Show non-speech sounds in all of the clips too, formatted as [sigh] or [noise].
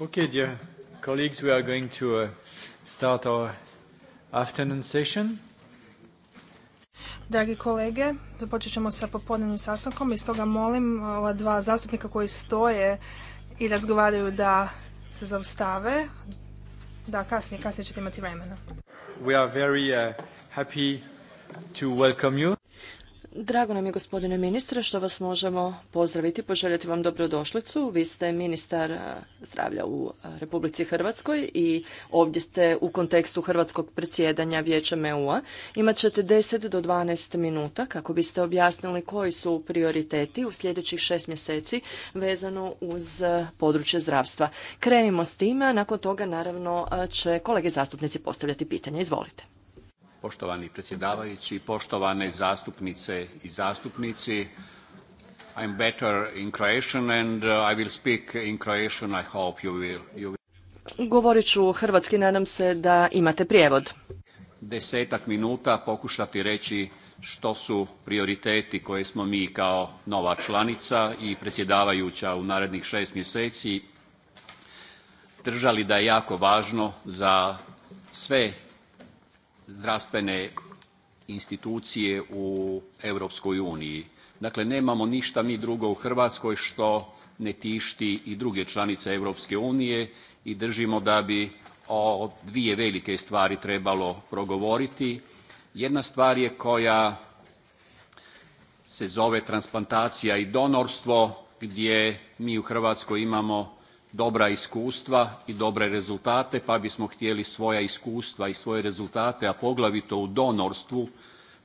Okay, dear colleagues, we are going to uh, start our afternoon session. Dragi kolege, započet ćemo sa popodnevnim sastankom i stoga molim uh, ova dva zastupnika koji stoje i razgovaraju da se zaustave, da kasnije, kasnije ćete imati vremena. We are very uh, happy to welcome you Drago nam je gospodine ministre što vas možemo pozdraviti, poželjeti vam dobrodošlicu. Vi ste ministar eh, zdravlja u eh, Republici Hrvatskoj i ovdje ste u kontekstu hrvatskog predsjedanja Vijećem EU-a. Imat ćete 10 do 12 minuta kako biste objasnili koji su prioriteti u sljedećih šest mjeseci vezano uz eh, područje zdravstva. Krenimo s time, a nakon toga naravno će kolege zastupnici postavljati pitanje. Izvolite. Poštovani predsjedavajući, poštovane zastupnice i zastupnici, I'm better in Croatian and uh, I will speak in Croatian. I hope you will. You will. Govorit ću hrvatski, nadam se da imate prijevod. Desetak minuta pokušati reći što su prioriteti koje smo mi kao nova članica i predsjedavajuća u narednih šest mjeseci držali da je jako važno za sve zdravstvene institucije u Europskoj uniji. Dakle, nemamo ništa mi drugo u Hrvatskoj što ne tišti i druge članice Europske unije i držimo da bi o dvije velike stvari trebalo progovoriti. Jedna stvar je koja se zove transplantacija i donorstvo gdje mi u Hrvatskoj imamo dobra iskustva i dobre rezultate pa bismo htjeli svoja iskustva i svoje rezultate, a poglavito u donorstvu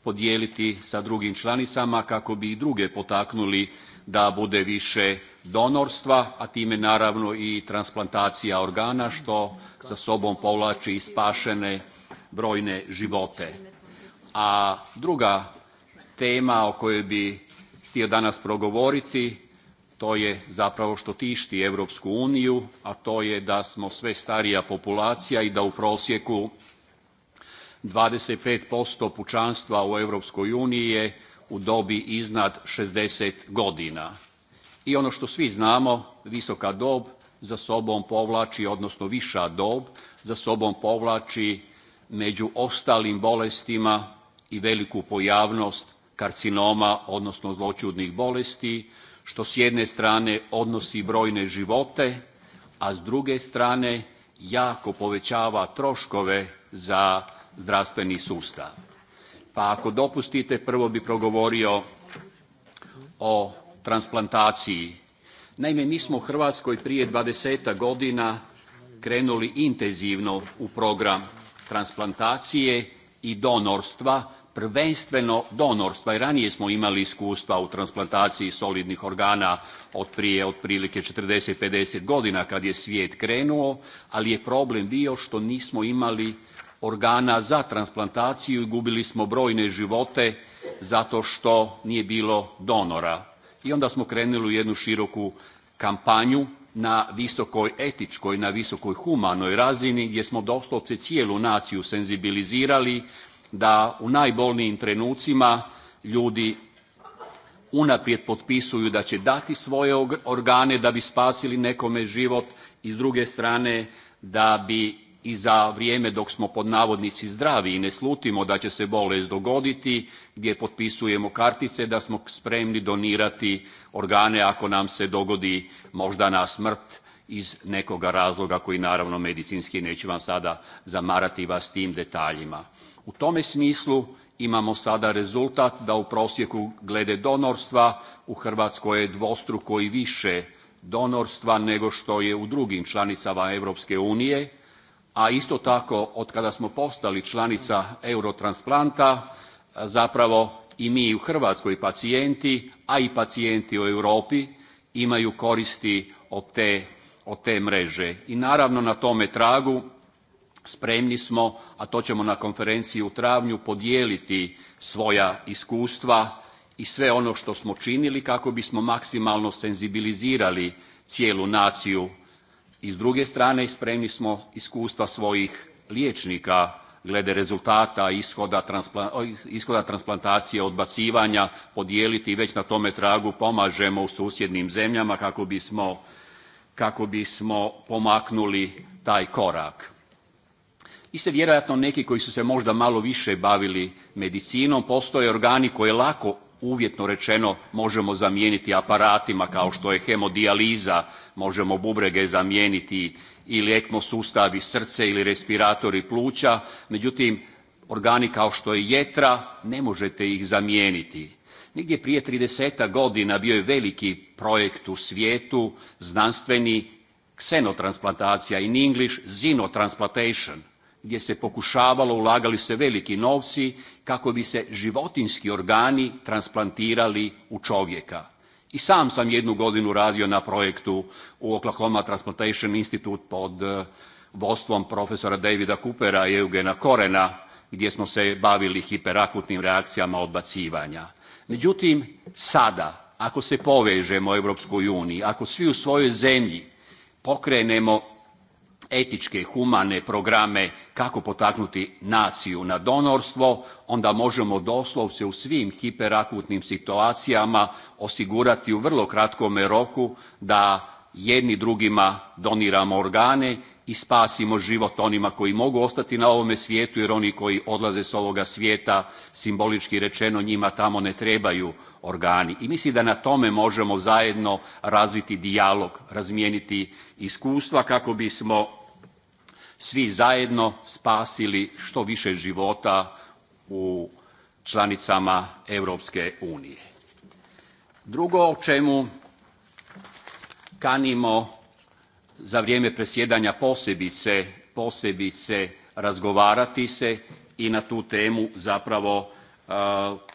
podijeliti sa drugim članicama kako bi i druge potaknuli da bude više donorstva, a time naravno i transplantacija organa što za sobom povlači i spašene brojne živote. A druga tema o kojoj bi htio danas progovoriti to je zapravo što tišti Europsku uniju, a to je da smo sve starija populacija i da u prosjeku 25% pučanstva u Europskoj uniji je u dobi iznad 60 godina. I ono što svi znamo, visoka dob za sobom povlači, odnosno viša dob, za sobom povlači među ostalim bolestima i veliku pojavnost karcinoma, odnosno zloćudnih bolesti, što s jedne strane odnosi brojne živote, a s druge strane jako povećava troškove za zdravstveni sustav. Pa ako dopustite, prvo bi progovorio o transplantaciji. Naime, mi smo u Hrvatskoj prije dvadesetak godina krenuli intenzivno u program transplantacije i donorstva prvenstveno donorstva i ranije smo imali iskustva u transplantaciji solidnih organa od prije otprilike 40-50 godina kad je svijet krenuo, ali je problem bio što nismo imali organa za transplantaciju i gubili smo brojne živote zato što nije bilo donora. I onda smo krenuli u jednu široku kampanju na visokoj etičkoj, na visokoj humanoj razini gdje smo doslovce cijelu naciju senzibilizirali da u najbolnijim trenucima ljudi unaprijed potpisuju da će dati svoje organe da bi spasili nekome život i s druge strane da bi i za vrijeme dok smo pod navodnici zdravi i ne slutimo da će se bolest dogoditi, gdje potpisujemo kartice da smo spremni donirati organe ako nam se dogodi možda na smrt iz nekoga razloga koji naravno medicinski neću vam sada zamarati vas tim detaljima. U tome smislu imamo sada rezultat da u prosjeku glede donorstva u Hrvatskoj je dvostruko i više donorstva nego što je u drugim članicama Europske unije, a isto tako od kada smo postali članica Eurotransplanta zapravo i mi u Hrvatskoj pacijenti, a i pacijenti u Europi imaju koristi od te, od te mreže. I naravno na tome tragu spremni smo, a to ćemo na konferenciji u travnju, podijeliti svoja iskustva i sve ono što smo činili kako bismo maksimalno senzibilizirali cijelu naciju. I s druge strane spremni smo iskustva svojih liječnika glede rezultata, ishoda, transplantacije, odbacivanja podijeliti i već na tome tragu pomažemo u susjednim zemljama kako bismo pomaknuli taj korak i se vjerojatno neki koji su se možda malo više bavili medicinom, postoje organi koje lako uvjetno rečeno možemo zamijeniti aparatima kao što je hemodijaliza, možemo bubrege zamijeniti ili ekmo sustavi, srce ili respiratori pluća, međutim organi kao što je jetra ne možete ih zamijeniti. Negdje prije 30 godina bio je veliki projekt u svijetu, znanstveni ksenotransplantacija in English xenotransplantation, gdje se pokušavalo, ulagali se veliki novci kako bi se životinski organi transplantirali u čovjeka. I sam sam jednu godinu radio na projektu u Oklahoma Transplantation Institute pod eh, vodstvom profesora Davida Coopera i Eugena Korena gdje smo se bavili hiperakutnim reakcijama odbacivanja. Međutim, sada ako se povežemo u Europskoj uniji, ako svi u svojoj zemlji pokrenemo etičke, humane programe kako potaknuti naciju na donorstvo, onda možemo doslovce u svim hiperakutnim situacijama osigurati u vrlo kratkome roku da jedni drugima doniramo organe i spasimo život onima koji mogu ostati na ovome svijetu jer oni koji odlaze s ovoga svijeta simbolički rečeno njima tamo ne trebaju organi. I mislim da na tome možemo zajedno razviti dijalog, razmijeniti iskustva kako bismo svi zajedno spasili što više života u članicama Europske unije. Drugo o čemu kanimo za vrijeme presjedanja posebice, posebice razgovarati se i na tu temu zapravo e,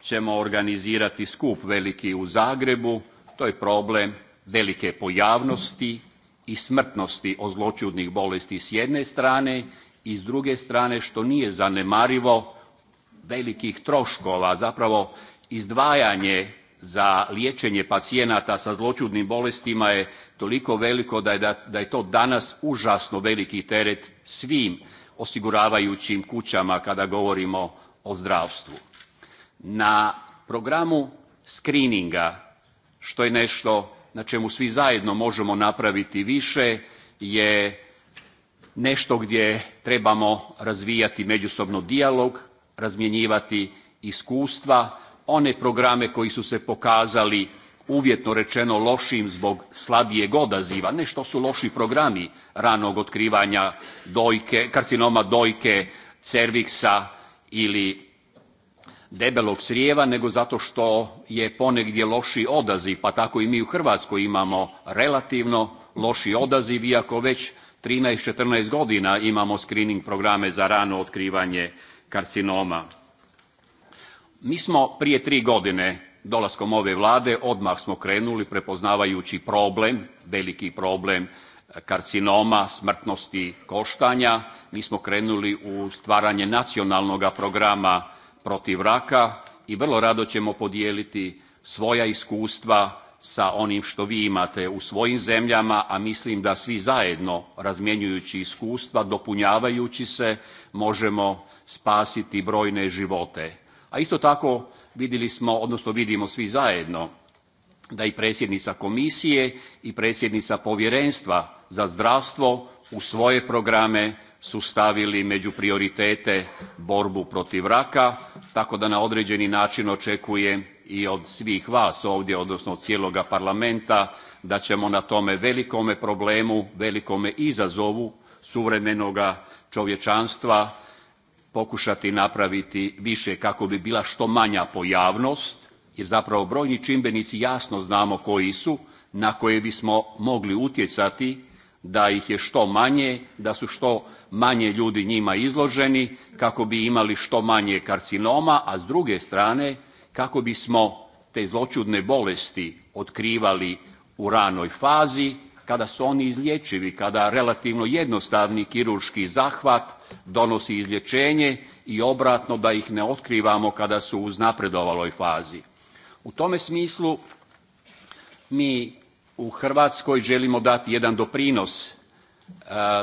ćemo organizirati skup veliki u Zagrebu. To je problem velike pojavnosti, i smrtnosti od zloćudnih bolesti s jedne strane i s druge strane što nije zanemarivo velikih troškova, zapravo izdvajanje za liječenje pacijenata sa zloćudnim bolestima je toliko veliko da je, da je to danas užasno veliki teret svim osiguravajućim kućama kada govorimo o zdravstvu. Na programu screeninga, što je nešto na čemu svi zajedno možemo napraviti više je nešto gdje trebamo razvijati međusobno dijalog, razmjenjivati iskustva, one programe koji su se pokazali uvjetno rečeno lošim zbog slabijeg odaziva, ne što su loši programi ranog otkrivanja dojke, karcinoma dojke, cerviksa ili debelog crijeva, nego zato što je ponegdje loši odaziv, pa tako i mi u Hrvatskoj imamo relativno loši odaziv, iako već 13-14 godina imamo screening programe za rano otkrivanje karcinoma. Mi smo prije tri godine, dolaskom ove vlade, odmah smo krenuli prepoznavajući problem, veliki problem karcinoma, smrtnosti koštanja. Mi smo krenuli u stvaranje nacionalnog programa protiv raka i vrlo rado ćemo podijeliti svoja iskustva sa onim što vi imate u svojim zemljama, a mislim da svi zajedno razmjenjujući iskustva, dopunjavajući se, možemo spasiti brojne živote. A isto tako vidjeli smo, odnosno vidimo svi zajedno, da i predsjednica komisije i predsjednica povjerenstva za zdravstvo u svoje programe su stavili među prioritete borbu protiv raka, tako da na određeni način očekujem i od svih vas ovdje, odnosno od cijeloga parlamenta, da ćemo na tome velikome problemu, velikome izazovu suvremenoga čovječanstva pokušati napraviti više kako bi bila što manja pojavnost, jer zapravo brojni čimbenici jasno znamo koji su, na koje bismo mogli utjecati da ih je što manje, da su što manje ljudi njima izloženi kako bi imali što manje karcinoma, a s druge strane kako bismo te zločudne bolesti otkrivali u ranoj fazi kada su oni izlječivi, kada relativno jednostavni kirurški zahvat donosi izlječenje i obratno da ih ne otkrivamo kada su u uznapredovaloj fazi. U tome smislu mi u Hrvatskoj želimo dati jedan doprinos e,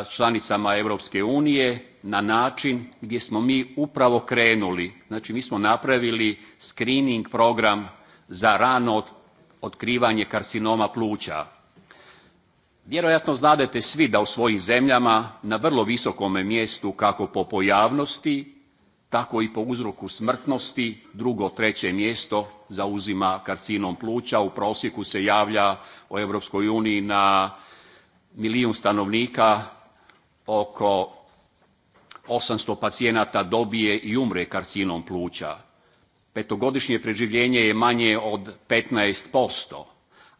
članicama Europske unije na način gdje smo mi upravo krenuli. Znači mi smo napravili screening program za rano otkrivanje karcinoma pluća. Vjerojatno znadete svi da u svojim zemljama na vrlo visokome mjestu kako po pojavnosti tako i po uzroku smrtnosti drugo, treće mjesto zauzima karcinom pluća. U prosjeku se javlja u Europskoj uniji na milijun stanovnika oko 800 pacijenata dobije i umre karcinom pluća. Petogodišnje preživljenje je manje od 15%.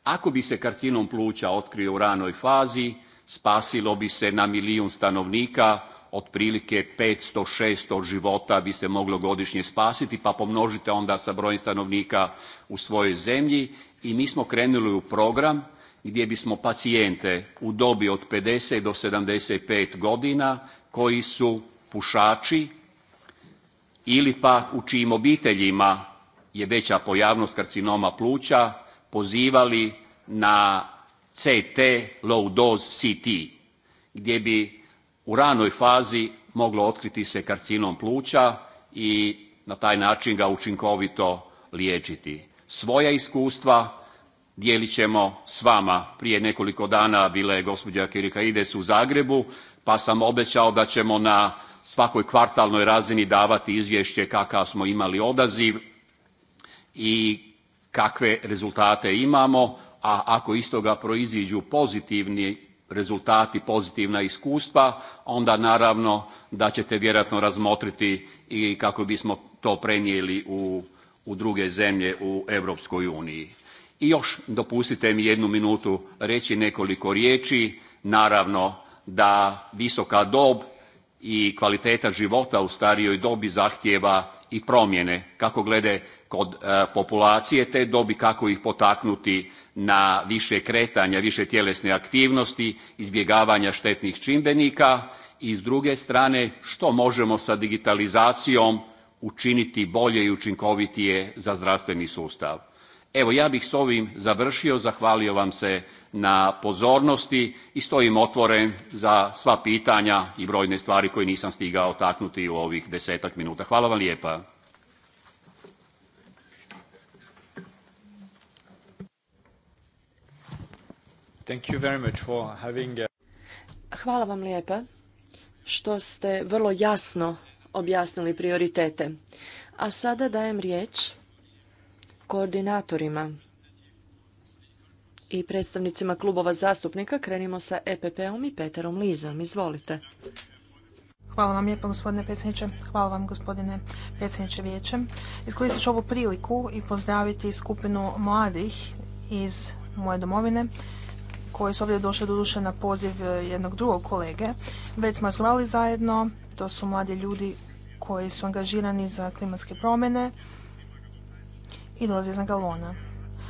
Ako bi se karcinom pluća otkrio u ranoj fazi, spasilo bi se na milijun stanovnika otprilike 500-600 života bi se moglo godišnje spasiti, pa pomnožite onda sa brojem stanovnika u svojoj zemlji. I mi smo krenuli u program gdje bismo pacijente u dobi od 50 do 75 godina koji su pušači ili pa u čijim obiteljima je veća pojavnost karcinoma pluća pozivali na CT, low dose CT, gdje bi u ranoj fazi moglo otkriti se karcinom pluća i na taj način ga učinkovito liječiti. Svoja iskustva dijelit ćemo s vama. Prije nekoliko dana bila je gospođa ides u Zagrebu, pa sam obećao da ćemo na svakoj kvartalnoj razini davati izvješće kakav smo imali odaziv i kakve rezultate imamo, a ako iz toga proiziđu pozitivni rezultati, pozitivna iskustva, onda naravno da ćete vjerojatno razmotriti i kako bismo to prenijeli u, u druge zemlje u Europskoj uniji. I još dopustite mi jednu minutu reći nekoliko riječi. Naravno da visoka dob i kvaliteta života u starijoj dobi zahtjeva i promjene kako glede kod e, populacije te dobi, kako ih potaknuti na više kretanja, više tjelesne aktivnosti, izbjegavanja štetnih čimbenika i s druge strane što možemo sa digitalizacijom učiniti bolje i učinkovitije za zdravstveni sustav. Evo, ja bih s ovim završio. Zahvalio vam se na pozornosti i stojim otvoren za sva pitanja i brojne stvari koje nisam stigao taknuti u ovih desetak minuta. Hvala vam lijepa. Uh, Hvala vam lijepa što ste vrlo jasno objasnili prioritete. A sada dajem riječ koordinatorima i predstavnicima klubova zastupnika. Krenimo sa EPP-om i Peterom Lizom. Izvolite. Hvala vam lijepo gospodine predsjedniče. Hvala vam gospodine predsjedniče vijeće. Iskoristit ću ovu priliku i pozdraviti skupinu mladih iz moje domovine koji su ovdje došli duše na poziv e, jednog drugog kolege. Već smo razgovarali zajedno, to su mladi ljudi koji su angažirani za klimatske promjene i dolazi iz galona.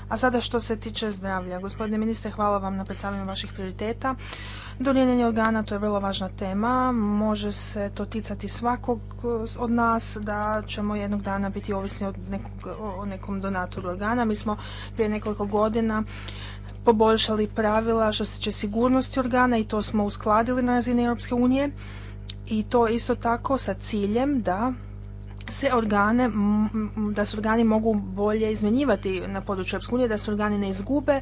A sada što se tiče zdravlja. Gospodine ministre, hvala vam na predstavljanju vaših prioriteta. Donijenje organa, to je vrlo važna tema. Može se to ticati svakog od nas da ćemo jednog dana biti ovisni o nekom donatoru organa. Mi smo prije nekoliko godina poboljšali pravila što se tiče sigurnosti organa i to smo uskladili na razini Europske unije i to isto tako sa ciljem da se organe, da se organi mogu bolje izmenjivati na području EU, da se organi ne izgube e,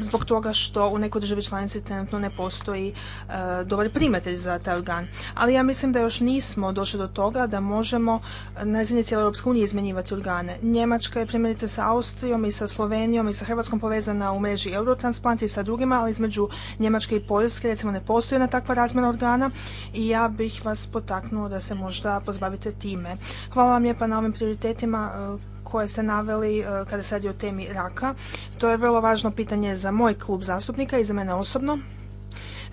zbog toga što u nekoj državi članici trenutno ne postoji e, dobar primatelj za taj organ. Ali ja mislim da još nismo došli do toga da možemo na razini cijele Europske unije izmenjivati organe. Njemačka je primjerice sa Austrijom i sa Slovenijom i sa Hrvatskom povezana u mreži Eurotransplant i sa drugima, ali između Njemačke i Poljske recimo ne postoji jedna takva razmjena organa i ja bih vas potaknuo da se možda pozbavite time. Hvala vam lijepa na ovim prioritetima e, koje ste naveli e, kada se radi o temi raka. To je vrlo važno pitanje za moj klub zastupnika i za mene osobno.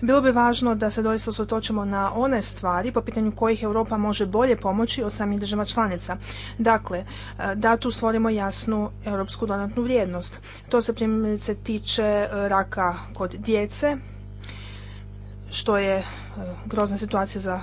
Bilo bi važno da se doista osotočimo na one stvari po pitanju kojih Europa može bolje pomoći od samih država članica. Dakle, e, da tu stvorimo jasnu europsku donatnu vrijednost. To se primjerice tiče raka kod djece, što je grozna situacija za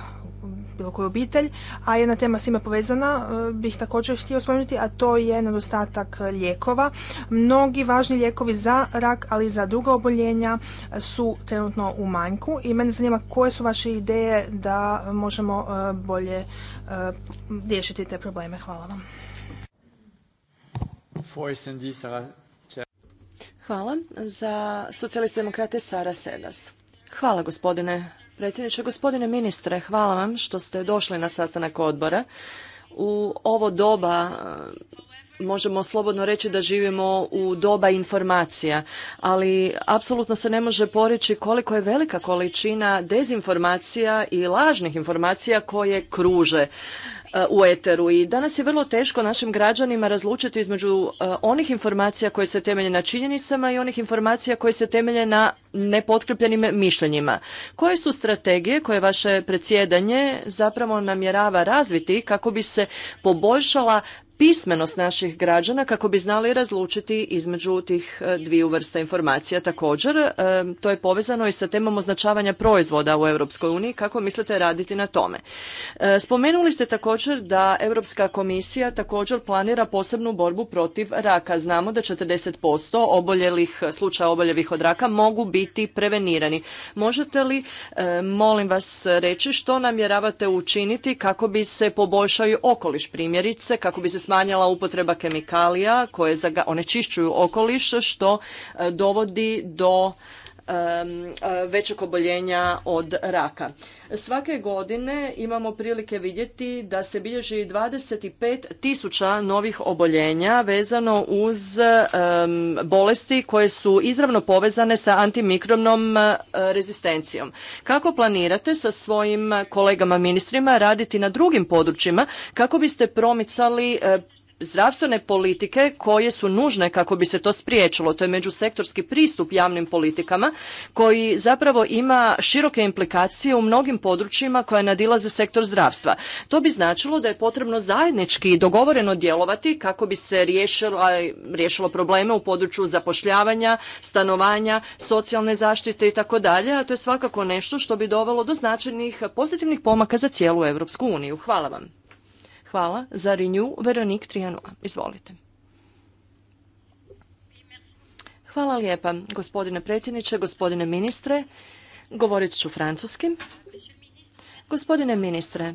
bilo koju obitelj, a jedna tema s time povezana e, bih također htio spomenuti, a to je nedostatak lijekova. Mnogi važni lijekovi za rak, ali i za druga oboljenja su trenutno u manjku i mene zanima koje su vaše ideje da možemo e, bolje e, riješiti te probleme. Hvala vam. Hvala. Za socijaliste demokrate Sara Sedas. Hvala gospodine predsjedniče. Gospodine ministre, hvala vam što ste došli na sastanak odbora. U ovo doba e, možemo slobodno reći da živimo u doba informacija, ali apsolutno se ne može poreći koliko je velika količina dezinformacija i lažnih informacija koje kruže E, u eteru i danas je vrlo teško našim građanima razlučiti između e, onih informacija koje se temelje na činjenicama i onih informacija koje se temelje na nepotkrepljenim mišljenjima. Koje su strategije koje vaše predsjedanje zapravo namjerava razviti kako bi se poboljšala pismenost naših građana kako bi znali razlučiti između tih e, dviju vrsta informacija. Također, e, to je povezano i sa temom označavanja proizvoda u EU. Kako mislite raditi na tome? E, spomenuli ste također da Europska komisija također planira posebnu borbu protiv raka. Znamo da 40% oboljelih slučaja oboljevih od raka mogu biti prevenirani. Možete li, molim vas, reći što namjeravate učiniti kako bi se poboljšao okoliš primjerice, kako bi se smanjila upotreba kemikalija koje onečišćuju okoliš što e, dovodi do E, većeg oboljenja od raka. Svake godine imamo prilike vidjeti da se bilježi 25 tisuća novih oboljenja vezano uz bolesti koje su izravno povezane sa antimikrobnom e, rezistencijom. Kako planirate sa svojim kolegama ministrima raditi na drugim područjima kako biste promicali e, zdravstvene politike koje su nužne kako bi se to spriječilo. To je međusektorski pristup javnim politikama koji zapravo ima široke implikacije u mnogim područjima koja nadilaze sektor zdravstva. To bi značilo da je potrebno zajednički i dogovoreno djelovati kako bi se riješilo probleme u području zapošljavanja, stanovanja, socijalne zaštite i tako dalje, a to je svakako nešto što bi dovelo do značajnih pozitivnih pomaka za cijelu Europsku uniju. Hvala vam. Hvala. Za Renew, Veronik Trijanova. Izvolite. Hvala lijepa, gospodine predsjedniče, gospodine ministre. Govorit ću francuskim. Gospodine ministre,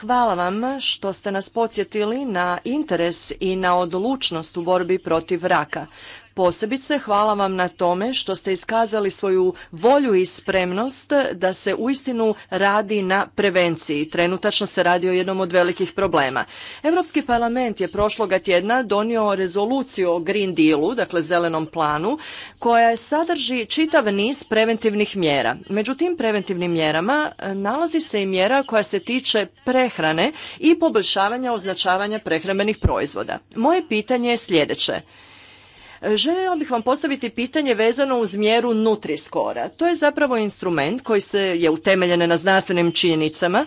hvala vam što ste nas podsjetili na interes i na odlučnost u borbi protiv raka. Posebice hvala vam na tome što ste iskazali svoju volju i spremnost da se uistinu radi na prevenciji. Trenutačno se radi o jednom od velikih problema. Europski parlament je prošloga tjedna donio rezoluciju o Green Dealu, dakle zelenom planu, koja sadrži čitav niz preventivnih mjera. Među tim preventivnim mjerama e, nalazi se i mjera koja se tiče prehrane i poboljšavanja označavanja prehrambenih proizvoda. Moje pitanje je sljedeće. Želio bih vam postaviti pitanje vezano uz mjeru skora. To je zapravo instrument koji se je utemeljen na znanstvenim činjenicama.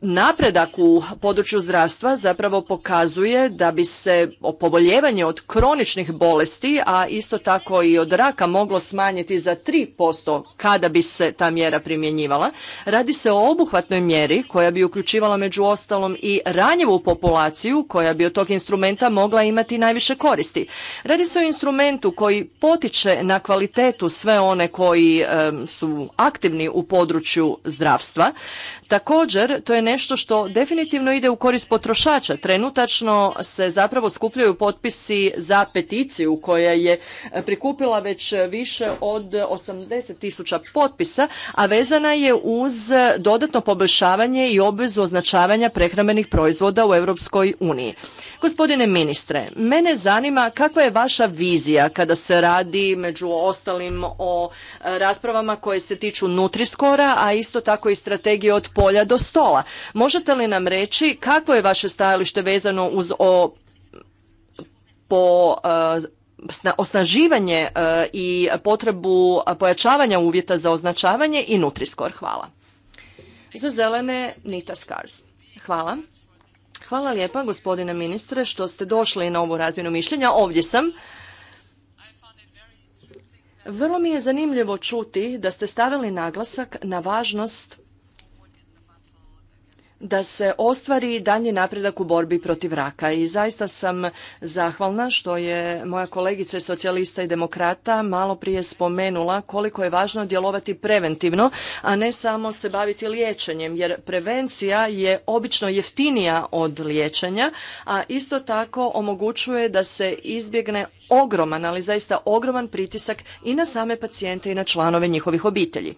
Napredak u području zdravstva zapravo pokazuje da bi se poboljevanje od kroničnih bolesti, a isto tako i od raka moglo smanjiti za 3% kada bi se ta mjera primjenjivala. Radi se o obuhvatnoj mjeri koja bi uključivala među ostalom i ranjivu populaciju koja bi od tog instrumenta mogla imati najviše koristi. Radi se o instrumentu koji potiče na kvalitetu sve one koji su aktivni u području zdravstva. Također, to je nešto što definitivno ide u korist potrošača. Trenutačno se zapravo skupljaju potpisi za peticiju koja je e, prikupila već više od 80 tisuća potpisa, a vezana je uz dodatno poboljšavanje i obvezu označavanja prehrambenih proizvoda u Europskoj uniji. Gospodine ministre, mene zanima kakva je vaša vizija kada se radi među ostalim o e, raspravama koje se tiču Nutriskora, a isto tako i strategije od polja do stola. Možete li nam reći kako je vaše stajalište vezano uz o, po e, osnaživanje e, i potrebu pojačavanja uvjeta za označavanje i Nutriskor. Hvala. Za zelene Nita Skars. Hvala. Hvala lijepa gospodine ministre što ste došli na ovu razmjenu mišljenja. Ovdje sam. Vrlo mi je zanimljivo čuti da ste stavili naglasak na važnost da se ostvari dalji napredak u borbi protiv raka i zaista sam zahvalna što je moja kolegica socijalista i demokrata malo prije spomenula koliko je važno djelovati preventivno, a ne samo se baviti liječenjem jer prevencija je obično jeftinija od liječenja, a isto tako omogućuje da se izbjegne ogroman, ali zaista ogroman pritisak i na same pacijente i na članove njihovih obitelji.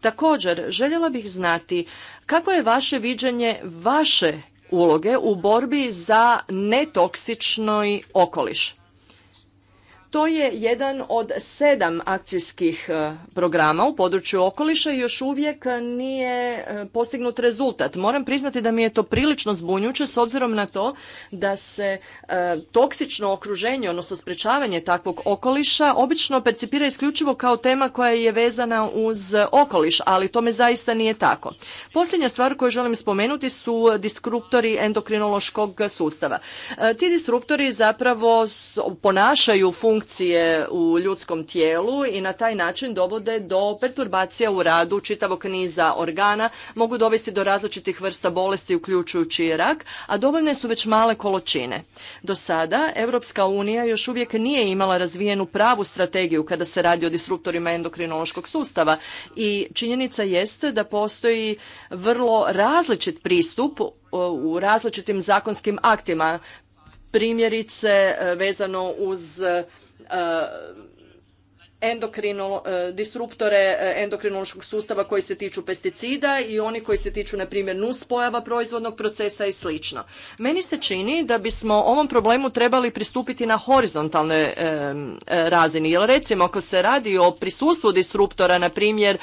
Također, željela bih znati kako je vaše viđenje pitanje vaše uloge u borbi za netoksični okoliš. To je jedan od sedam akcijskih e, programa u području okoliša i još uvijek nije e, postignut rezultat. Moram priznati da mi je to prilično zbunjuće s obzirom na to da se e, toksično okruženje, odnosno sprečavanje takvog okoliša, obično percipira isključivo kao tema koja je vezana uz okoliš, ali tome zaista nije tako. Posljednja stvar koju želim spomenuti su diskruptori endokrinološkog sustava. ti disruptori zapravo ponašaju funkciju funkcije u ljudskom tijelu i na taj način dovode do perturbacija u radu čitavog niza organa, mogu dovesti do različitih vrsta bolesti uključujući rak, a dovoljne su već male količine. Do sada Europska unija još uvijek nije imala razvijenu pravu strategiju kada se radi o disruptorima endokrinološkog sustava i činjenica jeste da postoji vrlo različit pristup uh, u različitim zakonskim aktima primjerice uh, vezano uz a uh, E, disruptore e, endokrinološkog sustava koji se tiču pesticida i oni koji se tiču, na primjer, nuspojava proizvodnog procesa i sl. Meni se čini da bismo ovom problemu trebali pristupiti na horizontalnoj e, razini. Jer recimo, ako se radi o prisustvu disruptora, na primjer,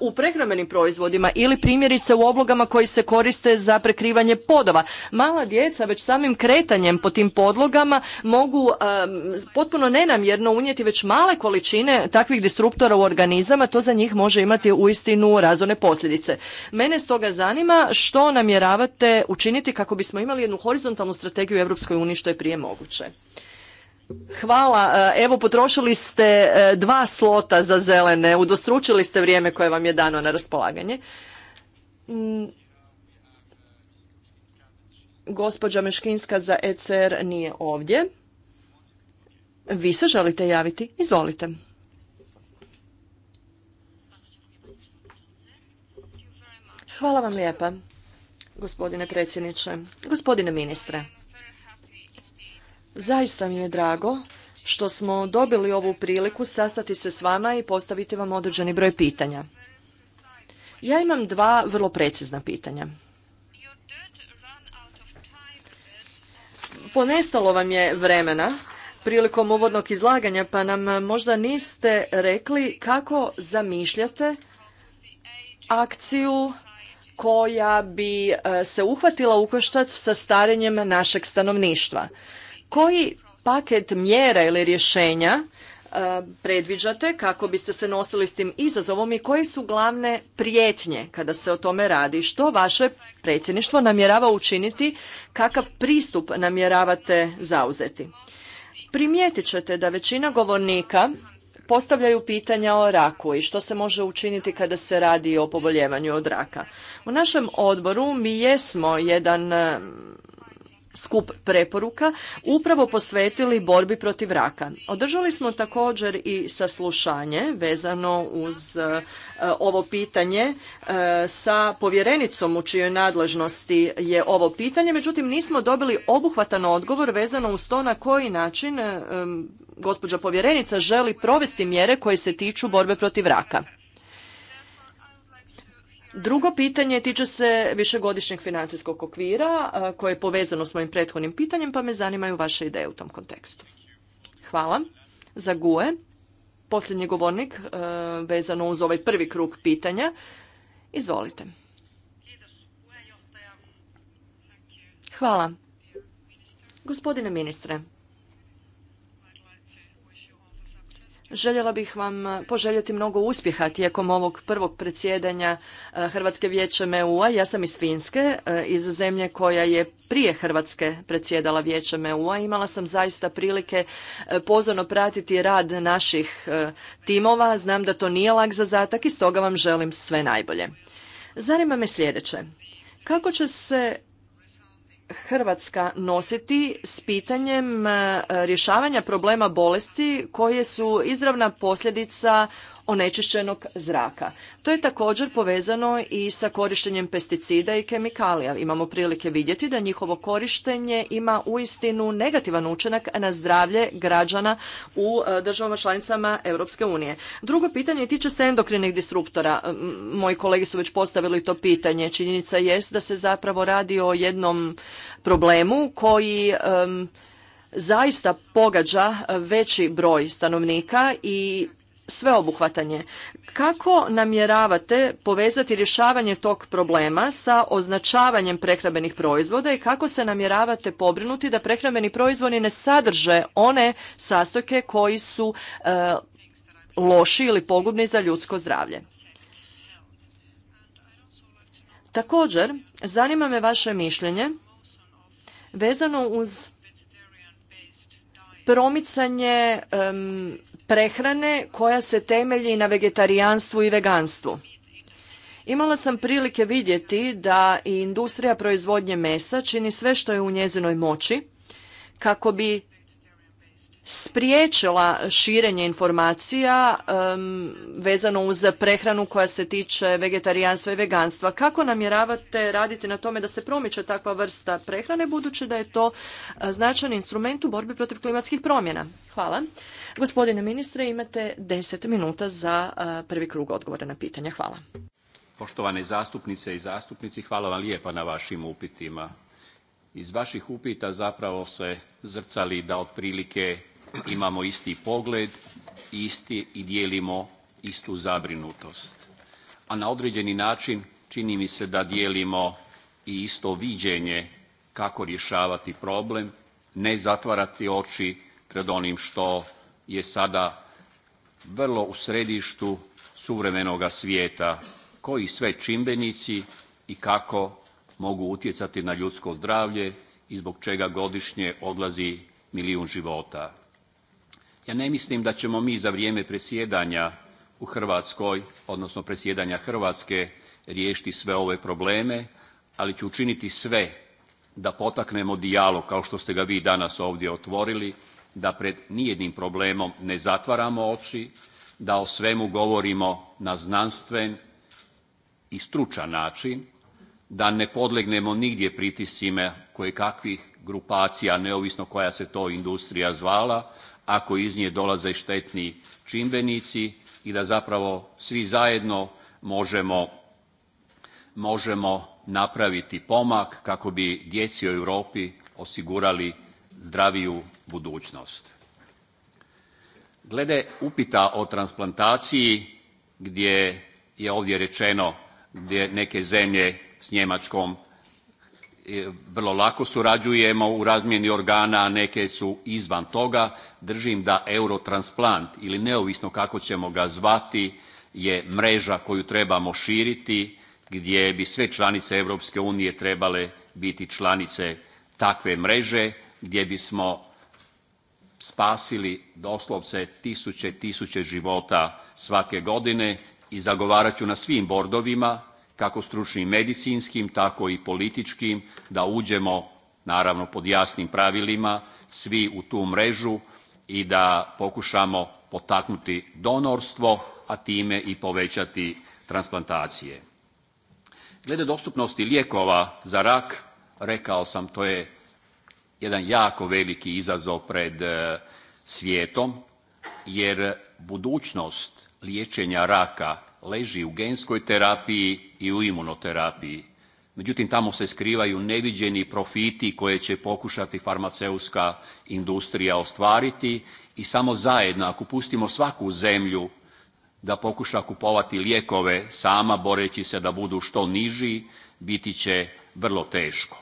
u prehrambenim proizvodima ili primjerice u oblogama koji se koriste za prekrivanje podova. Mala djeca već samim kretanjem po tim podlogama mogu potpuno nenamjerno unijeti već male količine takvih destruktora u organizama, to za njih može imati uistinu razorne posljedice. Mene stoga zanima što namjeravate učiniti kako bismo imali jednu horizontalnu strategiju u Europskoj uniji što je prije moguće. Hvala. E, evo, potrošili ste e, dva slota za zelene. Udostručili ste vrijeme koje vam je dano na raspolaganje. Mm. Gospođa Meškinska za ECR nije ovdje. Vi se želite javiti? Izvolite. Hvala vam lijepa, gospodine predsjedniče. Gospodine ministre, zaista mi je drago što smo dobili ovu priliku sastati se s vama i postaviti vam određeni broj pitanja. Ja imam dva vrlo precizna pitanja. Ponestalo vam je vremena prilikom uvodnog izlaganja, pa nam možda niste rekli kako zamišljate akciju koja bi e, se uhvatila u koštac sa starenjem našeg stanovništva. Koji paket mjera ili rješenja e, predviđate kako biste se nosili s tim izazovom i koje su glavne prijetnje kada se o tome radi? Što vaše predsjedništvo namjerava učiniti? Kakav pristup namjeravate zauzeti? Primijetit ćete da većina govornika postavljaju pitanja o raku i što se može učiniti kada se radi o poboljevanju od raka. U našem odboru mi jesmo jedan skup preporuka upravo posvetili borbi protiv raka. Održali smo također i saslušanje vezano uz e, ovo pitanje e, sa povjerenicom u čijoj nadležnosti je ovo pitanje, međutim nismo dobili obuhvatan odgovor vezano uz to na koji način e, gospođa povjerenica želi provesti mjere koje se tiču borbe protiv raka. Drugo pitanje tiče se višegodišnjeg financijskog okvira koje je povezano s mojim prethodnim pitanjem pa me zanimaju vaše ideje u tom kontekstu. Hvala. Za GUE, posljednji govornik vezano uz ovaj prvi krug pitanja. Izvolite. Hvala. Gospodine ministre, Željela bih vam eh, poželjeti mnogo uspjeha tijekom ovog prvog predsjedanja eh, Hrvatske vijećem EU-a. Ja sam iz Finske, eh, iz zemlje koja je prije Hrvatske predsjedala vijećem EU-a. Imala sam zaista prilike pozorno pratiti rad naših timova. Znam da to nije lak zatak i stoga vam želim sve najbolje. Zanima me sljedeće. Kako će se Hrvatska nositi s pitanjem e, rješavanja problema bolesti koje su izravna posljedica onečišćenog zraka. To je također povezano i sa korištenjem pesticida i kemikalija. Imamo prilike vidjeti da njihovo korištenje ima uistinu negativan učinak na zdravlje građana u e, državama članicama Europske unije. Drugo pitanje tiče se endokrinih disruptora. Moji kolegi su već postavili to pitanje. Činjenica jest da se zapravo radi o jednom problemu koji zaista pogađa veći broj stanovnika i sveobuhvatan je. Kako namjeravate povezati rješavanje tog problema sa označavanjem prehrambenih proizvoda i kako se namjeravate pobrinuti da prehrambeni proizvodi ne sadrže one sastojke koji su e, loši ili pogubni za ljudsko zdravlje? Također, zanima me vaše mišljenje vezano uz promicanje prehrane koja se temelji na vegetarijanstvu i veganstvu. Imala sam prilike vidjeti da i industrija proizvodnje mesa čini sve što je u njezinoj moći kako bi spriječila širenje informacija vezano uz prehranu koja se tiče vegetarijanstva i veganstva. Kako namjeravate raditi na tome da se promiče takva vrsta prehrane, budući da je to e, značajan instrument u borbi protiv klimatskih promjena? Hvala. Gospodine ministre, imate 10 minuta za e, prvi krug odgovora na pitanja. Hvala. Poštovane zastupnice i zastupnici, hvala vam lijepa na vašim upitima. Iz vaših upita zapravo se zrcali da otprilike imamo isti pogled isti i dijelimo istu zabrinutost. A na određeni način čini mi se da dijelimo i isto viđenje kako rješavati problem, ne zatvarati oči pred onim što je sada vrlo u središtu suvremenoga svijeta, koji sve čimbenici i kako mogu utjecati na ljudsko zdravlje i zbog čega godišnje odlazi milijun života. Ja ne mislim da ćemo mi za vrijeme presjedanja u Hrvatskoj, odnosno predsjedanja Hrvatske, riješiti sve ove probleme, ali ću učiniti sve da potaknemo dijalog kao što ste ga vi danas ovdje otvorili, da pred nijednim problemom ne zatvaramo oči, da o svemu govorimo na znanstven i stručan način, da ne podlegnemo nigdje pritiscima koje kakvih grupacija, neovisno koja se to industrija zvala, ako iz nje dolaze štetni čimbenici i da zapravo svi zajedno možemo, možemo napraviti pomak kako bi djeci u Europi osigurali zdraviju budućnost. Glede upita o transplantaciji gdje je ovdje rečeno gdje neke zemlje s Njemačkom vrlo lako surađujemo u razmjeni organa, a neke su izvan toga. Držim da Eurotransplant ili neovisno kako ćemo ga zvati je mreža koju trebamo širiti gdje bi sve članice Europske unije trebale biti članice takve mreže gdje bismo spasili doslovce tisuće, tisuće života svake godine i zagovarat ću na svim bordovima kako stručnim medicinskim, tako i političkim, da uđemo, naravno pod jasnim pravilima, svi u tu mrežu i da pokušamo potaknuti donorstvo, a time i povećati transplantacije. Glede dostupnosti lijekova za rak, rekao sam, to je jedan jako veliki izazov pred e, svijetom, jer budućnost liječenja raka leži u genskoj terapiji i u imunoterapiji. Međutim, tamo se skrivaju neviđeni profiti koje će pokušati farmaceutska industrija ostvariti i samo zajedno, ako pustimo svaku zemlju da pokuša kupovati lijekove sama boreći se da budu što niži, biti će vrlo teško.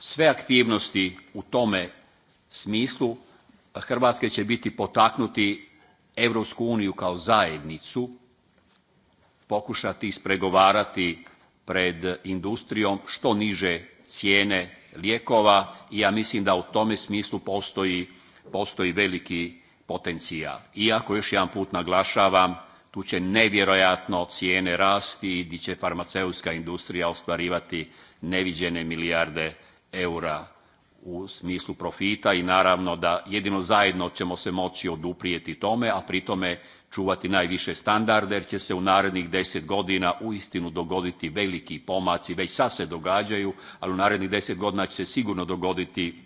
Sve aktivnosti u tome smislu Hrvatske će biti potaknuti Europsku uniju kao zajednicu pokušati ispregovarati pred industrijom što niže cijene lijekova i ja mislim da u tome smislu postoji, postoji veliki potencijal. Iako još jedan put naglašavam, tu će nevjerojatno cijene rasti i gdje će farmaceutska industrija ostvarivati neviđene milijarde eura u smislu profita i naravno da jedino zajedno ćemo se moći oduprijeti tome, a pri tome čuvati najviše standarde jer će se u narednih deset godina uistinu dogoditi veliki pomaci, već sad se događaju, ali u narednih deset godina će se sigurno dogoditi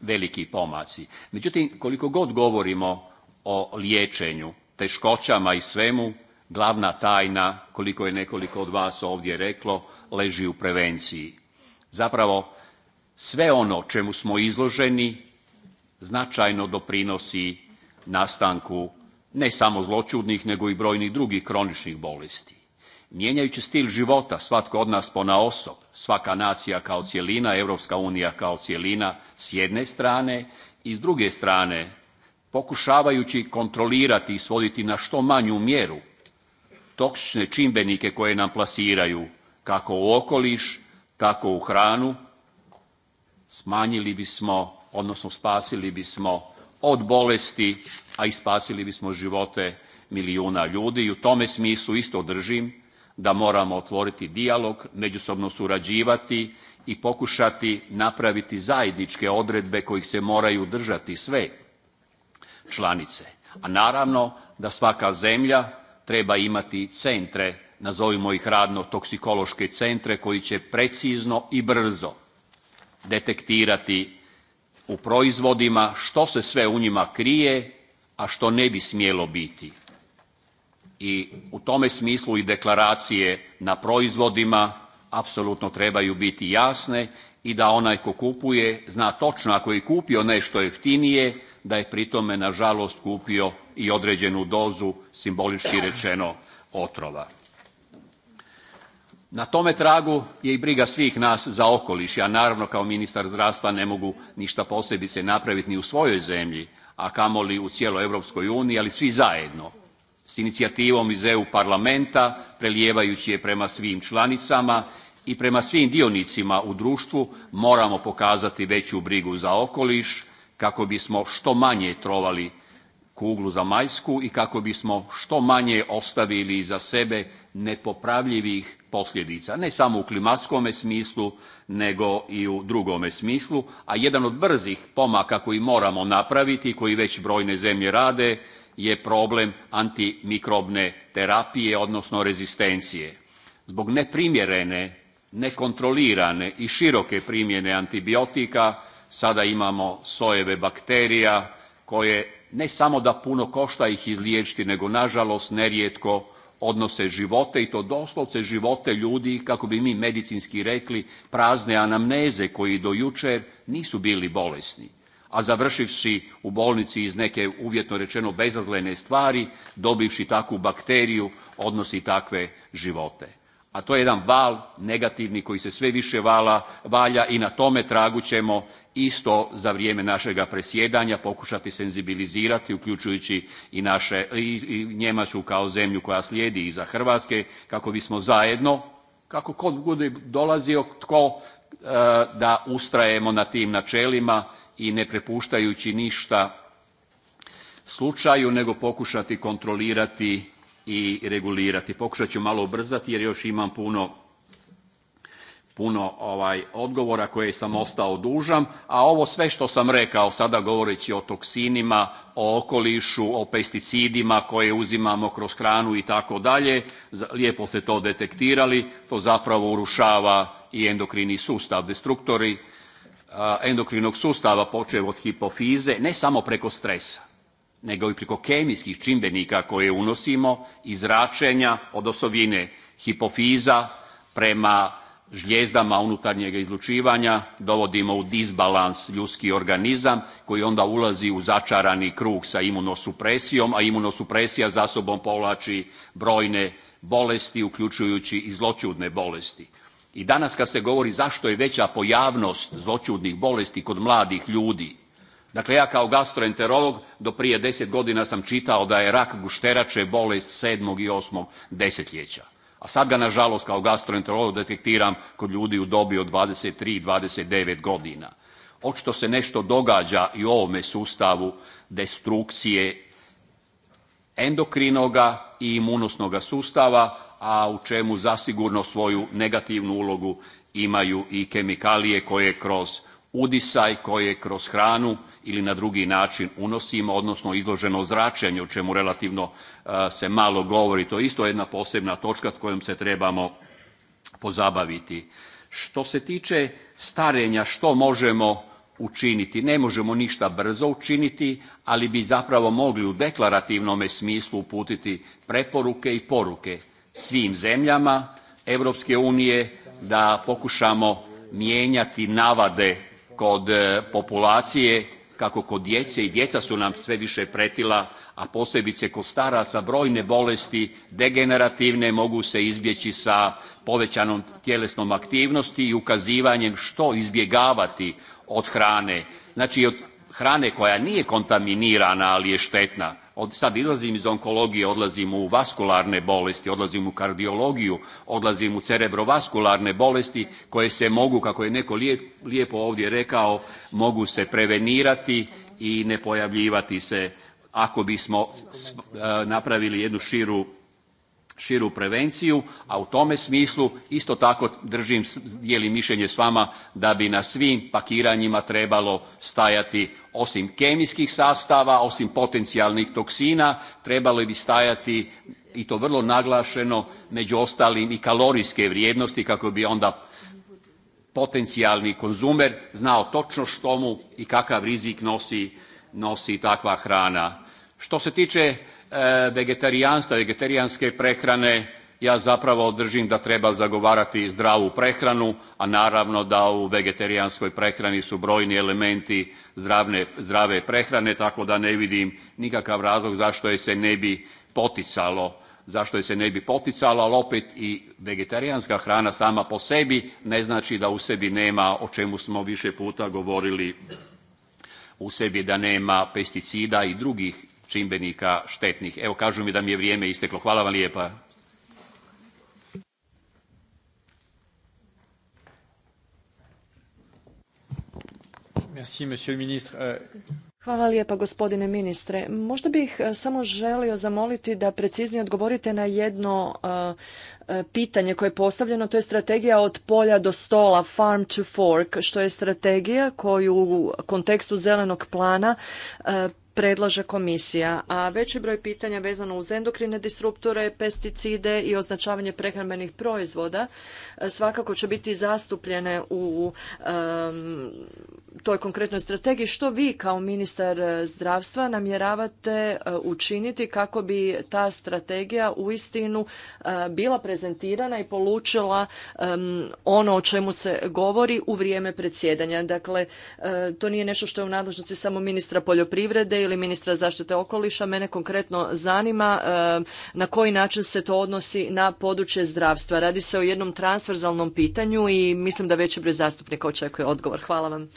veliki pomaci. Međutim, koliko god govorimo o liječenju, teškoćama i svemu, glavna tajna, koliko je nekoliko od vas ovdje reklo, leži u prevenciji. Zapravo, sve ono čemu smo izloženi značajno doprinosi nastanku ne samo zloćudnih nego i brojnih drugih kroničnih bolesti. Mijenjajući stil života svatko od nas pona osob, svaka nacija kao cjelina, Europska unija kao cjelina s jedne strane i s druge strane pokušavajući kontrolirati i svoditi na što manju mjeru toksične čimbenike koje nam plasiraju kako u okoliš, tako u hranu, smanjili bismo, odnosno spasili bismo od bolesti a i spasili bismo živote milijuna ljudi i u tome smislu isto držim da moramo otvoriti dijalog, međusobno surađivati i pokušati napraviti zajedničke odredbe kojih se moraju držati sve članice. A naravno da svaka zemlja treba imati centre, nazovimo ih radno toksikološke centre koji će precizno i brzo detektirati u proizvodima što se sve u njima krije a što ne bi smjelo biti. I u tome smislu i deklaracije na proizvodima apsolutno trebaju biti jasne i da onaj ko kupuje zna točno ako je kupio nešto jeftinije da je pri tome nažalost kupio i određenu dozu simbolički rečeno otrova. Na tome tragu je i briga svih nas za okoliš. Ja naravno kao ministar zdravstva ne mogu ništa posebice napraviti ni u svojoj zemlji, a kamoli u cijeloj Europskoj uniji, ali svi zajedno s inicijativom iz EU parlamenta, prelijevajući je prema svim članicama i prema svim dionicima u društvu moramo pokazati veću brigu za okoliš kako bismo što manje trovali kuglu Majsku i kako bismo što manje ostavili iza sebe nepopravljivih posljedica, ne samo u klimatskome smislu, nego i u drugome smislu, a jedan od brzih pomaka koji moramo napraviti, koji već brojne zemlje rade, je problem antimikrobne terapije, odnosno rezistencije. Zbog neprimjerene, nekontrolirane i široke primjene antibiotika sada imamo sojeve bakterija koje ne samo da puno košta ih izliječiti, nego nažalost nerijetko odnose živote i to doslovce živote ljudi, kako bi mi medicinski rekli, prazne anamneze koji do jučer nisu bili bolesni, a završivši u bolnici iz neke uvjetno rečeno bezazlene stvari, dobivši takvu bakteriju, odnosi takve živote. A to je jedan val negativni koji se sve više valja i na tome tragu ćemo isto za vrijeme našega presjedanja pokušati senzibilizirati uključujući i, naše, i Njemačku kao zemlju koja slijedi iza Hrvatske kako bismo zajedno, kako kod bude dolazio tko, e, da ustrajemo na tim načelima i ne prepuštajući ništa slučaju, nego pokušati kontrolirati i regulirati. Pokušat ću malo ubrzati jer još imam puno puno ovaj odgovora koje sam ostao dužan, a ovo sve što sam rekao sada govoreći o toksinima, o okolišu, o pesticidima koje uzimamo kroz hranu i tako dalje, lijepo ste to detektirali, to zapravo urušava i endokrini sustav, destruktori endokrinog sustava počev od hipofize, ne samo preko stresa, nego i preko kemijskih čimbenika koje unosimo, i od osovine hipofiza prema žljezdama unutarnjeg izlučivanja dovodimo u disbalans ljudski organizam koji onda ulazi u začarani krug sa imunosupresijom, a imunosupresija za sobom povlači brojne bolesti uključujući i zloćudne bolesti. I danas kad se govori zašto je veća pojavnost zloćudnih bolesti kod mladih ljudi, Dakle, ja kao gastroenterolog do prije deset godina sam čitao da je rak gušterače bolest sedmog i osmog desetljeća a sad ga nažalost kao gastroenterolog detektiram kod ljudi u dobi od 23, 29 godina. Očito se nešto događa i u ovome sustavu destrukcije endokrinoga i imunosnoga sustava, a u čemu zasigurno svoju negativnu ulogu imaju i kemikalije koje kroz udisaj koje kroz hranu ili na drugi način unosimo, odnosno izloženo zračenju, o čemu relativno e, se malo govori. To je isto jedna posebna točka s kojom se trebamo pozabaviti. Što se tiče starenja, što možemo učiniti? Ne možemo ništa brzo učiniti, ali bi zapravo mogli u deklarativnom smislu uputiti preporuke i poruke svim zemljama Europske unije da pokušamo mijenjati navade kod e, populacije, kako kod djece i djeca su nam sve više pretila, a posebice kod staraca brojne bolesti degenerativne mogu se izbjeći sa povećanom tjelesnom aktivnosti i ukazivanjem što izbjegavati od hrane. Znači hrane koja nije kontaminirana, ali je štetna. Od, sad izlazim iz onkologije, odlazim u vaskularne bolesti, odlazim u kardiologiju, odlazim u cerebrovaskularne bolesti koje se mogu, kako je neko lijepo ovdje rekao, mogu se prevenirati i ne pojavljivati se ako bismo e, napravili jednu širu širu prevenciju, a u tome smislu isto tako držim, dijelim mišljenje s vama da bi na svim pakiranjima trebalo stajati osim kemijskih sastava, osim potencijalnih toksina, trebalo bi stajati i to vrlo naglašeno među ostalim i kalorijske vrijednosti kako bi onda potencijalni konzumer znao točno što mu i kakav rizik nosi, nosi takva hrana. Što se tiče E, vegetarijanstva, vegetarijanske prehrane, ja zapravo držim da treba zagovarati zdravu prehranu, a naravno da u vegetarijanskoj prehrani su brojni elementi zdrave prehrane, tako da ne vidim nikakav razlog zašto je se ne bi poticalo zašto je se ne bi poticalo, ali opet i vegetarijanska hrana sama po sebi ne znači da u sebi nema, o čemu smo više puta govorili, u sebi da nema pesticida i drugih čimbenika štetnih. Evo kažu mi da mi je vrijeme isteklo. Hvala vam lijepa. Euh, Hvala lijepa gospodine ministre. Možda bih e, samo želio zamoliti da preciznije odgovorite na jedno e, e, pitanje koje je postavljeno, to je strategija od polja do stola, farm to fork, što je strategija koju u kontekstu zelenog plana predlaže komisija, a veći broj pitanja vezano uz endokrine disruptore, pesticide i označavanje prehrambenih proizvoda e, svakako će biti zastupljene u toj konkretnoj strategiji. Što vi kao ministar zdravstva namjeravate e, učiniti kako bi ta strategija uistinu e, bila prezentirana i polučila ono o čemu se govori u vrijeme predsjedanja? Dakle, to nije nešto što je u nadležnosti samo ministra poljoprivrede ili ministra zaštite okoliša. Mene konkretno zanima na koji način se to odnosi na područje zdravstva. Radi se o jednom transverzalnom pitanju i mislim da veći broj zastupnika očekuje odgovor. Hvala vam.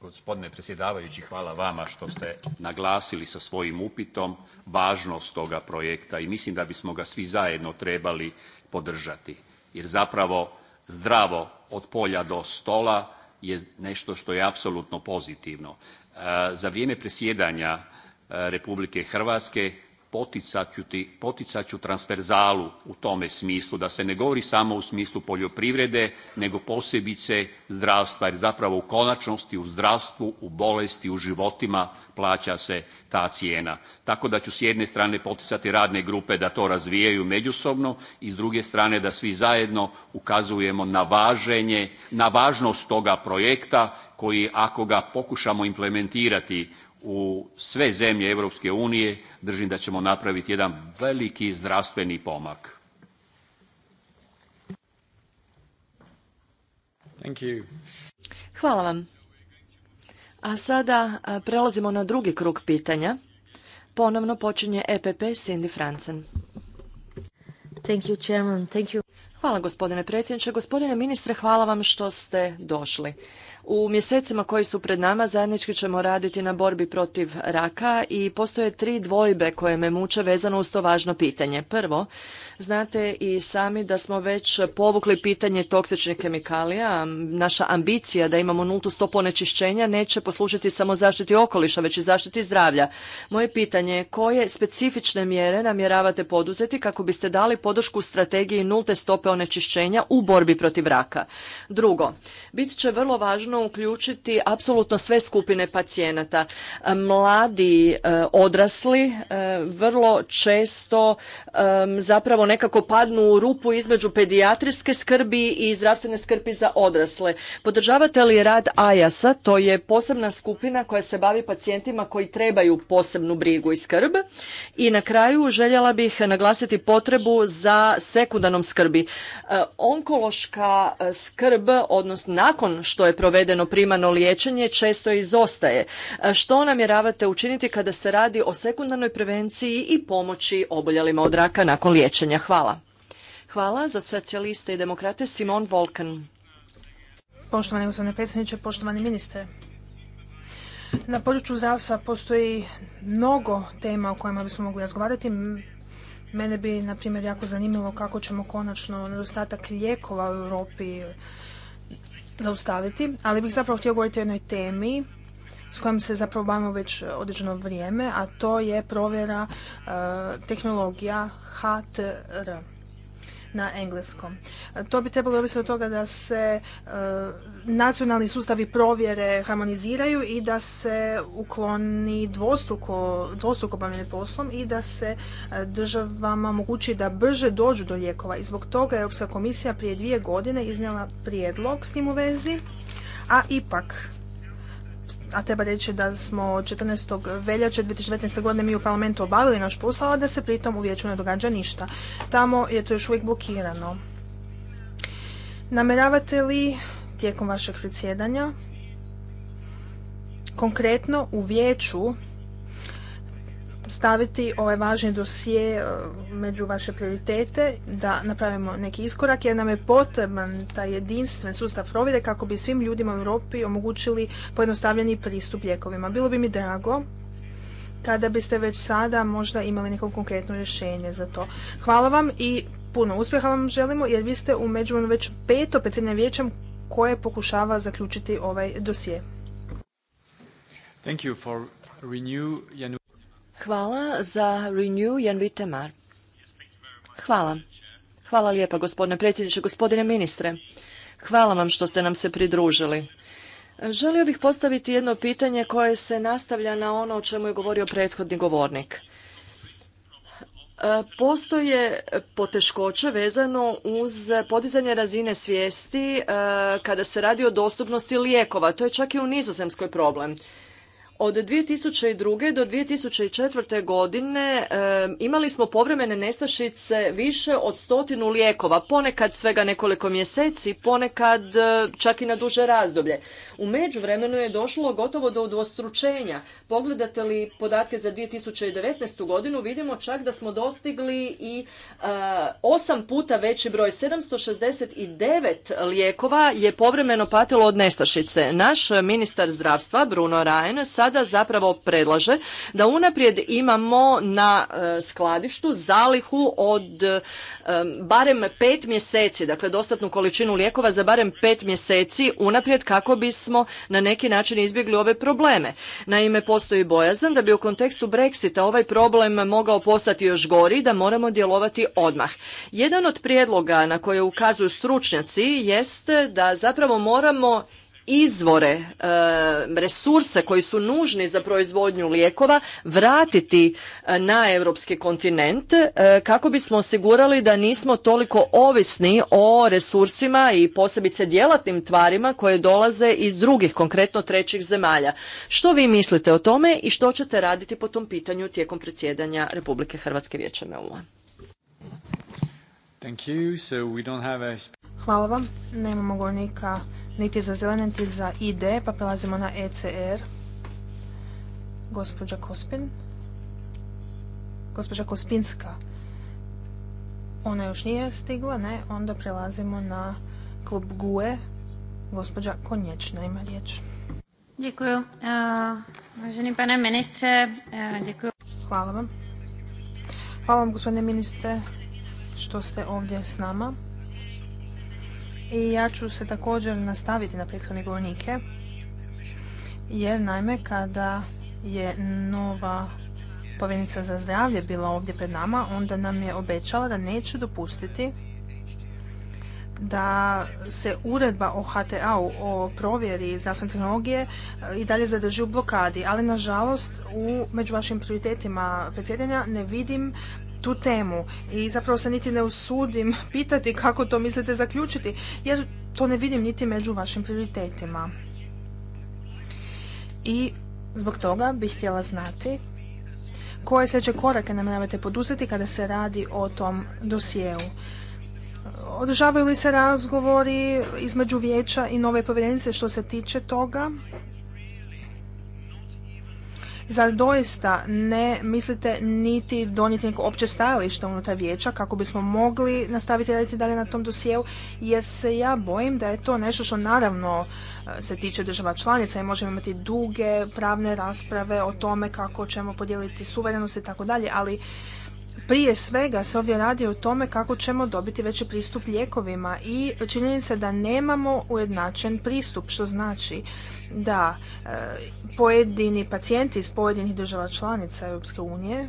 Gospodine predsjedavajući, hvala vama što ste naglasili sa svojim upitom važnost toga projekta i mislim da bismo ga svi zajedno trebali podržati. Jer zapravo zdravo od polja do stola je nešto što je apsolutno pozitivno za vrijeme predsjedanja eh, Republike Hrvatske poticat ću transverzalu u tome smislu, da se ne govori samo u smislu poljoprivrede, nego posebice zdravstva, jer zapravo u konačnosti u zdravstvu, u bolesti, u životima plaća se ta cijena. Tako da ću s jedne strane poticati radne grupe da to razvijaju međusobno i s druge strane da svi zajedno ukazujemo na važenje, na važnost toga projekta koji ako ga pokušamo implementirati u sve zemlje Europske unije držim da ćemo napraviti jedan veliki zdravstveni pomak. Thank Hvala vam. A sada prelazimo na drugi krug pitanja. Ponovno počinje EPP Cindy Hvala gospodine predsjedniče. Gospodine ministre, hvala vam što ste došli. U mjesecima koji su pred nama zajednički ćemo raditi na borbi protiv raka i postoje tri dvojbe koje me muče vezano uz to važno pitanje. Prvo, znate i sami da smo već povukli pitanje toksičnih kemikalija. Naša ambicija da imamo nultu stopu onečišćenja neće poslužiti samo zaštiti okoliša, već i zaštiti zdravlja. Moje pitanje je koje specifične mjere namjeravate poduzeti kako biste dali podršku strategiji nulte stope onečišćenja u borbi protiv raka? Drugo, bit će vrlo važno uključiti apsolutno sve skupine pacijenata. Mladi e, odrasli e, vrlo često zapravo nekako padnu u rupu između pedijatrijske skrbi i zdravstvene skrbi za odrasle. Podržavate li rad AJAS-a? To je posebna skupina koja se bavi pacijentima koji trebaju posebnu brigu i skrb. I na kraju željela bih naglasiti potrebu za sekundarnom skrbi. E, onkološka skrb, odnosno nakon što je provedena provedeno primano liječenje često izostaje. Što namjeravate učiniti kada se radi o sekundarnoj prevenciji i pomoći oboljelima od raka nakon liječenja? Hvala. Hvala za socijaliste i demokrate Simon Volkan. Poštovani gospodine predsjedniče, poštovani ministre. Na području zdravstva postoji mnogo tema o kojima bismo mogli razgovarati. Mene bi, na primjer, jako zanimalo kako ćemo konačno nedostatak lijekova u Europi zaustaviti, ali bih zapravo htio govoriti o jednoj temi s kojom se zapravo bavimo već e, određeno vrijeme, a to je provjera e, tehnologija HTR na engleskom. To bi trebalo ovisiti od toga da se e, nacionalni sustavi provjere harmoniziraju i da se ukloni dvostruko, dvostruko poslom i da se e, državama mogući da brže dođu do lijekova. I zbog toga je Europska komisija prije dvije godine iznijela prijedlog s njim u vezi, a ipak a treba reći da smo 14. veljače 2019. godine mi u parlamentu obavili naš posao, a da se pritom u vijeću ne događa ništa. Tamo je to još uvijek blokirano. Nameravate li tijekom vašeg predsjedanja konkretno u vijeću staviti ovaj važni dosije e, među vaše prioritete, da napravimo neki iskorak jer nam je potreban taj jedinstven sustav provjere kako bi svim ljudima u Europi omogućili pojednostavljeni pristup lijekovima. Bilo bi mi drago kada biste već sada možda imali neko konkretno rješenje za to. Hvala vam i puno uspjeha vam želimo jer vi ste u međuvremenu već peto predsjednje vijećem koje pokušava zaključiti ovaj dosije. Hvala za Renew Jan Vitemar. Hvala. Hvala lijepa gospodine predsjedniče, gospodine ministre. Hvala vam što ste nam se pridružili. Želio bih postaviti jedno pitanje koje se nastavlja na ono o čemu je govorio prethodni govornik. Postoje poteškoće vezano uz podizanje razine svijesti eh, kada se radi o dostupnosti lijekova. To je čak i u nizozemskoj problem. Od 2002. do 2004. godine imali smo povremene nestašice više od stotinu lijekova, ponekad svega nekoliko mjeseci, ponekad e, čak i na duže razdoblje. U međuvremenu je došlo gotovo do udvostručenja Pogledate li podatke za 2019. godinu, vidimo čak da smo dostigli i e, osam puta veći broj. 769 lijekova je povremeno patilo od nestašice. Naš ministar zdravstva, Bruno Rajen, sada zapravo predlaže da unaprijed imamo na e, skladištu zalihu od e, barem pet mjeseci, dakle dostatnu količinu lijekova za barem pet mjeseci unaprijed kako bismo na neki način izbjegli ove probleme. Naime, postoji bojazan da bi u kontekstu Brexita ovaj problem mogao postati još gori da moramo djelovati odmah. Jedan od prijedloga na koje ukazuju stručnjaci jest da zapravo moramo izvore, e, resurse koji su nužni za proizvodnju lijekova vratiti e, na europski kontinent e, kako bismo osigurali da nismo toliko ovisni o resursima i posebice djelatnim tvarima koje dolaze iz drugih, konkretno trećih zemalja. Što vi mislite o tome i što ćete raditi po tom pitanju tijekom predsjedanja Republike Hrvatske vijećem eu Hvala vam. Nemamo govornika niti za zelene, niti za ID, pa prelazimo na ECR. Gospođa Kospin. Gospođa Kospinska. Ona još nije stigla, ne? Onda prelazimo na klub GUE. Gospođa Konječna ima riječ. Dziękuję. Eh, vážený pane ministře, eh, Hvala vam. Hvala vam, gospodine ministre, što ste ovdje s nama i ja ću se također nastaviti na prethodne govornike jer naime kada je nova povjerenica za zdravlje bila ovdje pred nama onda nam je obećala da neće dopustiti da se uredba o HTA-u o provjeri zdravstvene tehnologije e, i dalje zadrži u blokadi, ali nažalost u, među vašim prioritetima predsjedanja ne vidim tu temu i zapravo se niti ne usudim [laughs] pitati kako to mislite zaključiti jer to ne vidim niti među vašim prioritetima. I zbog toga bih htjela znati koje sljedeće korake namjeravate poduzeti kada se radi o tom dosjeu. Održavaju li se razgovori između vijeća i nove povjerenice što se tiče toga Zar doista ne mislite niti donijeti neko opće stajalište unutar vijeća kako bismo mogli nastaviti raditi dalje na tom dosjeu jer se ja bojim da je to nešto što naravno e, se tiče država članica i možemo imati duge pravne rasprave o tome kako ćemo podijeliti suverenost i tako dalje, ali prije svega se ovdje radi o tome kako ćemo dobiti veći pristup lijekovima i činjenica da nemamo ujednačen pristup, što znači da e, pojedini pacijenti iz pojedinih država članica Europske unije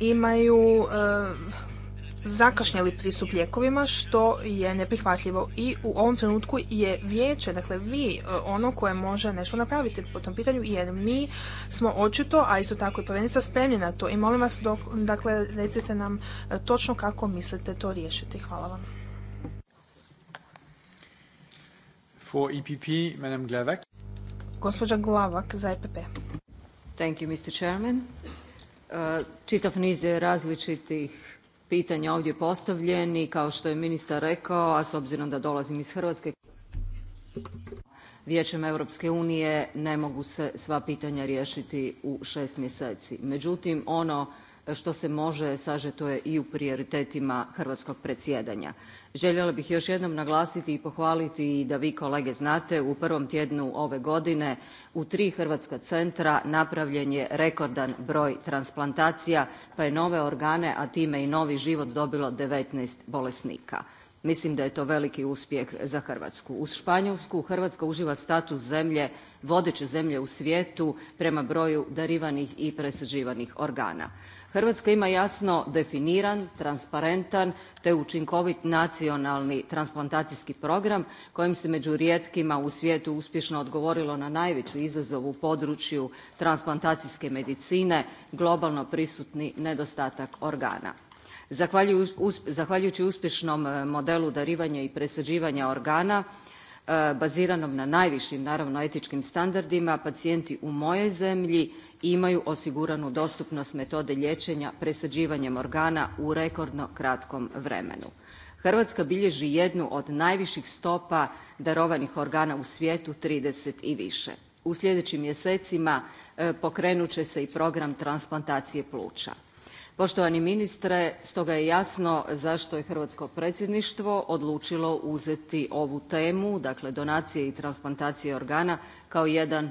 imaju e, zakašnjeli pristup lijekovima što je neprihvatljivo i u ovom trenutku je vijeće, dakle vi e, ono koje može nešto napraviti po tom pitanju jer mi smo očito, a isto tako i povjerenica spremni na to i molim vas dakle recite nam e, točno kako mislite to riješiti. Hvala vam. For EPP, Glavak. Gospođa Glavak za EPP. Thank you, Mr. Chairman. E, čitav niz različitih pitanja ovdje postavljeni kao što je ministar rekao, a s obzirom da dolazim iz Hrvatske, Vijećem Europske unije ne mogu se sva pitanja riješiti u šest mjeseci. Međutim, ono što se može sažeto je i u prioritetima hrvatskog predsjedanja. Željela bih još jednom naglasiti i pohvaliti i da vi kolege znate u prvom tjednu ove godine u tri hrvatska centra napravljen je rekordan broj transplantacija pa je nove organe, a time i novi život dobilo 19 bolesnika. Mislim da je to veliki uspjeh za Hrvatsku. Uz Španjolsku Hrvatska uživa status zemlje, vodeće zemlje u svijetu prema broju darivanih i presađivanih organa. Hrvatska ima jasno definiran, transparentan te učinkovit nacionalni transplantacijski program kojim se među rijetkima u svijetu uspješno odgovorilo na najveći izazov u području transplantacijske medicine, globalno prisutni nedostatak organa. Zahvaljujući uspješnom eh, modelu darivanja i presađivanja organa E, Baziranom na najvišim naravno etičkim standardima pacijenti u mojoj zemlji imaju osiguranu dostupnost metode liječenja presađivanjem organa u rekordno kratkom vremenu. Hrvatska bilježi jednu od najviših stopa darovanih organa u svijetu 30 i više. U sljedećim mjesecima e, pokrenut će se i program transplantacije pluća. Poštovani ministre, stoga je jasno zašto je hrvatsko predsjedništvo odlučilo uzeti ovu temu, dakle donacije i transplantacije organa kao jedan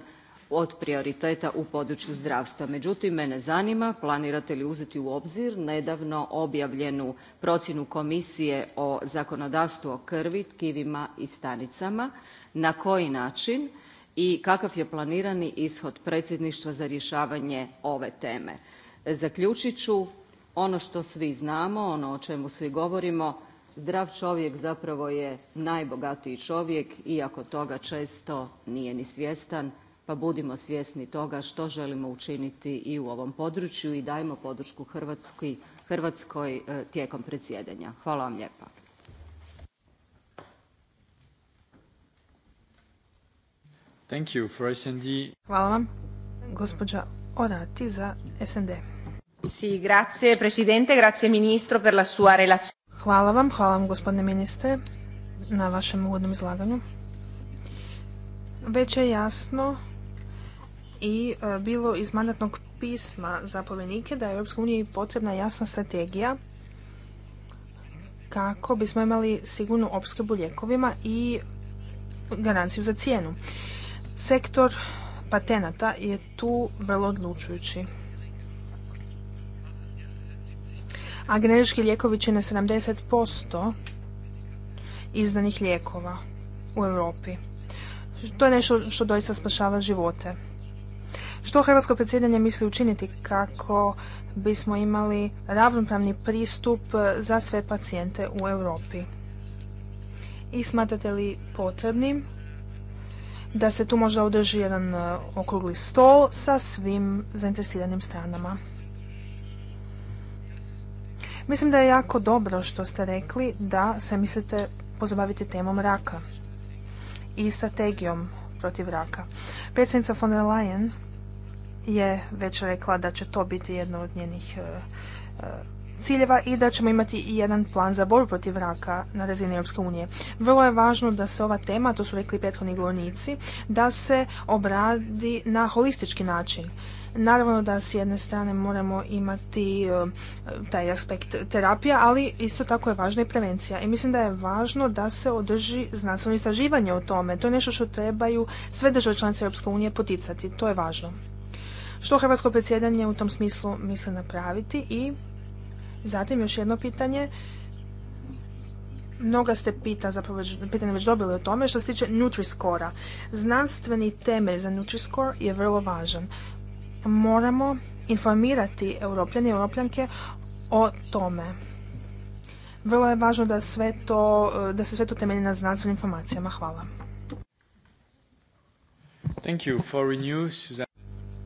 od prioriteta u području zdravstva. Međutim, mene zanima planirate li uzeti u obzir nedavno objavljenu procjenu Komisije o zakonodavstvu o krvi, tkivima i stanicama, na koji način i kakav je planirani ishod predsjedništva za rješavanje ove teme. Zaključit ću ono što svi znamo, ono o čemu svi govorimo, zdrav čovjek zapravo je najbogatiji čovjek iako toga često nije ni svjestan, pa budimo svjesni toga što želimo učiniti i u ovom području i dajmo podršku Hrvatskoj e, tijekom predsjedanja. Hvala vam lijepa. Thank you for Hvala vam. Gospođa za SND. grazie ministro Hvala vam, hvala vam gospodine ministre na vašem uvodnom izlaganju. Već je jasno i e, bilo iz mandatnog pisma zapovjednike da je Europskoj uniji potrebna jasna strategija kako bismo imali sigurnu opskrbu lijekovima i garanciju za cijenu. Sektor patenata je tu vrlo odlučujući. A generički lijekovi čine 70% izdanih lijekova u Europi. To je nešto što doista spašava živote. Što Hrvatsko predsjedanje misli učiniti kako bismo imali ravnopravni pristup za sve pacijente u Europi? I smatrate li potrebnim da se tu možda održi jedan e, okrugli stol sa svim zainteresiranim stranama. Mislim da je jako dobro što ste rekli da se mislite pozabaviti temom raka i strategijom protiv raka. Predsjednica von der Leyen je već rekla da će to biti jedno od njenih e, e, ciljeva i da ćemo imati i jedan plan za borbu protiv raka na razini Europske unije. Vrlo je važno da se ova tema, to su rekli prethodni govornici, da se obradi na holistički način. Naravno da s jedne strane moramo imati e, taj aspekt terapija, ali isto tako je važna i prevencija. I mislim da je važno da se održi znanstveno istraživanje o tome. To je nešto što trebaju sve države članice Europske unije poticati. To je važno. Što Hrvatsko predsjedanje u tom smislu misli napraviti i Zatim još jedno pitanje. Mnoga ste pita, već, pitanje već dobili o tome što se tiče Nutri-Scora. Znanstveni temelj za Nutri-Score je vrlo važan. Moramo informirati europljane i europljanke o tome. Vrlo je važno da, sve to, da se sve to temelji na znanstvenim informacijama. Hvala.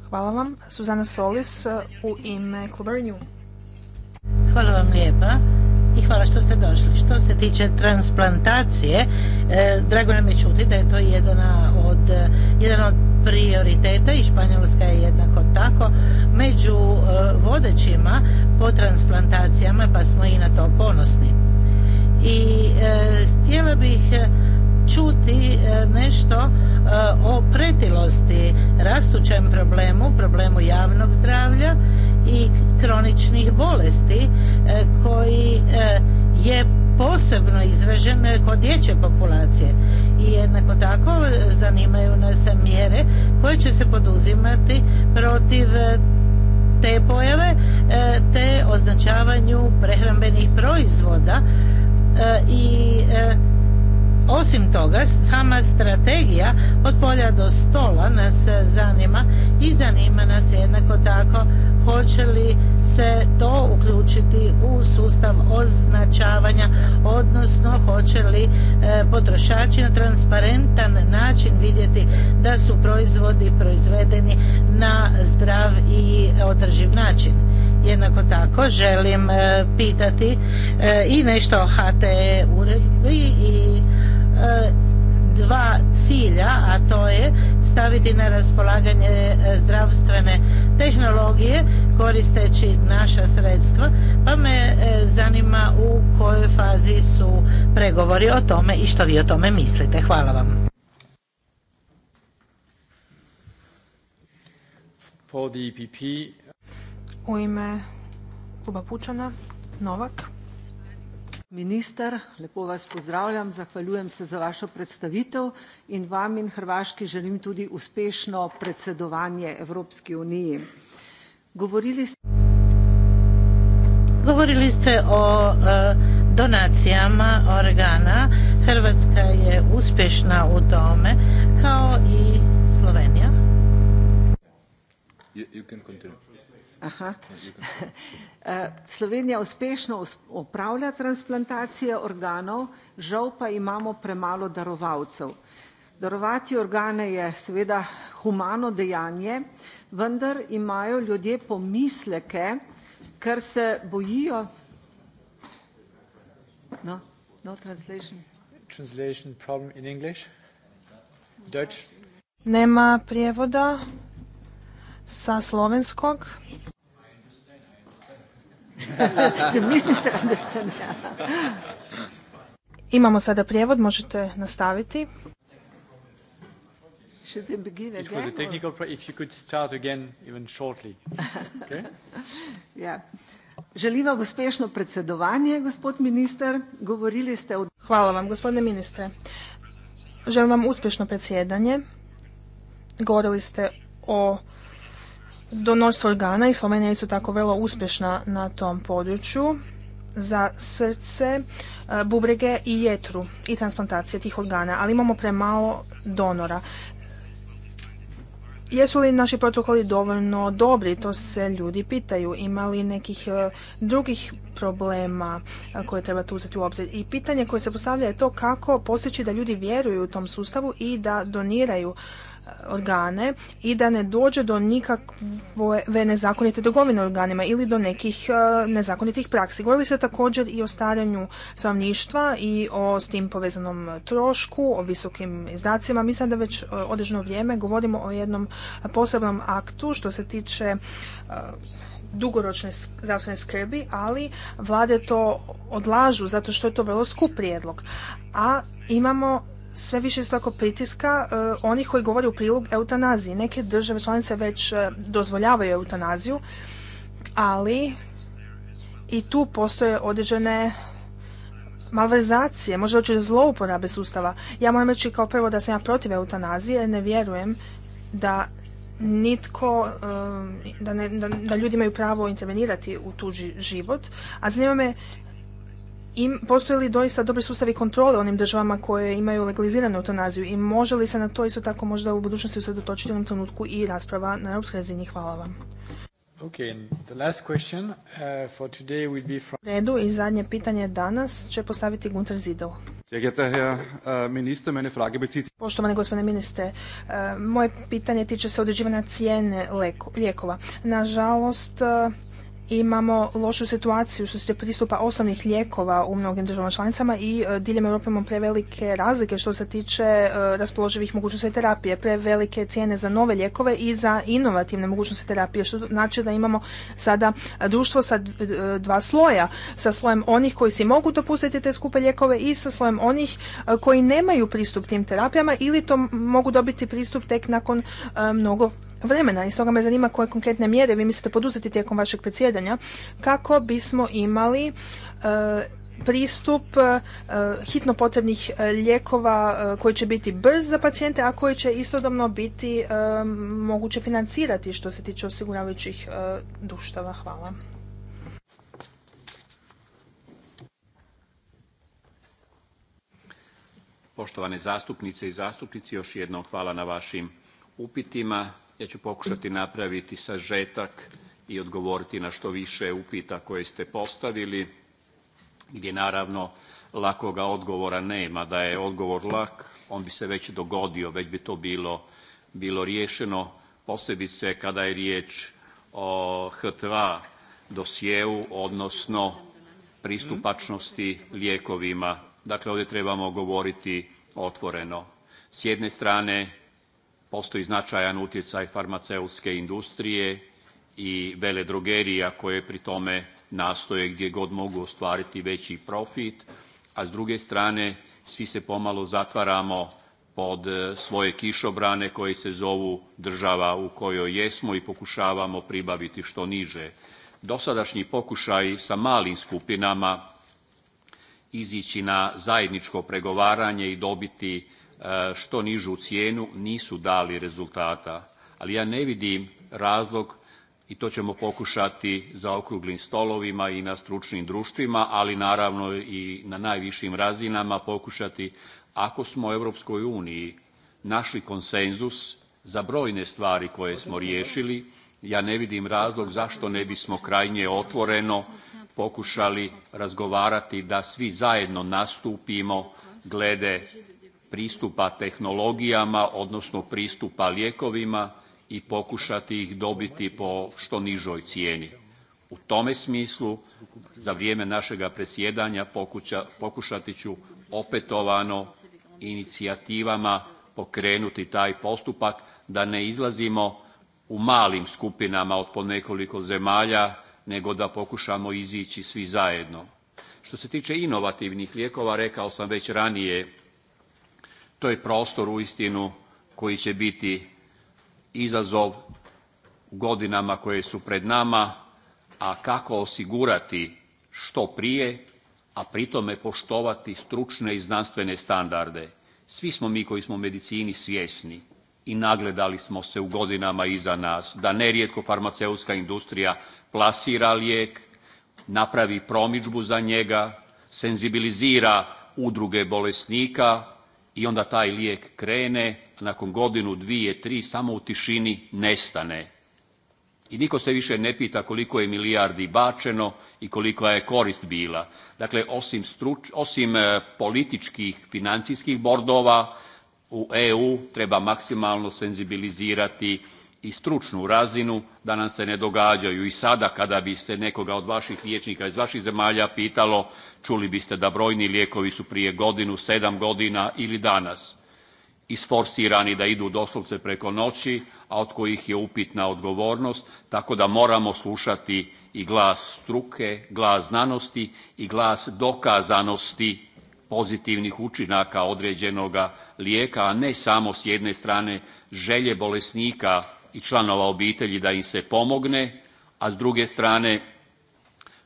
Hvala vam. Suzana Solis u ime Kluba Renew. Hvala vam lijepa i hvala što ste došli. Što se tiče transplantacije, e, drago nam je čuti da je to jedna od, jedan od prioriteta i Španjolska je jednako tako među e, vodećima po transplantacijama pa smo i na to ponosni. I e, htjela bih čuti nešto o pretilosti, rastućem problemu, problemu javnog zdravlja i kroničnih bolesti e, koji e, je posebno izražen kod dječje populacije. I jednako tako e, zanimaju nas mjere koje će se poduzimati protiv te pojave te označavanju prehrambenih proizvoda i osim toga, sama strategija od polja do stola nas zanima i zanima nas jednako tako hoće li se to uključiti u sustav označavanja, odnosno hoće li e, potrošači na transparentan način vidjeti da su proizvodi proizvedeni na zdrav i održiv način. Jednako tako želim e, pitati e, i nešto o HTE uredbi i E, dva cilja, a to je staviti na raspolaganje e, zdravstvene tehnologije koristeći naša sredstva, pa me e, zanima u kojoj fazi su pregovori o tome i što vi o tome mislite. Hvala vam. U ime kluba Pučana, Novak. Ministar, lepo vas pozdravljam, zahvaljujem se za vašo predstavitev in vam in Hrvaški želim tudi uspešno predsedovanje Evropski uniji. Govorili ste... Govorili ste o e, donacijama organa. Hrvatska je uspješna u tome, kao i Slovenija. Slovenija uspešno opravlja transplantacije organov, žal pa imamo premalo darovalcev. Darovati organe je seveda humano dejanje, vendar imajo ljudje pomisleke, ker se bojijo. No, no translation. Translation problem in English. Nema prijevoda sa slovenskog. [laughs] ste ne. Imamo sada prijevod, možete nastaviti. Should I begin again? if you could start again even shortly. Okay? yeah. [laughs] Želim vam uspješno predsjedovanje, gospod minister. Govorili ste od... Hvala vam, gospodine ministre. Želim vam uspješno predsjedanje. Govorili ste o Donorstvo organa i Slovenija je su tako vrlo uspješna na tom području za srce, e, bubrege i jetru i transplantacije tih organa, ali imamo premalo donora. Jesu li naši protokoli dovoljno dobri, to se ljudi pitaju, ima li nekih e, drugih problema e, koje treba uzeti u obzir. I pitanje koje se postavlja je to kako postići da ljudi vjeruju u tom sustavu i da doniraju organe i da ne dođe do nikakve nezakonite trgovine organima ili do nekih e, nezakonitih praksi. Govorili se također i o staranju stanovništva i o s tim povezanom trošku, o visokim izdacima. Mi da već e, određeno vrijeme govorimo o jednom posebnom aktu što se tiče e, dugoročne zdravstvene skrbi, ali vlade to odlažu zato što je to vrlo skup prijedlog. A imamo sve više svakog pritiska e, onih koji govore u prilog eutanaziji. Neke države članice već e, dozvoljavaju eutanaziju, ali i tu postoje određene malverzacije, možda doći zlouporabe sustava. Ja moram reći kao prvo da sam ja protiv eutanazije jer ne vjerujem da nitko, e, da, da ljudi imaju pravo intervenirati u tuđi život. A zanima me postoje li doista dobri sustavi kontrole onim državama koje imaju legaliziranu eutanaziju i može li se na to isto tako možda u budućnosti usredotočiti u ovom trenutku i rasprava na europskoj razini? Hvala vam. Redu i zadnje pitanje danas će postaviti Gunter Zidel. Uh, Poštovani gospodine ministre, uh, moje pitanje tiče se određivanja cijene lijekova. Nažalost, uh, imamo lošu situaciju što se pristupa osnovnih lijekova u mnogim državama članicama i e, diljem Europe imamo prevelike razlike što se tiče e, raspoloživih mogućnosti terapije, prevelike cijene za nove lijekove i za inovativne mogućnosti terapije, što znači da imamo sada društvo sa e, dva sloja, sa slojem onih koji si mogu dopustiti te skupe lijekove i sa slojem onih koji nemaju pristup tim terapijama ili to mogu dobiti pristup tek nakon mnogo vremena i stoga me zanima koje konkretne mjere vi mislite poduzeti tijekom vašeg predsjedanja kako bismo imali e, pristup e, hitno potrebnih e, lijekova koji će biti brz za pacijente, a koji će istodobno biti moguće financirati što se tiče osiguravajućih duštava. Hvala. Poštovane zastupnice i zastupnici, još jednom hvala na vašim upitima ja ću pokušati napraviti sažetak i odgovoriti na što više upita koje ste postavili, gdje naravno lakoga odgovora nema. Da je odgovor lak, on bi se već dogodio, već bi to bilo, bilo riješeno, posebice kada je riječ o H2 dosjeu, odnosno pristupačnosti lijekovima. Dakle, ovdje trebamo govoriti otvoreno. S jedne strane Postoji značajan utjecaj farmaceutske industrije i veledrogerija koje pri tome nastoje gdje god mogu ostvariti veći profit, a s druge strane svi se pomalo zatvaramo pod e, svoje kišobrane koje se zovu država u kojoj jesmo i pokušavamo pribaviti što niže. Dosadašnji pokušaj sa malim skupinama izići na zajedničko pregovaranje i dobiti E, što nižu cijenu nisu dali rezultata. Ali ja ne vidim razlog i to ćemo pokušati za okruglim stolovima i na stručnim društvima, ali naravno i na najvišim razinama pokušati ako smo u Europskoj uniji našli konsenzus za brojne stvari koje smo riješili, ja ne vidim razlog zašto ne bismo krajnje otvoreno pokušali razgovarati da svi zajedno nastupimo glede pristupa tehnologijama, odnosno pristupa lijekovima i pokušati ih dobiti po što nižoj cijeni. U tome smislu za vrijeme našega predsjedanja pokušati ću opetovano inicijativama pokrenuti taj postupak da ne izlazimo u malim skupinama od ponekoliko nekoliko zemalja, nego da pokušamo izići svi zajedno. Što se tiče inovativnih lijekova, rekao sam već ranije to je prostor istinu koji će biti izazov u godinama koje su pred nama, a kako osigurati što prije, a pritome poštovati stručne i znanstvene standarde. Svi smo mi koji smo u medicini svjesni i nagledali smo se u godinama iza nas da nerijetko farmaceutska industrija plasira lijek, napravi promičbu za njega, senzibilizira udruge bolesnika, i onda taj lijek krene, nakon godinu, dvije, tri samo u tišini nestane. I niko se više ne pita koliko je milijardi bačeno i koliko je korist bila. Dakle, osim, osim e, političkih, financijskih bordova u EU treba maksimalno senzibilizirati i stručnu razinu da nam se ne događaju. I sada kada bi se nekoga od vaših liječnika iz vaših zemalja pitalo čuli biste da brojni lijekovi su prije godinu, sedam godina ili danas isforsirani da idu doslovce preko noći, a od kojih je upitna odgovornost, tako da moramo slušati i glas struke, glas znanosti i glas dokazanosti pozitivnih učinaka određenoga lijeka, a ne samo s jedne strane želje bolesnika i članova obitelji da im se pomogne, a s druge strane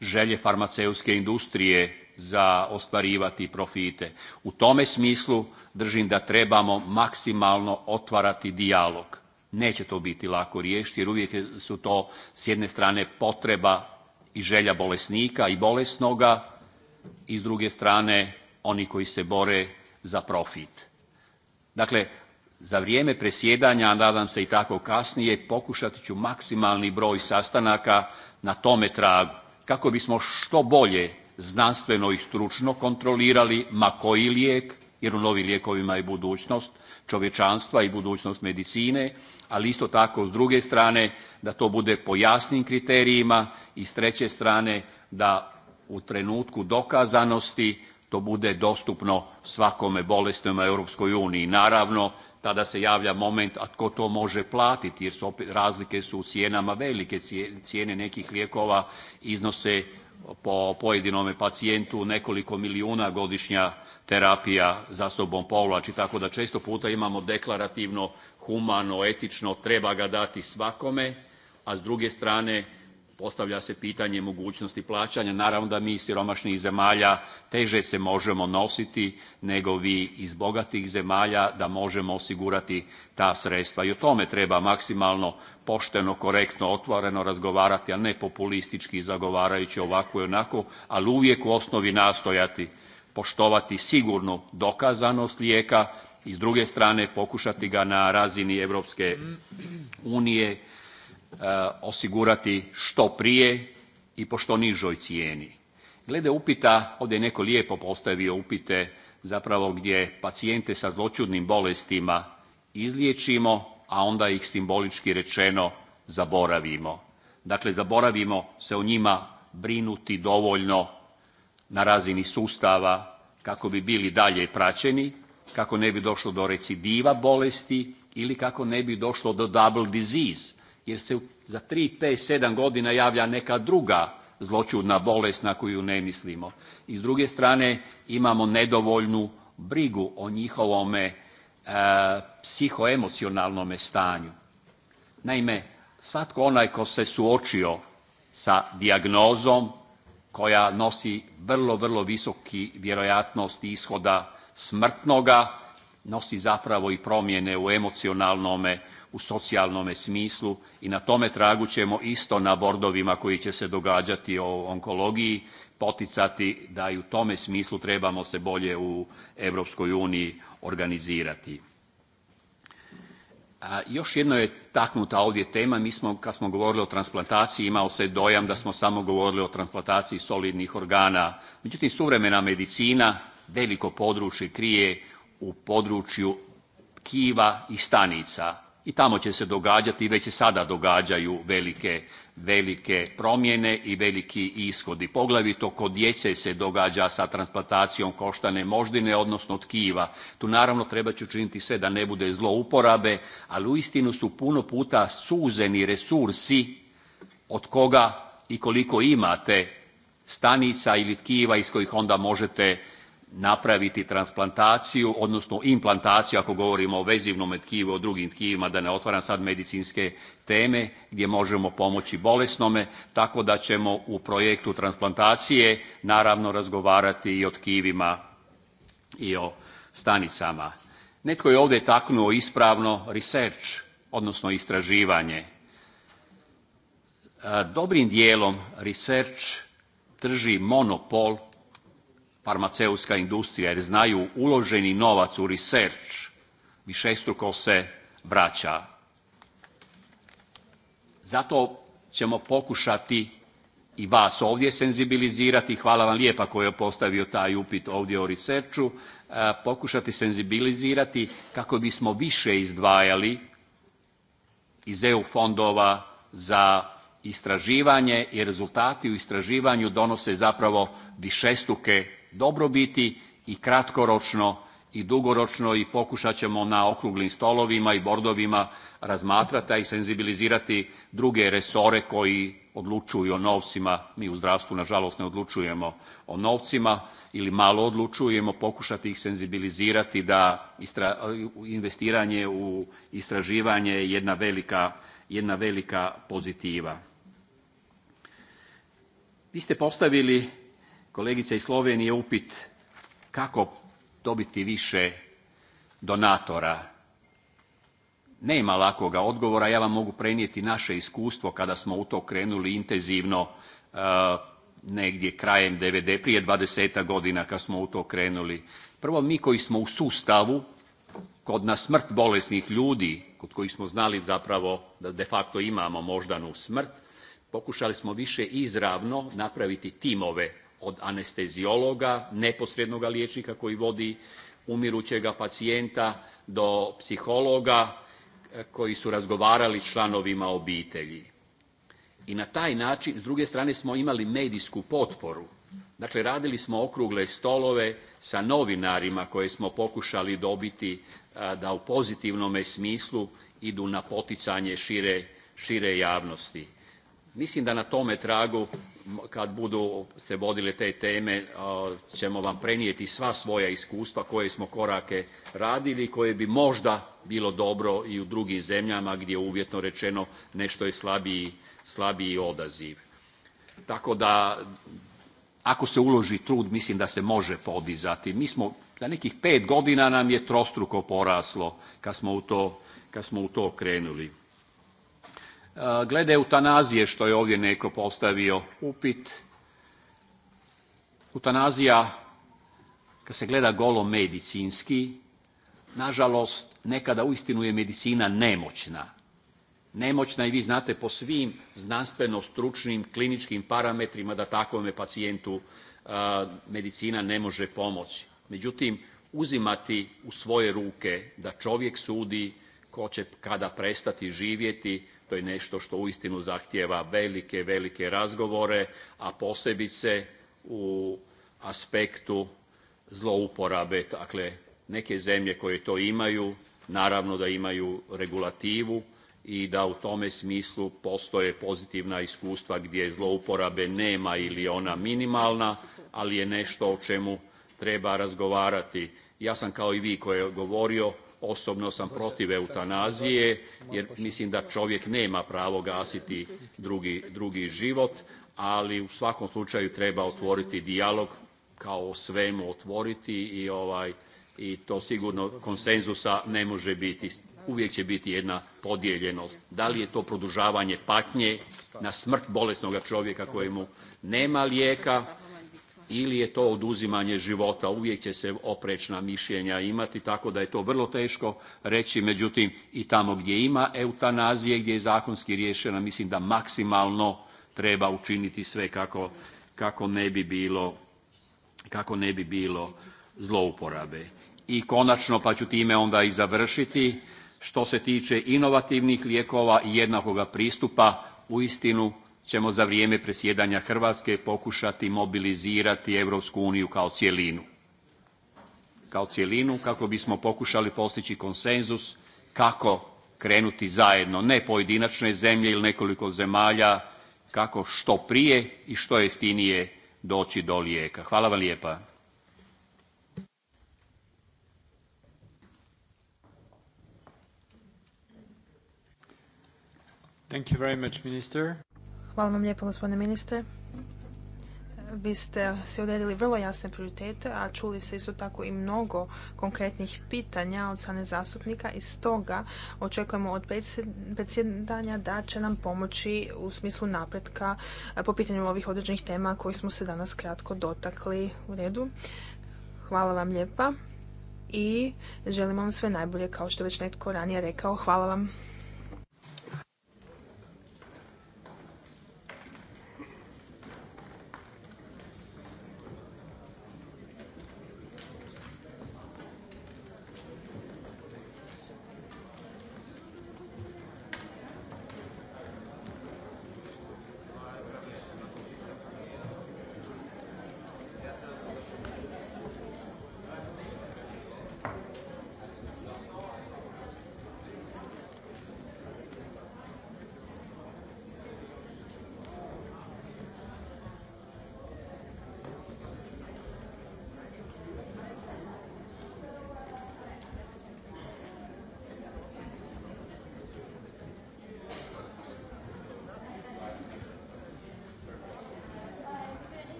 želje farmaceutske industrije za ostvarivati profite. U tome smislu držim da trebamo maksimalno otvarati dijalog. Neće to biti lako riješiti jer uvijek su to s jedne strane potreba i želja bolesnika i bolesnoga i s druge strane oni koji se bore za profit. Dakle, za vrijeme presjedanja, nadam se i tako kasnije, pokušat ću maksimalni broj sastanaka na tome tragu, kako bismo što bolje znanstveno i stručno kontrolirali ma koji lijek, jer u novim lijekovima je budućnost čovječanstva i budućnost medicine, ali isto tako s druge strane da to bude po jasnim kriterijima i s treće strane da u trenutku dokazanosti to bude dostupno svakome bolestnom u Europskoj uniji. Naravno, tada se javlja moment, a tko to može platiti, jer su opet, razlike su u cijenama velike. Cijene nekih lijekova iznose po pojedinome pacijentu nekoliko milijuna godišnja terapija za sobom povlači, tako da često puta imamo deklarativno, humano, etično, treba ga dati svakome, a s druge strane Postavlja se pitanje mogućnosti plaćanja. Naravno da mi iz siromašnih zemalja teže se možemo nositi nego vi iz bogatih zemalja da možemo osigurati ta sredstva. I o tome treba maksimalno pošteno, korektno, otvoreno razgovarati, a ne populistički zagovarajući ovako i onako, ali uvijek u osnovi nastojati poštovati sigurnu dokazanost lijeka i s druge strane pokušati ga na razini Europske unije Eh, osigurati što prije i po što nižoj cijeni. Glede upita, ovdje je netko lijepo postavio upite zapravo gdje pacijente sa zloćudnim bolestima izliječimo, a onda ih simbolički rečeno zaboravimo. Dakle, zaboravimo se o njima brinuti dovoljno na razini sustava kako bi bili dalje praćeni, kako ne bi došlo do recidiva bolesti ili kako ne bi došlo do double disease, jer se za tri, 5, 7 godina javlja neka druga zločudna bolest na koju ne mislimo. I s druge strane imamo nedovoljnu brigu o njihovome e, psihoemocionalnome stanju. Naime, svatko onaj ko se suočio sa dijagnozom koja nosi vrlo, vrlo visoki vjerojatnost ishoda smrtnoga nosi zapravo i promjene u emocionalnome, u socijalnome smislu i na tome tragu ćemo isto na bordovima koji će se događati o onkologiji poticati da i u tome smislu trebamo se bolje u Europskoj uniji organizirati. A još jedno je taknuta ovdje tema, mi smo kad smo govorili o transplantaciji imao se dojam da smo samo govorili o transplantaciji solidnih organa. Međutim, suvremena medicina veliko područje krije u području kiva i stanica. I tamo će se događati i već se sada događaju velike, velike promjene i veliki ishodi. Poglavito kod djece se događa sa transplantacijom koštane moždine, odnosno tkiva. Tu naravno treba ću činiti sve da ne bude zlouporabe, ali uistinu su puno puta suzeni resursi od koga i koliko imate stanica ili tkiva iz kojih onda možete napraviti transplantaciju, odnosno implantaciju ako govorimo o vezivnom tkivu, o drugim tkivima, da ne otvaram sad medicinske teme gdje možemo pomoći bolesnome, tako da ćemo u projektu transplantacije naravno razgovarati i o tkivima i o stanicama. Netko je ovdje taknuo ispravno research, odnosno istraživanje. E, dobrim dijelom research drži monopol farmaceutska industrija jer znaju uloženi novac u research višestruko se vraća. Zato ćemo pokušati i vas ovdje senzibilizirati, hvala vam lijepa koji je postavio taj upit ovdje o researchu, e, pokušati senzibilizirati kako bismo više izdvajali iz EU fondova za istraživanje i rezultati u istraživanju donose zapravo višestruke dobrobiti i kratkoročno i dugoročno i pokušat ćemo na okruglim stolovima i bordovima razmatrati i senzibilizirati druge resore koji odlučuju o novcima. Mi u zdravstvu nažalost ne odlučujemo o novcima ili malo odlučujemo, pokušati ih senzibilizirati da investiranje u istraživanje je jedna velika, jedna velika pozitiva. Vi ste postavili kolegice iz Slovenije upit kako dobiti više donatora. Nema lakoga odgovora, ja vam mogu prenijeti naše iskustvo kada smo u to krenuli intenzivno e, negdje krajem dvD prije 20 godina kad smo u to krenuli. Prvo, mi koji smo u sustavu, kod na smrt bolesnih ljudi, kod kojih smo znali zapravo da de facto imamo moždanu smrt, pokušali smo više izravno napraviti timove od anesteziologa, neposrednoga liječnika koji vodi umirućega pacijenta do psihologa e, koji su razgovarali s članovima obitelji. I na taj način, s druge strane smo imali medijsku potporu. Dakle, radili smo okrugle stolove sa novinarima koje smo pokušali dobiti e, da u pozitivnom smislu idu na poticanje šire javnosti. Mislim da na tome tragu kad budu se vodile te teme ćemo vam prenijeti sva svoja iskustva koje smo korake radili, koje bi možda bilo dobro i u drugim zemljama gdje uvjetno rečeno nešto je slabiji, slabiji odaziv. Tako da ako se uloži trud mislim da se može podizati. Mi smo za nekih pet godina nam je trostruko poraslo kad smo u to, kad smo u to krenuli. Eh, glede eutanazije, što je ovdje neko postavio upit, eutanazija, kad se gleda golo medicinski, nažalost, nekada uistinu je medicina nemoćna. Nemoćna i vi znate po svim znanstveno-stručnim kliničkim parametrima da takvome pacijentu eh, medicina ne može pomoći. Međutim, uzimati u svoje ruke da čovjek sudi ko će kada prestati živjeti, to je nešto što uistinu zahtjeva velike, velike razgovore, a posebice u aspektu zlouporabe. Dakle, neke zemlje koje to imaju, naravno da imaju regulativu i da u tome smislu postoje pozitivna iskustva gdje zlouporabe nema ili ona minimalna, ali je nešto o čemu treba razgovarati. Ja sam kao i vi koji je govorio Osobno sam protiv eutanazije jer mislim da čovjek nema pravo gasiti drugi, život, ali u svakom slučaju treba otvoriti dijalog kao svemu otvoriti i, ovaj, i to sigurno konsenzusa ne može biti. Uvijek će biti jedna podijeljenost. Da li je to produžavanje patnje na smrt bolesnog čovjeka kojemu nema lijeka ili je to oduzimanje života. Uvijek će se oprečna mišljenja imati tako da je to vrlo teško reći. Međutim, i tamo gdje ima eutanazije, gdje je zakonski riješena, mislim da maksimalno treba učiniti sve kako, kako ne bi bilo kako ne bi bilo zlouporabe. I konačno, pa ću time onda i završiti, što se tiče inovativnih lijekova i jednakoga pristupa, uistinu ćemo za vrijeme predsjedanja Hrvatske pokušati mobilizirati Europsku uniju kao cjelinu. Kao cjelinu kako bismo pokušali postići konsenzus kako krenuti zajedno, ne pojedinačne zemlje ili nekoliko zemalja, kako što prije i što jeftinije doći do lijeka. Hvala vam lijepa. Thank you very much, Minister. Hvala vam lijepo, gospodine ministre. Vi ste se odredili vrlo jasne prioritete, a čuli ste isto tako i mnogo konkretnih pitanja od strane zastupnika i stoga očekujemo od predsjedanja da će nam pomoći u smislu napretka po pitanju ovih određenih tema koji smo se danas kratko dotakli u redu. Hvala vam lijepa i želim vam sve najbolje kao što je već netko ranije rekao. Hvala vam.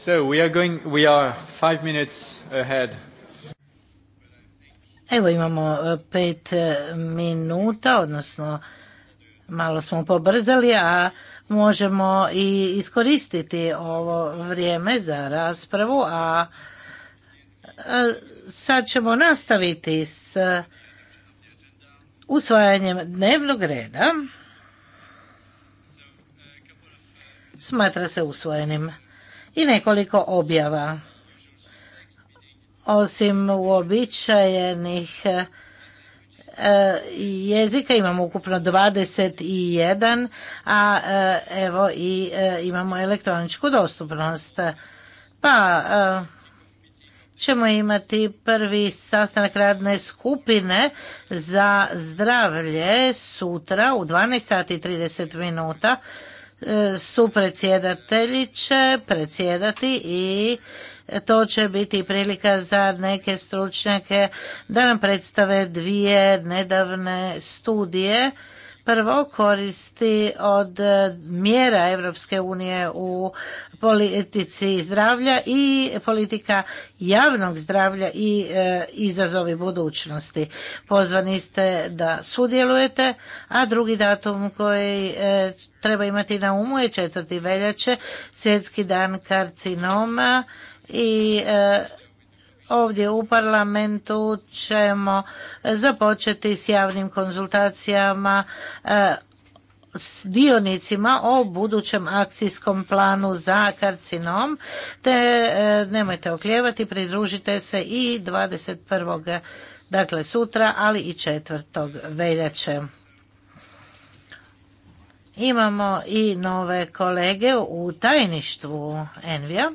So Evo imamo e, pet e, minuta, odnosno malo smo pobrzali, a možemo i iskoristiti ovo vrijeme za raspravu, a e, sad ćemo nastaviti s usvajanjem dnevnog reda. Smatra se usvojenim i nekoliko objava. Osim uobičajenih e, jezika imamo ukupno 21, a e, evo i e, imamo elektroničku dostupnost. Pa ćemo imati prvi sastanak radne skupine za zdravlje sutra u 12 sati minuta E, predsjedatelji će predsjedati i to će biti prilika za neke stručnjake da nam predstave dvije nedavne studije prvo koristi od e, mjera Europske unije u politici zdravlja i politika javnog zdravlja i e, izazovi budućnosti. Pozvani ste da sudjelujete, a drugi datum koji e, treba imati na umu je 4. veljače, svjetski dan karcinoma i Ovdje u parlamentu ćemo započeti s javnim konzultacijama e, s dionicima o budućem akcijskom planu za karcinom, te e, nemojte okljevati, pridružite se i 21. dakle sutra, ali i 4. veljače. Imamo i nove kolege u tajništvu Envija.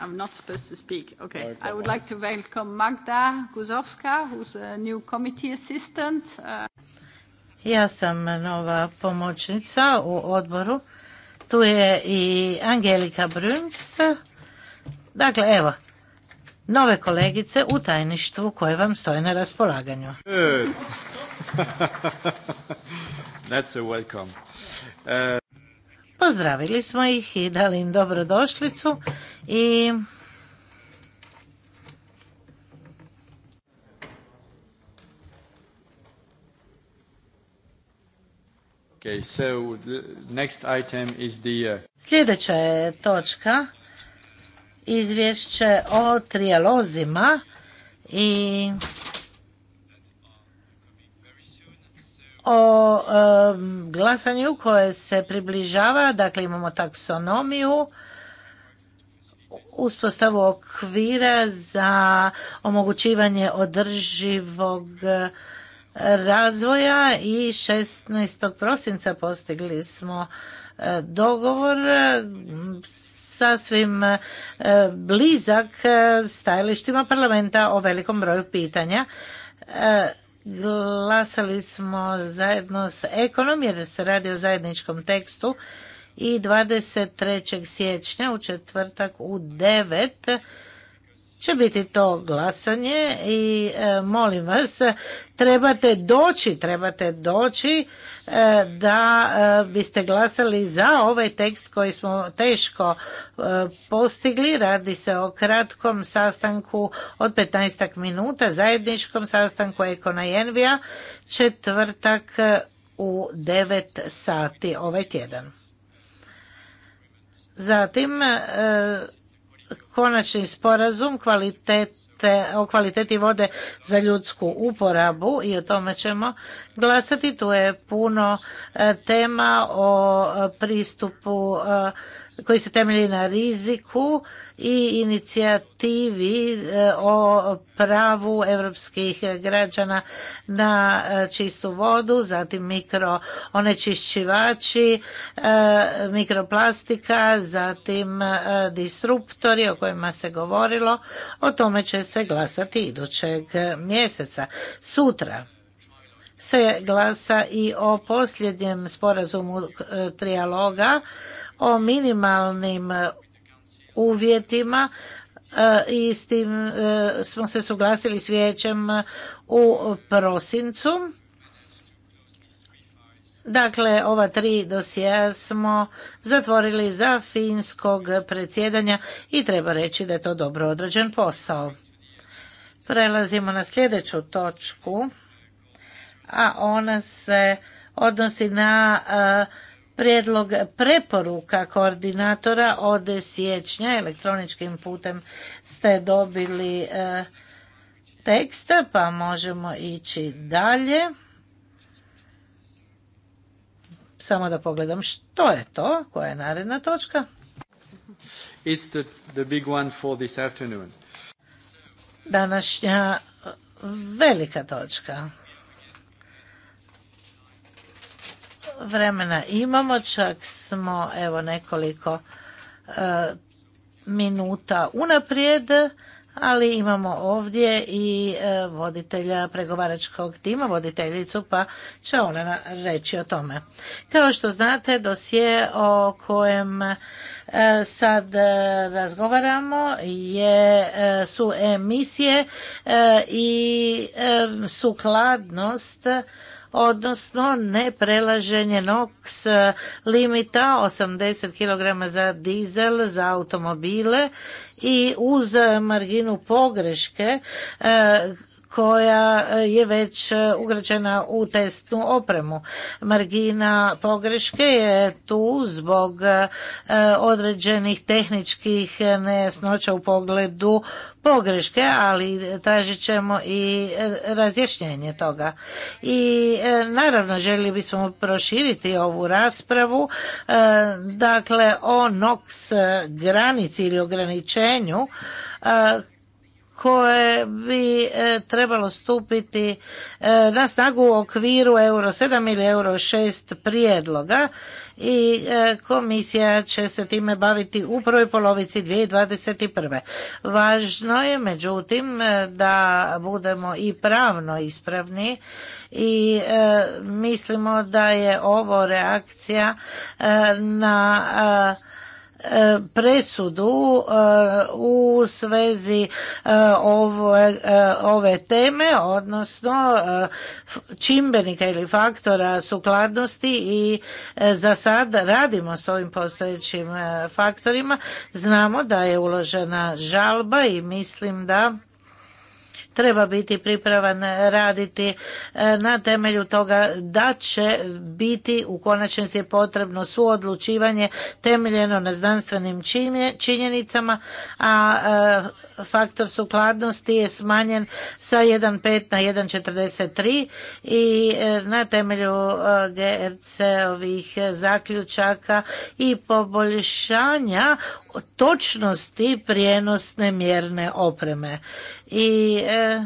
I'm not supposed to speak. Okay. I would like to welcome Magda Guzovska, who's a new committee assistant. Uh, ja sam nova pomoćnica u odboru. Tu je i Angelika Bruns. Dakle, evo, nove kolegice u tajništvu koje vam stoje na raspolaganju. [laughs] That's a welcome. Uh, Pozdravili smo ih i dali im dobrodošlicu i Okay, next item is uh, Sljedeća je točka izvješće o trijalozima i o glasanju koje se približava, dakle imamo taksonomiju, uspostavu okvira za omogućivanje održivog eh, razvoja i 16. prosinca postigli smo eh, dogovor eh, sasvim blizak stajalištima parlamenta o velikom broju pitanja. Glasali smo zajedno s ekonom jer se radi o zajedničkom tekstu i 23. siječnja u četvrtak u 9 će biti to glasanje i e, molim vas trebate doći, trebate doći e, da e, biste glasali za ovaj tekst koji smo teško postigli. Radi se o kratkom sastanku od 15 minuta, zajedničkom sastanku Ekona i Envija, četvrtak u 9 sati ovaj tjedan. Zatim konačni sporazum kvalitete, o kvaliteti vode za ljudsku uporabu i o tome ćemo glasati. Tu je puno e, tema o e, pristupu e, koji se temelji na riziku i inicijativi e, o pravu europskih građana na e, čistu vodu, zatim mikro onečišćivači, e, mikroplastika, zatim disruptori o kojima se govorilo. O tome će se glasati idućeg mjeseca. Sutra se glasa i o posljednjem sporazumu trijaloga o minimalnim e, uvjetima e, i s tim e, smo se suglasili s vijećem u prosincu. Dakle, ova tri dosija smo zatvorili za finskog predsjedanja i treba reći da je to dobro odrađen posao. Prelazimo na sljedeću točku, a ona se odnosi na Prijedlog preporuka koordinatora od siječnja elektroničkim putem ste dobili e, tekst, pa možemo ići dalje. Samo da pogledam što je to, koja je naredna točka. Današnja velika točka. vremena imamo, čak smo evo nekoliko e, minuta unaprijed, ali imamo ovdje i e, voditelja pregovaračkog tima, voditeljicu, pa će ona reći o tome. Kao što znate, dosje o kojem e, sad razgovaramo je, su emisije i sukladnost odnosno ne prelaženje NOx limita 80 kg za dizel za automobile i uz marginu pogreške e, koja e, je već e, ugrađena u testnu opremu. Margina pogreške je tu zbog e, određenih tehničkih nejasnoća u pogledu pogreške, ali tražit ćemo i razjašnjenje toga. I naravno željeli bismo proširiti ovu raspravu, dakle o NOx granici ili ograničenju koje bi e, trebalo stupiti e, na snagu u okviru euro 7 ili euro 6 prijedloga i e, komisija će se time baviti u prvoj polovici 2021. Važno je međutim da budemo i pravno ispravni i mislimo da je ovo reakcija na E, presudu e, u svezi e, ove, teme, odnosno čimbenika ili faktora sukladnosti i za sad radimo s ovim postojećim faktorima. Znamo da je uložena žalba i mislim da treba biti pripravan raditi e, na temelju toga da će biti u konačnici potrebno suodlučivanje temeljeno na znanstvenim činjenicama, a e, faktor sukladnosti je smanjen sa 1,5 na 1,43 i e, na temelju GRC-ovih zaključaka i poboljšanja točnosti prijenosne mjerne opreme i e,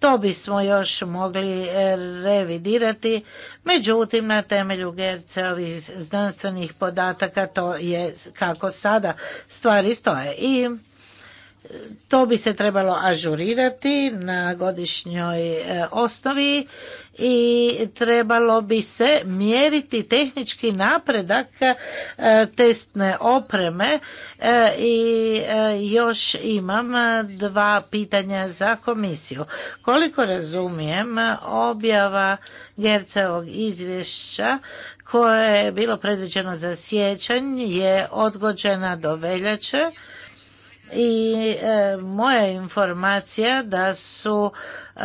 to bismo još mogli e, revidirati, međutim na temelju ovih znanstvenih podataka to je kako sada stvari stoje. I to bi se trebalo ažurirati na godišnjoj e, osnovi i trebalo bi se mjeriti tehnički napredak e, testne opreme e, i još imam dva pitanja za komisiju. Koliko razumijem objava Gercevog izvješća koje je bilo predviđeno za sjećanj je odgođena do veljače i e, moja informacija da su e,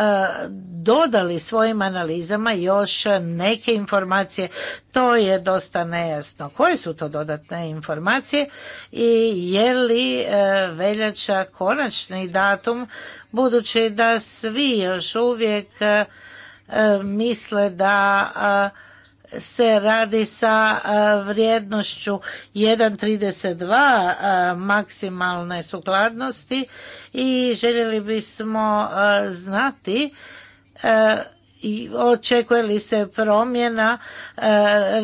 dodali svojim analizama još neke informacije to je dosta nejasno koje su to dodatne informacije i je li e, veljača konačni datum budući da svi još uvijek e, misle da se radi sa vrijednošću 1.32 maksimalne sukladnosti i željeli bismo znati i očekuje li se promjena e,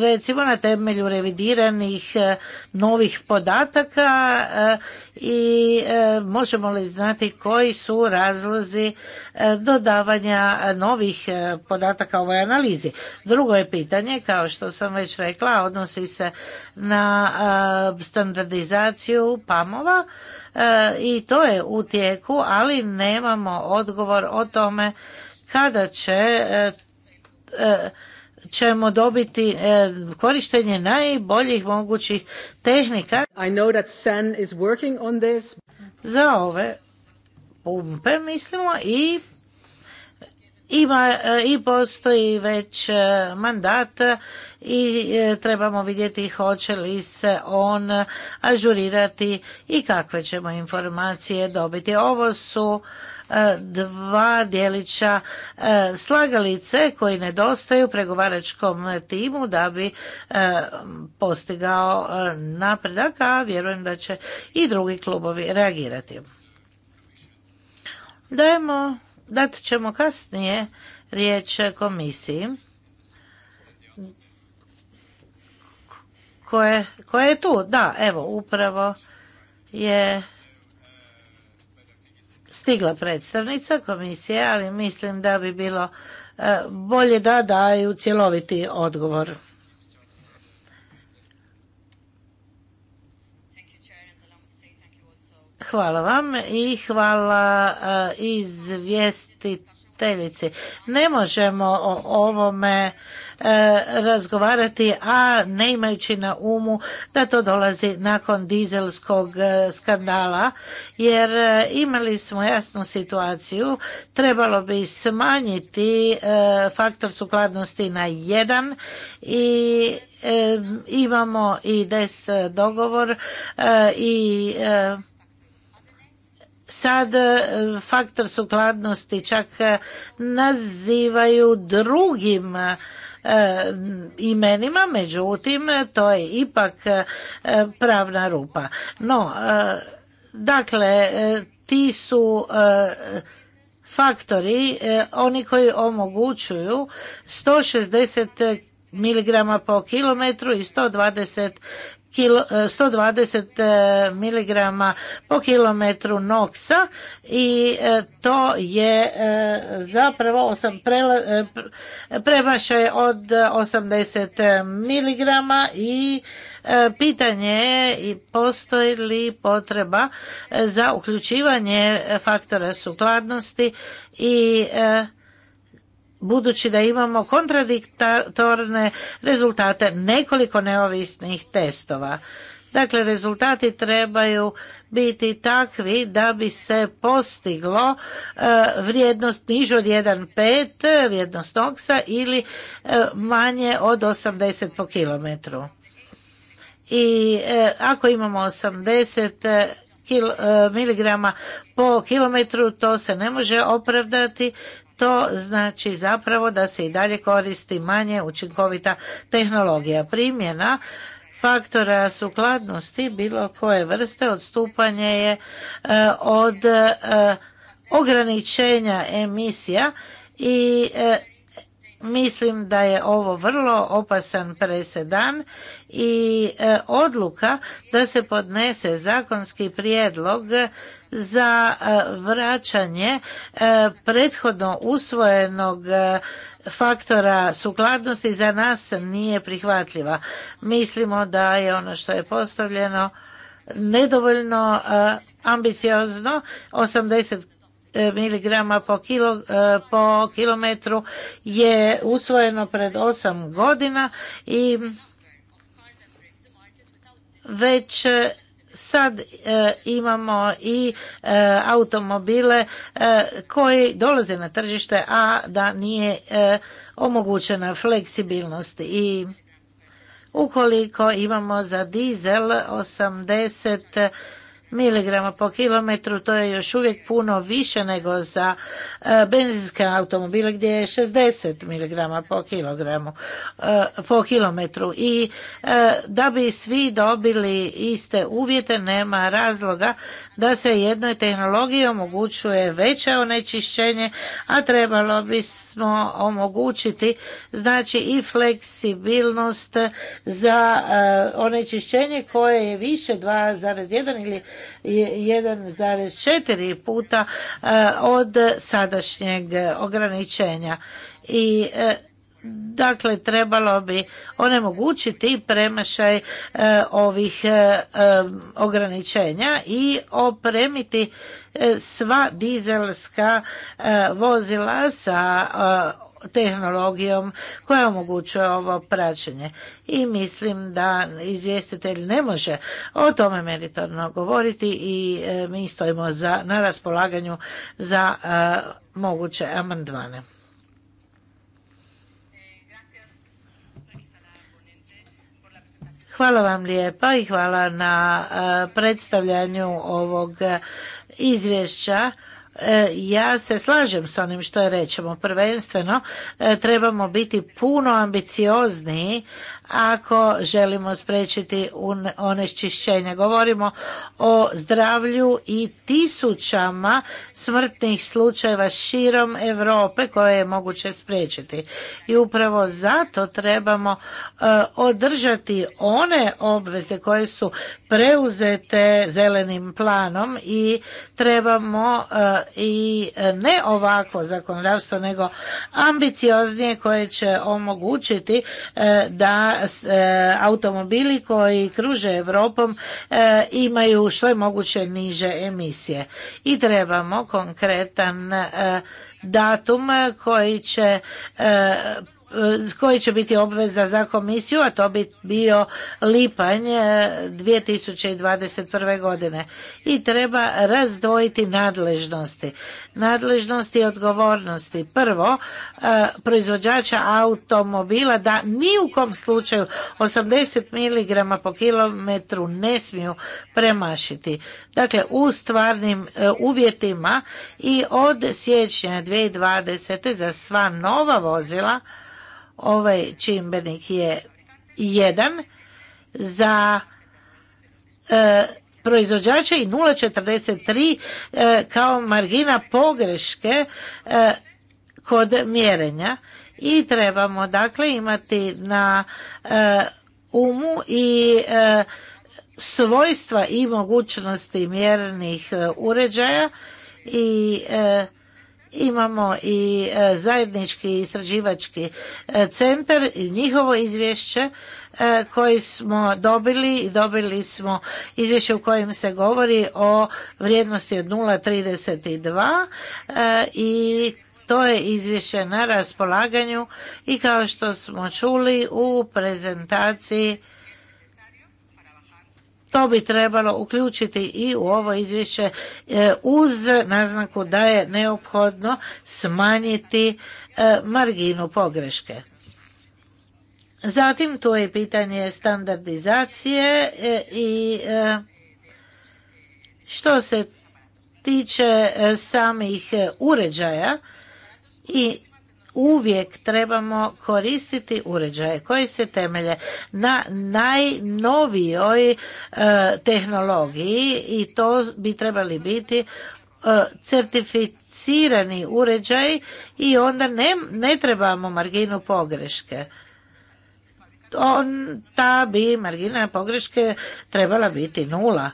recimo na temelju revidiranih e, novih podataka e, i možemo li znati koji su razlozi dodavanja novih podataka ovoj analizi. Drugo je pitanje, kao što sam već rekla, odnosi se na standardizaciju PAMova i to je u tijeku, ali nemamo odgovor o tome kada će e, e, ćemo dobiti e, korištenje najboljih mogućih tehnika za ove pumpe mislimo i ima i postoji već mandat i trebamo vidjeti hoće li se on ažurirati i kakve ćemo informacije dobiti. Ovo su dva dijelića e, slagalice koji nedostaju pregovaračkom timu da bi e, postigao e, napredak, a vjerujem da će i drugi klubovi reagirati. Dajemo, dat ćemo kasnije riječ komisiji. Koje, je tu? Da, evo, upravo je stigla predstavnica komisije, ali mislim da bi bilo e, bolje da daju cjeloviti odgovor. Hvala vam i hvala e, izvjestiteljima ne možemo o ovome e, razgovarati, a ne imajući na umu da to dolazi nakon dizelskog e, skandala, jer e, imali smo jasnu situaciju, trebalo bi smanjiti faktor sukladnosti na jedan i imamo i des dogovor i sad e, faktor sukladnosti čak e, nazivaju drugim e, imenima, međutim to je ipak pravna rupa. No, dakle, ti su faktori, oni koji omogućuju 160 miligrama po kilometru i 120 120 e, e, mg po kilometru noksa i e, to je zapravo premašaj od 80 mg i pitanje je postoji li potreba za uključivanje faktora sukladnosti i budući da imamo kontradiktorne rezultate nekoliko neovisnih testova. Dakle, rezultati trebaju biti takvi da bi se postiglo e, vrijednost nižu od 1,5 vrijednost oksa ili e, manje od 80 po kilometru. I e, ako imamo 80 miligrama po kilometru to se ne može opravdati to znači zapravo da se i dalje koristi manje učinkovita tehnologija. Primjena faktora sukladnosti bilo koje vrste odstupanje je e, od e, ograničenja emisija i e, Mislim da je ovo vrlo opasan presedan i e, odluka da se podnese zakonski prijedlog za e, vraćanje e, prethodno usvojenog faktora sukladnosti za nas nije prihvatljiva. Mislimo da je ono što je postavljeno nedovoljno ambiciozno, 80 E, miligrama po, kilo, e, po kilometru je usvojeno pred 8 godina i već sad e, imamo i automobile koji dolaze na tržište a da nije omogućena fleksibilnost i ukoliko imamo za dizel 80 miligrama po kilometru, to je još uvijek puno više nego za e, benzinske automobile gdje je 60 miligrama po kilogramu, e, po kilometru. I e, da bi svi dobili iste uvjete, nema razloga da se jednoj tehnologiji omogućuje veće onečišćenje, a trebalo bi smo omogućiti znači i fleksibilnost za onečišćenje koje je više 2,1 ili 1,4 puta e, od sadašnjeg ograničenja. I e, Dakle, trebalo bi onemogućiti premašaj e, ovih ograničenja i opremiti sva dizelska vozila sa tehnologijom koja omogućuje ovo praćenje. I mislim da izvjestitelj ne može o tome meritorno govoriti i e, mi stojimo za, na raspolaganju za e, moguće amandmane. Hvala vam lijepa i hvala na e, predstavljanju ovog izvješća. E, ja se slažem s onim što rečemo. Prvenstveno e, trebamo biti puno ambiciozniji ako želimo sprečiti onečišćenje. Govorimo o zdravlju i tisućama smrtnih slučajeva širom Europe koje je moguće spriječiti. I upravo zato trebamo e, održati one obveze koje su preuzete zelenim planom i trebamo e, i ne ovakvo zakonodavstvo nego ambicioznije koje će omogućiti e, da E, automobili koji kruže Europom e, imaju što je moguće niže emisije. I trebamo konkretan e, datum koji će E, koji će biti obveza za komisiju, a to bi bio lipanj 2021. E, godine. I treba razdvojiti nadležnosti. Nadležnosti i odgovornosti. Prvo, e, proizvođača automobila da ni u kom slučaju 80 mg po kilometru ne smiju premašiti. Dakle, u stvarnim uvjetima i od siječnja 2020. za sva nova vozila Ovaj čimbenik je jedan za e, proizvođače i 0,43 e, kao margina pogreške e, kod mjerenja i trebamo dakle imati na umu i svojstva i mogućnosti mjerenih uređaja i imamo i e, zajednički istraživački e, centar i njihovo izvješće e, koji smo dobili i dobili smo izvješće u kojem se govori o vrijednosti od 0,32 i to je izvješće na raspolaganju i kao što smo čuli u prezentaciji to bi trebalo uključiti i u ovo izvješće e, uz naznaku da je neophodno smanjiti e, marginu pogreške. Zatim tu je pitanje standardizacije e, i što se tiče samih uređaja i uvijek trebamo koristiti uređaje koji se temelje na najnovijoj e, tehnologiji i to bi trebali biti e, certificirani uređaj i onda ne, ne trebamo marginu pogreške. On, ta bi margina pogreške trebala biti nula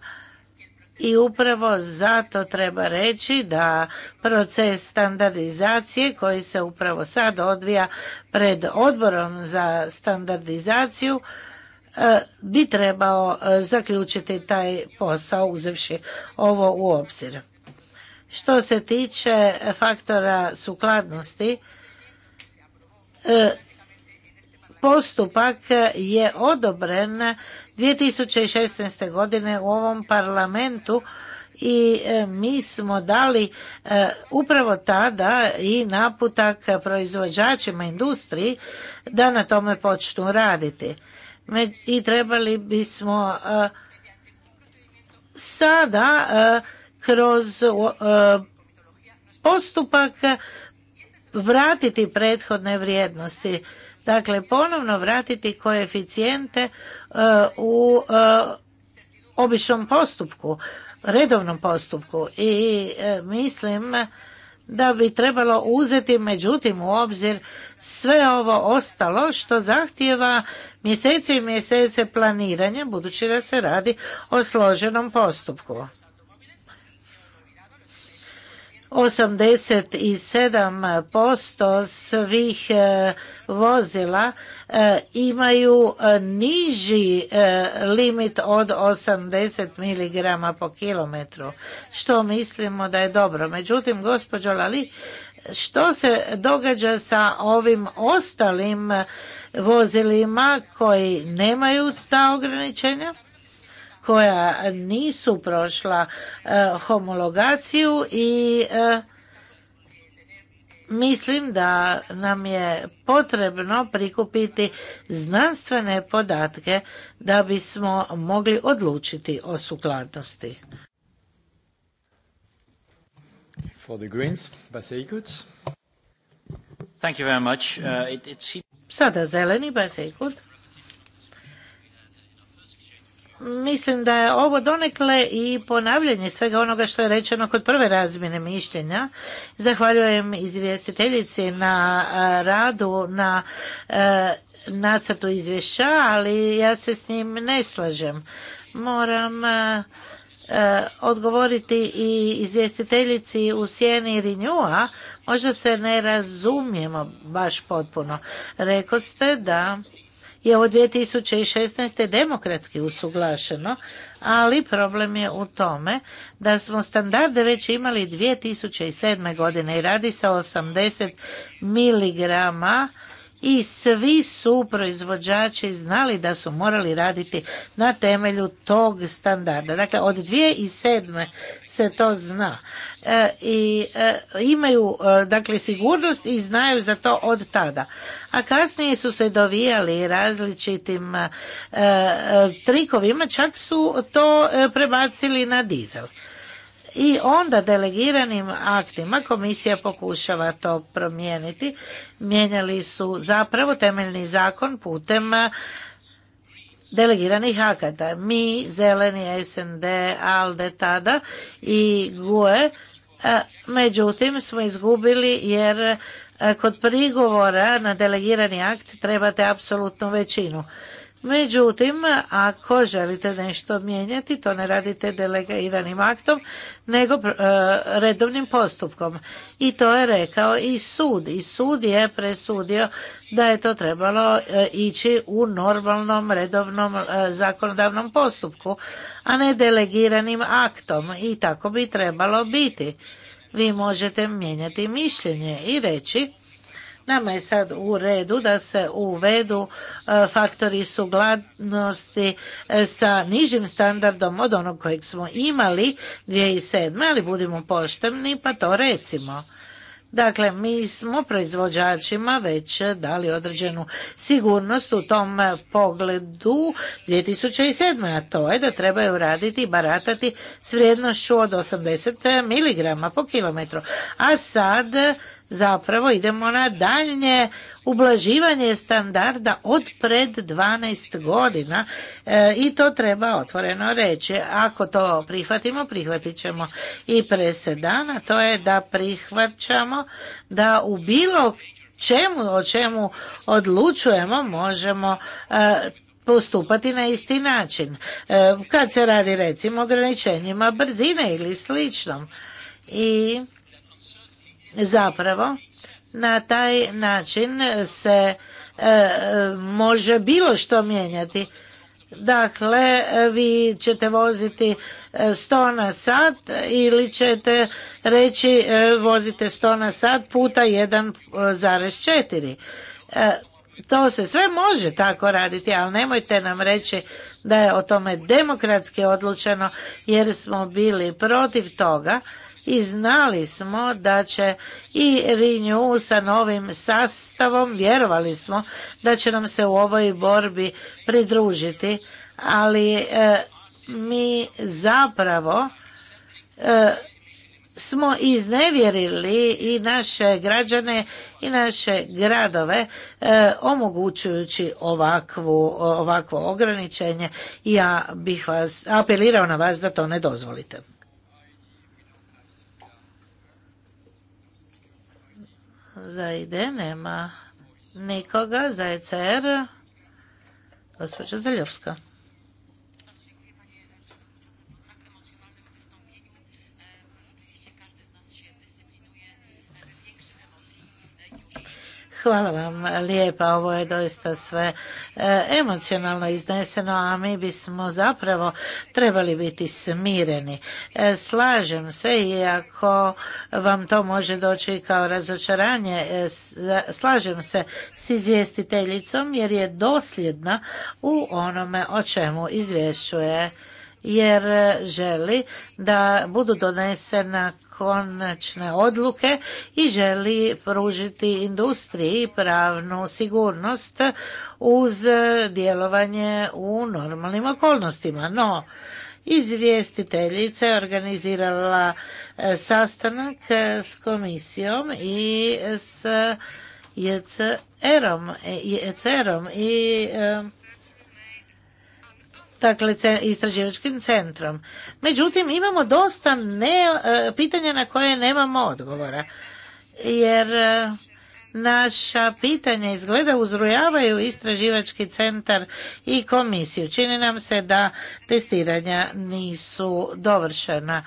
i upravo zato treba reći da proces standardizacije koji se upravo sad odvija pred odborom za standardizaciju e, bi trebao e, zaključiti taj posao uzevši ovo u obzir. Što se tiče faktora sukladnosti, e, postupak je odobren 2016. godine u ovom parlamentu i e, mi smo dali e, upravo tada i naputak proizvođačima industriji da na tome počnu raditi. I trebali bismo e, sada kroz postupak vratiti prethodne vrijednosti Dakle, ponovno vratiti koeficijente e, u e, običnom postupku, redovnom postupku i e, mislim da bi trebalo uzeti međutim u obzir sve ovo ostalo što zahtjeva mjesece i mjesece planiranja budući da se radi o složenom postupku. 87% svih e, vozila e, imaju e, niži limit od 80 mg po kilometru, što mislimo da je dobro. Međutim, gospođo Lali, što se događa sa ovim ostalim vozilima koji nemaju ta ograničenja? koja nisu prošla e, homologaciju i e, mislim da nam je potrebno prikupiti znanstvene podatke da bismo mogli odlučiti o sukladnosti. Sada zeleni Basekut. Mislim da je ovo donekle i ponavljanje svega onoga što je rečeno kod prve razmjene mišljenja. Zahvaljujem izvjestiteljici na e, radu na e, nacrtu izvješća, ali ja se s njim ne slažem. Moram e, odgovoriti i izvjestiteljici u sjeni Rinjua, možda se ne razumijemo baš potpuno. Reko ste da je od 2016. demokratski usuglašeno, ali problem je u tome da smo standarde već imali 2007. godine i radi se 80 miligrama i svi su proizvođači znali da su morali raditi na temelju tog standarda. Dakle, od 2007. se to zna. E, i e, imaju e, dakle sigurnost i znaju za to od tada. A kasnije su se dovijali različitim trikovima, čak su to prebacili na dizel. I onda delegiranim aktima komisija pokušava to promijeniti. Mijenjali su zapravo temeljni zakon putem delegiranih akata. Mi, Zeleni, SND, ALDE tada i GUE E, međutim smo izgubili jer e, kod prigovora na delegirani akt trebate apsolutnu većinu. Međutim, ako želite nešto mijenjati, to ne radite delegiranim aktom, nego e, redovnim postupkom. I to je rekao i sud. I sud je presudio da je to trebalo e, ići u normalnom, redovnom e, zakonodavnom postupku, a ne delegiranim aktom. I tako bi trebalo biti. Vi možete mijenjati mišljenje i reći Nama je sad u redu da se uvedu e, faktori suglasnosti e, sa nižim standardom od onog kojeg smo imali 2007. ali budimo pošteni pa to recimo. Dakle, mi smo proizvođačima već dali određenu sigurnost u tom pogledu 2007. A to je da trebaju raditi i baratati s vrijednošću od 80 mg po kilometru. A sad zapravo idemo na daljnje ublaživanje standarda od pred 12 godina e, i to treba otvoreno reći. Ako to prihvatimo, prihvatit ćemo i presedana, to je da prihvaćamo da u bilo čemu o čemu odlučujemo možemo e, postupati na isti način. E, kad se radi recimo ograničenjima brzine ili sličnom. I Zapravo, na taj način se e, e, može bilo što mijenjati. Dakle, vi ćete voziti 100 e, na sat ili ćete reći vozite 100 na sat puta 1,4. To se sve može tako raditi, ali nemojte nam reći da je o tome demokratski odlučeno jer smo bili protiv toga i znali smo da će i Rinju sa novim sastavom, vjerovali smo da će nam se u ovoj borbi pridružiti, ali e, mi zapravo e, smo iznevjerili i naše građane i naše gradove e, omogućujući ovakvu, ovakvo ograničenje. Ja bih vas apelirao na vas da to ne dozvolite. Za ID nema nikoga, za ECR gospođa Zaljovska. Hvala vam lijepa, ovo je doista sve e, emocionalno izneseno, a mi bismo zapravo trebali biti smireni. E, slažem se iako vam to može doći kao razočaranje, e, slažem se s izvjestiteljicom jer je dosljedna u onome o čemu izvješćuje jer želi da budu donesena konačne odluke i želi pružiti industriji pravnu sigurnost uz djelovanje u normalnim okolnostima. No, izvjestiteljica je organizirala e, sastanak e, s komisijom i s ECR-om e i dakle istraživačkim centrom. Međutim, imamo dosta ne, e, pitanja na koje nemamo odgovora. Jer e, naša pitanja izgleda uzrujavaju istraživački centar i komisiju. Čini nam se da testiranja nisu dovršena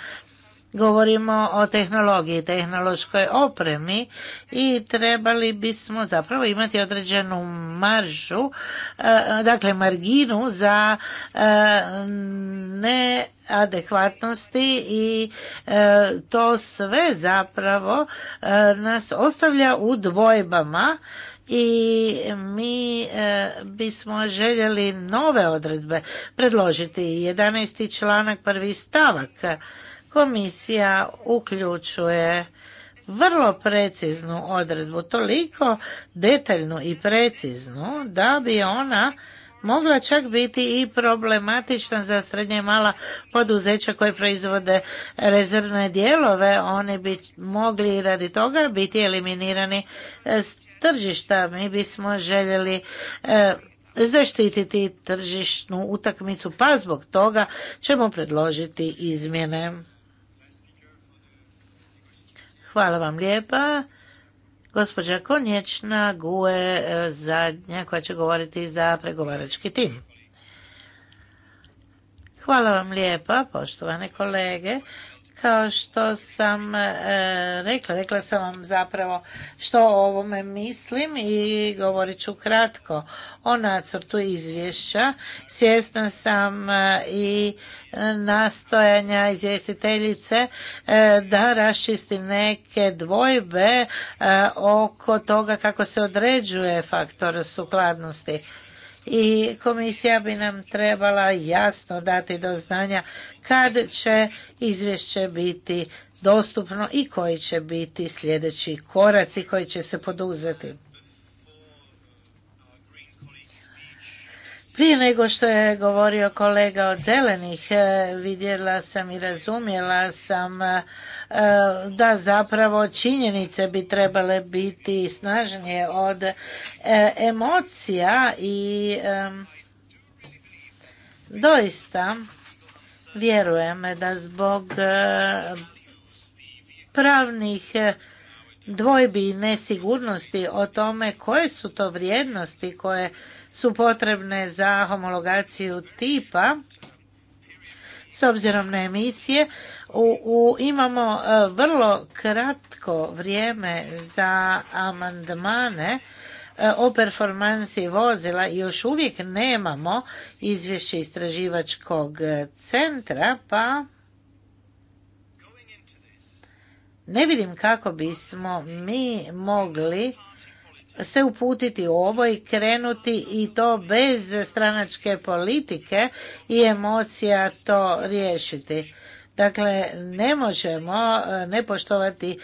govorimo o tehnologiji, tehnološkoj opremi i trebali bismo zapravo imati određenu maržu, eh, dakle marginu za eh, neadekvatnosti i eh, to sve zapravo nas ostavlja u dvojbama i mi bismo željeli nove odredbe predložiti 11. članak prvi stavak komisija uključuje vrlo preciznu odredbu, toliko detaljnu i preciznu da bi ona mogla čak biti i problematična za srednje mala poduzeća koje proizvode rezervne dijelove. Oni bi mogli radi toga biti eliminirani e, s tržišta. Mi bismo željeli e, zaštititi tržišnu utakmicu, pa zbog toga ćemo predložiti izmjene. Hvala vam lijepa. Gospođa Konječna Gue, e, zadnja koja će govoriti za pregovarački tim. Hvala vam lijepa, poštovane kolege. Kao što sam e, rekla, rekla sam vam zapravo što o ovome mislim i govorit ću kratko o nacrtu izvješća. Svjesna sam e, i nastojanja izvjestiteljice e, da rašisti neke dvojbe oko toga kako se određuje faktor sukladnosti i komisija bi nam trebala jasno dati do znanja kad će izvješće biti dostupno i koji će biti sljedeći koraci koji će se poduzeti. Prije nego što je govorio kolega od zelenih, e, vidjela sam i razumjela sam e, da zapravo činjenice bi trebale biti snažnije od e, emocija i doista vjerujem da zbog pravnih dvojbi i nesigurnosti o tome koje su to vrijednosti koje su potrebne za homologaciju tipa s obzirom na emisije u, u imamo e, vrlo kratko vrijeme za amandmane e, o performansi vozila i još uvijek nemamo izvješće istraživačkog centra pa ne vidim kako bismo mi mogli se uputiti u ovo i krenuti i to bez stranačke politike i emocija to riješiti. Dakle, ne možemo e, ne poštovati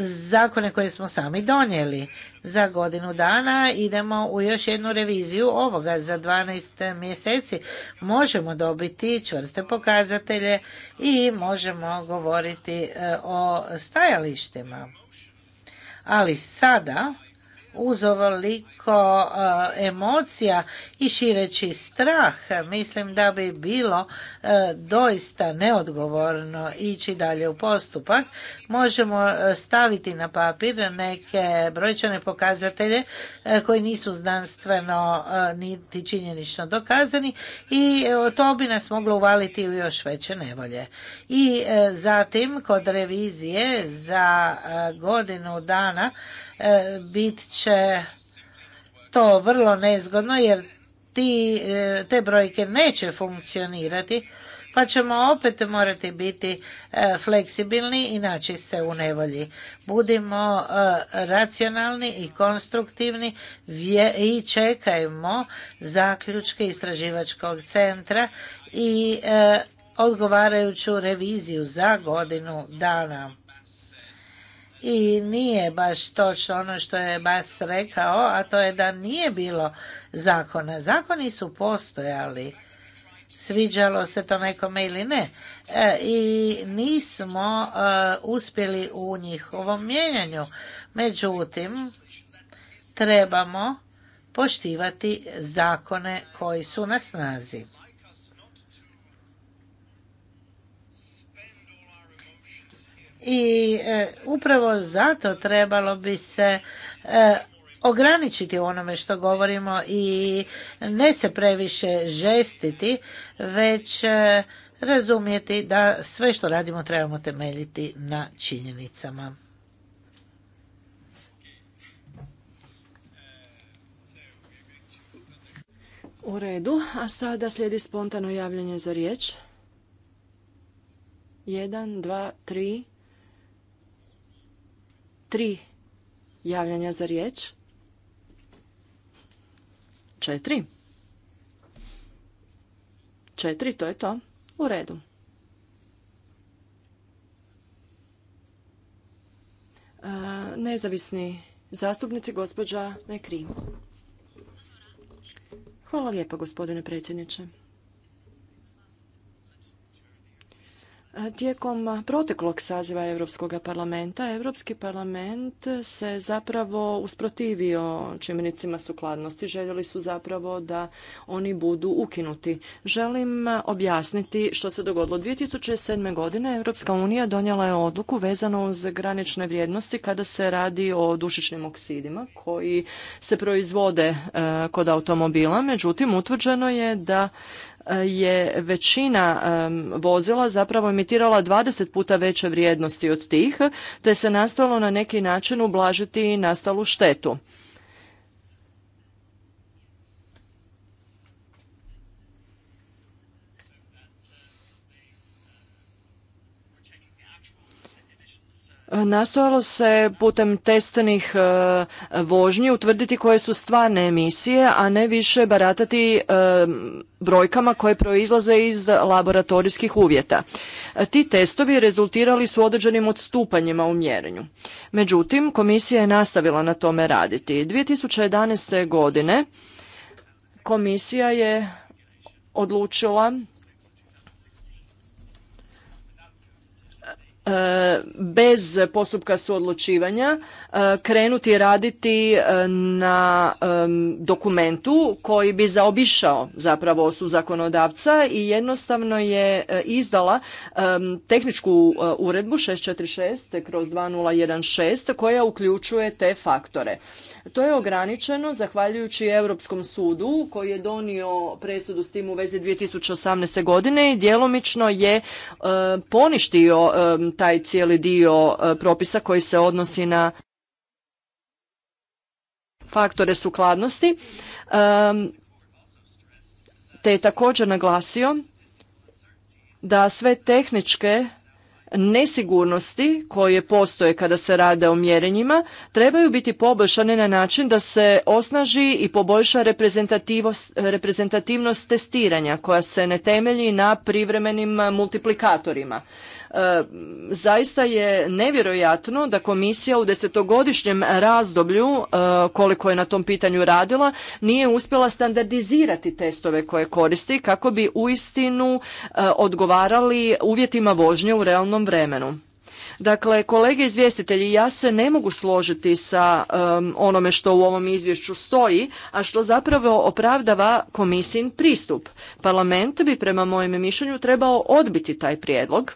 zakone koje smo sami donijeli. Za godinu dana idemo u još jednu reviziju ovoga. Za 12 mjeseci možemo dobiti čvrste pokazatelje i možemo govoriti e, o stajalištima. Ali sada uz ovoliko e, emocija i šireći strah, mislim da bi bilo e, doista neodgovorno ići dalje u postupak. Možemo e, staviti na papir neke brojčane pokazatelje koji nisu znanstveno niti činjenično dokazani i to bi nas moglo uvaliti u još veće nevolje. I zatim kod revizije za godinu dana E, bit će to vrlo nezgodno jer ti, e, te brojke neće funkcionirati pa ćemo opet morati biti e, fleksibilni i naći se u nevolji. Budimo racionalni i konstruktivni i čekajmo zaključke istraživačkog centra i odgovarajuću reviziju za godinu dana i nije baš točno ono što je Bas rekao, a to je da nije bilo zakona. Zakoni su postojali, sviđalo se to nekome ili ne, e, i nismo e, uspjeli u njihovom mijenjanju. Međutim, trebamo poštivati zakone koji su na snazi. i e, upravo zato trebalo bi se e, ograničiti onome što govorimo i ne se previše žestiti, već e, razumjeti da sve što radimo trebamo temeljiti na činjenicama. U redu, a sada slijedi spontano javljanje za riječ. Jedan, dva, tri, Tri javljanja za riječ. Četiri. Četiri, to je to. U redu. E, nezavisni zastupnici, gospođa Mekri. Hvala lijepa, gospodine predsjedniče. Tijekom proteklog saziva Europskog parlamenta, Europski parlament se zapravo usprotivio čimnicima sukladnosti. Željeli su zapravo da oni budu ukinuti. Želim objasniti što se dogodilo. 2007. godine Europska unija donijela je odluku vezano uz granične vrijednosti kada se radi o dušičnim oksidima koji se proizvode eh, kod automobila. Međutim, utvrđeno je da je većina vozila zapravo emitirala 20 puta veće vrijednosti od tih, te se nastojalo na neki način ublažiti nastalu štetu. E, nastojalo se putem testnih e, vožnji utvrditi koje su stvarne emisije, a ne više baratati e, brojkama koje proizlaze iz laboratorijskih uvjeta. Ti testovi rezultirali su određenim odstupanjima u mjerenju. Međutim, komisija je nastavila na tome raditi. 2011. godine komisija je odlučila E, bez postupka suodlučivanja e, krenuti raditi e, na dokumentu koji bi zaobišao zapravo su zakonodavca i jednostavno je izdala tehničku uredbu 646 kroz 2016 koja uključuje te faktore. To je ograničeno zahvaljujući Europskom sudu koji je donio presudu s tim u vezi 2018. godine i djelomično je poništio taj cijeli dio e, propisa koji se odnosi na faktore sukladnosti, te je također naglasio da sve tehničke nesigurnosti koje postoje kada se rade o mjerenjima trebaju biti poboljšane na način da se osnaži i poboljša reprezentativnost testiranja koja se ne temelji na privremenim multiplikatorima. E, zaista je nevjerojatno da komisija u desetogodišnjem razdoblju e, koliko je na tom pitanju radila nije uspjela standardizirati testove koje koristi kako bi uistinu e, odgovarali uvjetima vožnje u realnom vremenu. Dakle, kolege izvjestitelji, ja se ne mogu složiti sa um, onome što u ovom izvješću stoji, a što zapravo opravdava komisijin pristup. Parlament bi prema mojem mišljenju trebao odbiti taj prijedlog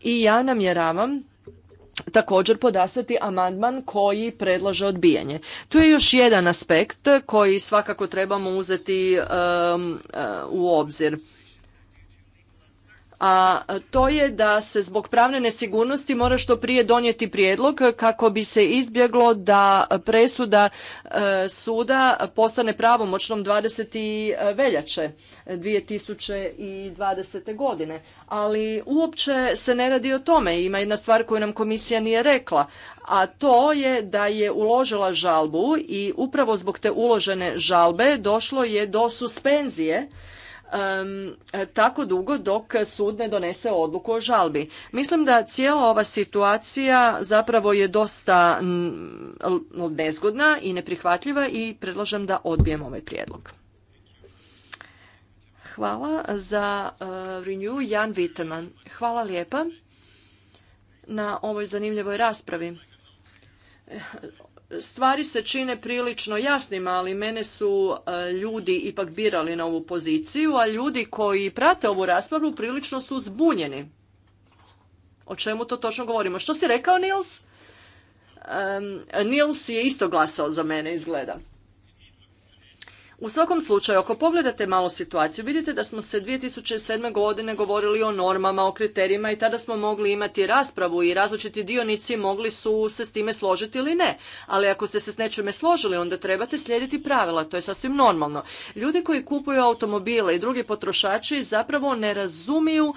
i ja namjeravam također podastati amandman koji predlaže odbijanje. Tu je još jedan aspekt koji svakako trebamo uzeti e, u obzir a to je da se zbog pravne nesigurnosti mora što prije donijeti prijedlog kako bi se izbjeglo da presuda e, suda postane pravomoćnom 20. E, veljače 2020. godine. Ali uopće se ne radi o tome. Ima jedna stvar koju nam komisija nije rekla, a to je da je uložila žalbu i upravo zbog te uložene žalbe došlo je do suspenzije tako dugo dok sud ne donese odluku o žalbi. Mislim da cijela ova situacija zapravo je dosta nezgodna i neprihvatljiva i predlažem da odbijem ovaj prijedlog. Hvala za e, Renew Jan Viteman. Hvala lijepa na ovoj zanimljivoj raspravi. Stvari se čine prilično jasnima, ali mene su e, ljudi ipak birali na ovu poziciju, a ljudi koji prate ovu raspravu prilično su zbunjeni. O čemu to točno govorimo? Što si rekao, Nils? Nils je isto glasao za mene, izgleda. U svakom slučaju, ako pogledate malo situaciju, vidite da smo se 2007. godine govorili o normama, o kriterijima i tada smo mogli imati raspravu i različiti dionici mogli su se s time složiti ili ne. Ali ako ste se s nečime složili, onda trebate slijediti pravila, to je sasvim normalno. Ljudi koji kupuju automobile i drugi potrošači zapravo ne razumiju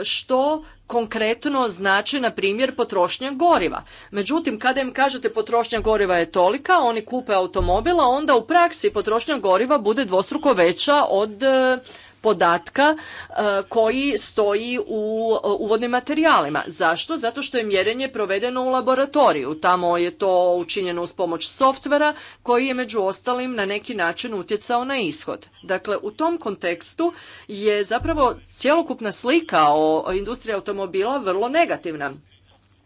e, što konkretno znači, na primjer, potrošnja goriva. Međutim, kada im kažete potrošnja goriva je tolika, oni kupe automobila, onda u praksi potrošnja goriva bude dvostruko veća od e, podatka e, koji stoji e, u uvodnim materijalima. Zašto? Zato što je mjerenje provedeno u laboratoriju. Tamo je to učinjeno uz pomoć softvera koji je među ostalim na neki način utjecao na ishod. Dakle, u tom kontekstu je zapravo cjelokupna slika o industriji automobila vrlo negativna.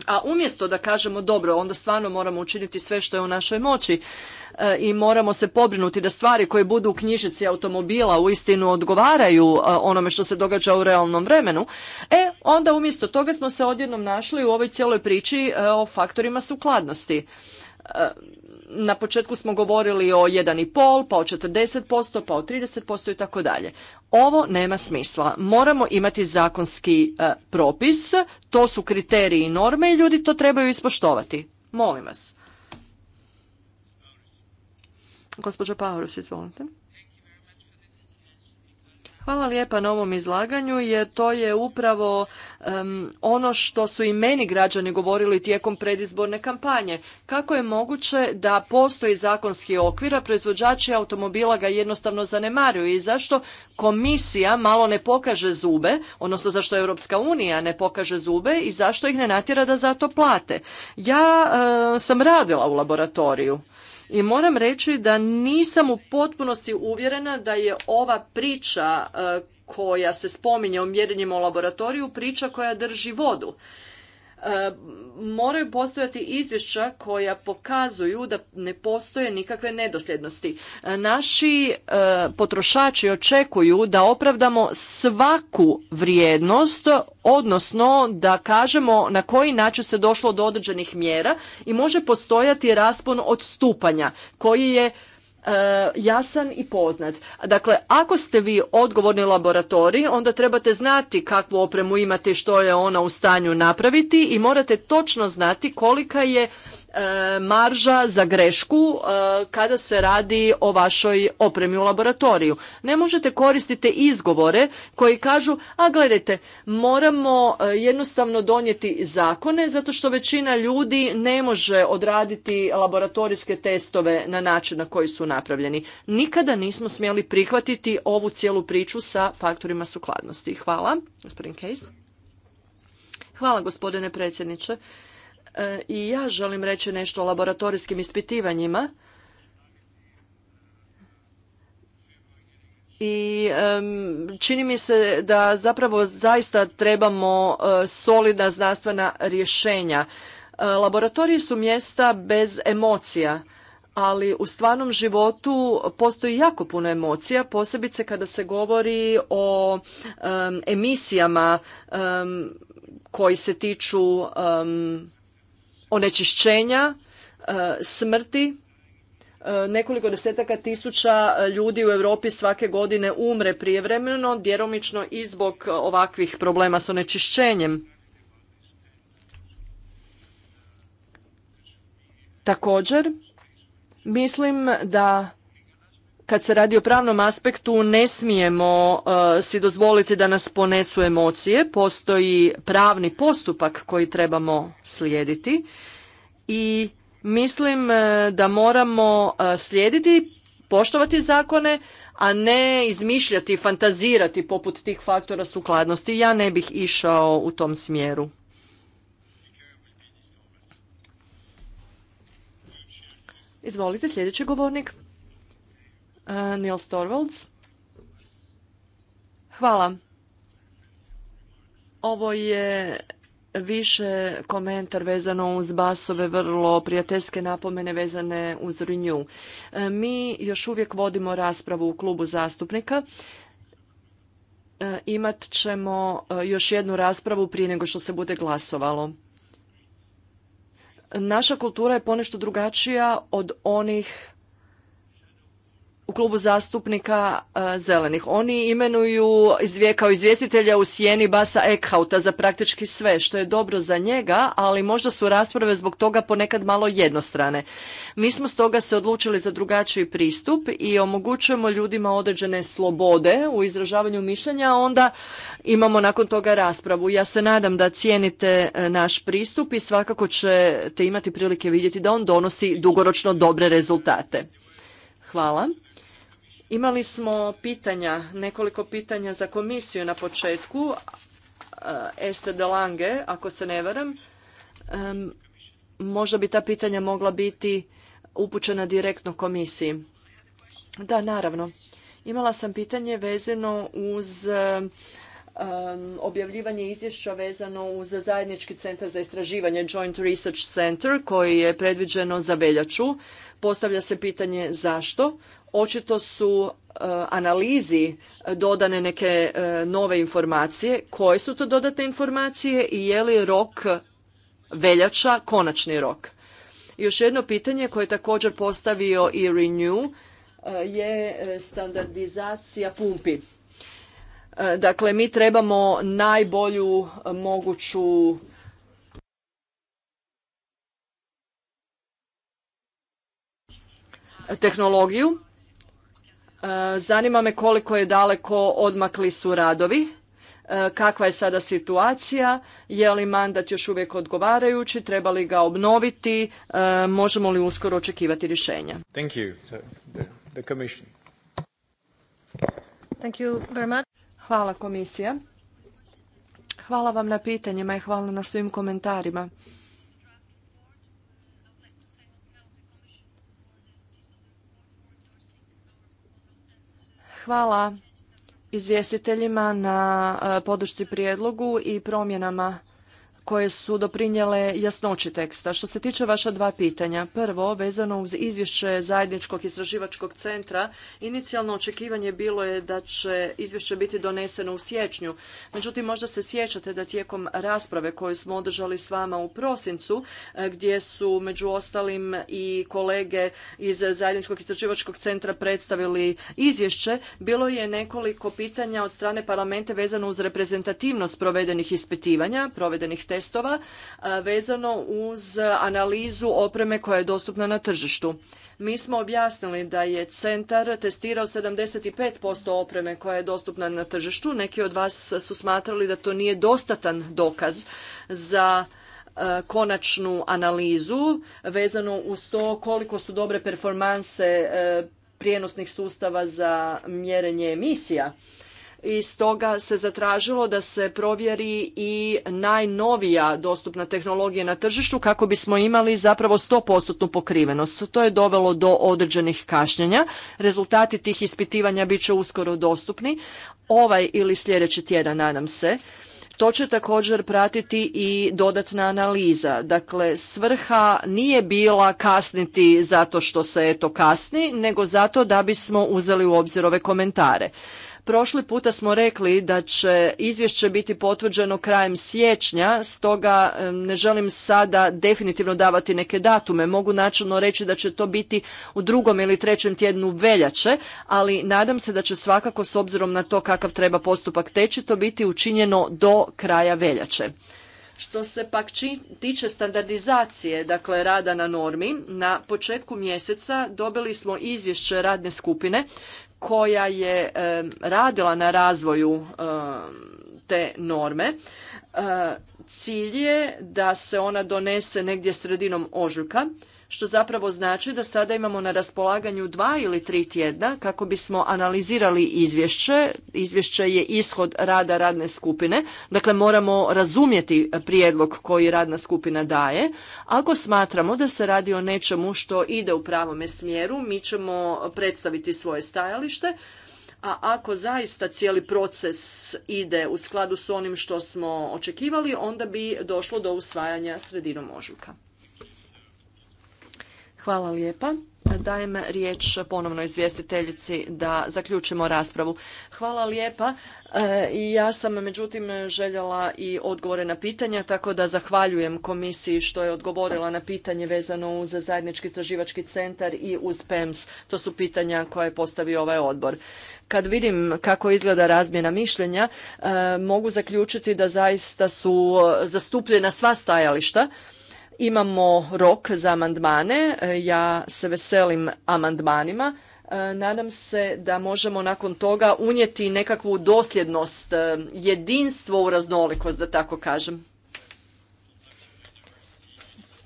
A umjesto da kažemo dobro, onda stvarno moramo učiniti sve što je u našoj moći E, i moramo se pobrinuti da stvari koje budu u knjižici automobila uistinu odgovaraju e, onome što se događa u realnom vremenu, e onda umjesto toga smo se odjednom našli u ovoj cijeloj priči e, o faktorima sukladnosti na početku smo govorili o 1,5, pa o 40%, pa o 30% i tako dalje. Ovo nema smisla. Moramo imati zakonski propis, to su kriteriji i norme i ljudi to trebaju ispoštovati. Molim vas izvolite. Hvala lijepa na ovom izlaganju jer to je upravo ono što su i meni građani govorili tijekom predizborne kampanje. Kako je moguće da postoji zakonski okvir, a proizvođači automobila ga jednostavno zanemaruju i zašto komisija malo ne pokaže zube, odnosno zašto Europska unija ne pokaže zube i zašto ih ne natjera da za to plate. Ja sam radila u laboratoriju i moram reći da nisam u potpunosti uvjerena da je ova priča e, koja se spominje o mjerenjima u laboratoriju priča koja drži vodu. E, moraju postojati izvješća koja pokazuju da ne postoje nikakve nedosljednosti. E, naši e, potrošači očekuju da opravdamo svaku vrijednost, odnosno da kažemo na koji način se došlo do određenih mjera i može postojati raspon odstupanja koji je E, jasan i poznat. Dakle, ako ste vi odgovorni laboratorij, onda trebate znati kakvu opremu imate i što je ona u stanju napraviti i morate točno znati kolika je E, marža za grešku e, kada se radi o vašoj opremi u laboratoriju. Ne možete koristiti izgovore koji kažu, a gledajte, moramo e, jednostavno donijeti zakone zato što većina ljudi ne može odraditi laboratorijske testove na način na koji su napravljeni. Nikada nismo smjeli prihvatiti ovu cijelu priču sa faktorima sukladnosti. Hvala, gospodin Hvala, gospodine predsjedniče. E, i ja želim reći nešto o laboratorijskim ispitivanjima. i čini mi se da zapravo zaista trebamo e, solidna znanstvena rješenja e, laboratoriji su mjesta bez emocija ali u stvarnom životu postoji jako puno emocija posebice kada se govori o emisijama koji se tiču onečišćenja, e, smrti. E, nekoliko desetaka tisuća e, ljudi u Europi svake godine umre prijevremeno, djeromično i zbog ovakvih problema s onečišćenjem. Također, mislim da kad se radi o pravnom aspektu ne smijemo e, si dozvoliti da nas ponesu emocije, postoji pravni postupak koji trebamo slijediti i mislim e, da moramo e, slijediti, poštovati zakone, a ne izmišljati, fantazirati poput tih faktora sukladnosti. Ja ne bih išao u tom smjeru. Izvolite, sljedeći govornik. Uh, Nils Torvalds. Hvala. Ovo je više komentar vezano uz basove vrlo prijateljske napomene vezane uz Renew. Uh, mi još uvijek vodimo raspravu u klubu zastupnika. Uh, imat ćemo još jednu raspravu prije nego što se bude glasovalo. Naša kultura je ponešto drugačija od onih u klubu zastupnika e, zelenih. Oni imenuju kao izvjestitelja u sjeni Basa Eckhauta za praktički sve, što je dobro za njega, ali možda su rasprave zbog toga ponekad malo jednostrane. Mi smo stoga se odlučili za drugačiji pristup i omogućujemo ljudima određene slobode u izražavanju mišljenja, a onda imamo nakon toga raspravu. Ja se nadam da cijenite e, naš pristup i svakako ćete imati prilike vidjeti da on donosi dugoročno dobre rezultate. Hvala. Imali smo pitanja, nekoliko pitanja za komisiju na početku. Esther de Lange, ako se ne varam, možda bi ta pitanja mogla biti upućena direktno komisiji. Da, naravno. Imala sam pitanje vezano uz objavljivanje izvješća vezano uz zajednički centar za istraživanje Joint Research Center koji je predviđeno za veljaču. Postavlja se pitanje zašto. Očito su e, analizi dodane neke e, nove informacije. Koje su to dodate informacije i je li rok veljača konačni rok? Još jedno pitanje koje je također postavio i Renew e, je standardizacija pumpi. Dakle, mi trebamo najbolju moguću tehnologiju. E, zanima me koliko je daleko odmakli su radovi, e, kakva je sada situacija, je li mandat još uvijek odgovarajući, treba li ga obnoviti, e, možemo li uskoro očekivati rješenja. Thank Hvala komisija. Hvala vam na pitanjima i hvala na svim komentarima. Hvala izvjestiteljima na e, podršci prijedlogu i promjenama koje su doprinjele jasnoći teksta. Što se tiče vaša dva pitanja, prvo, vezano uz izvješće zajedničkog istraživačkog centra, inicijalno očekivanje bilo je da će izvješće biti doneseno u siječnju. Međutim, možda se sjećate da tijekom rasprave koju smo održali s vama u prosincu, e, gdje su među ostalim i kolege iz zajedničkog istraživačkog centra predstavili izvješće, bilo je nekoliko pitanja od strane parlamenta vezano uz reprezentativnost provedenih ispitivanja, provedenih testova e, vezano uz analizu opreme koja je dostupna na tržištu. Mi smo objasnili da je centar testirao 75% opreme koja je dostupna na tržištu. Neki od vas su smatrali da to nije dostatan dokaz za e, konačnu analizu vezano uz to koliko su dobre performanse e, prijenosnih sustava za mjerenje emisija i stoga se zatražilo da se provjeri i najnovija dostupna tehnologija na tržištu kako bismo imali zapravo 100% pokrivenost. To je dovelo do određenih kašnjenja. Rezultati tih ispitivanja bit će uskoro dostupni. Ovaj ili sljedeći tjedan, nadam se. To će također pratiti i dodatna analiza. Dakle, svrha nije bila kasniti zato što se eto kasni, nego zato da bismo uzeli u obzir ove komentare. Prošli puta smo rekli da će izvješće biti potvrđeno krajem siječnja, stoga ne želim sada definitivno davati neke datume. Mogu načelno reći da će to biti u drugom ili trećem tjednu veljače, ali nadam se da će svakako s obzirom na to kakav treba postupak teći to biti učinjeno do kraja veljače. Što se pak tiče standardizacije, dakle rada na normi, na početku mjeseca dobili smo izvješće radne skupine koja je e, radila na razvoju e, te norme. E, cilj je da se ona donese negdje sredinom ožujka što zapravo znači da sada imamo na raspolaganju dva ili tri tjedna kako bismo analizirali izvješće. Izvješće je ishod rada radne skupine, dakle moramo razumjeti prijedlog koji radna skupina daje. Ako smatramo da se radi o nečemu što ide u pravome smjeru, mi ćemo predstaviti svoje stajalište a ako zaista cijeli proces ide u skladu s onim što smo očekivali, onda bi došlo do usvajanja sredinom ožujka. Hvala lijepa. Dajem riječ ponovno izvjestiteljici da zaključimo raspravu. Hvala lijepa. E, ja sam međutim željela i odgovore na pitanja, tako da zahvaljujem komisiji što je odgovorila na pitanje vezano uz zajednički istraživački centar i uz PEMS. To su pitanja koje je postavio ovaj odbor. Kad vidim kako izgleda razmjena mišljenja, e, mogu zaključiti da zaista su zastupljena sva stajališta Imamo rok za amandmane, ja se veselim amandmanima. E, nadam se da možemo nakon toga unijeti nekakvu dosljednost, e, jedinstvo u raznolikost, da tako kažem.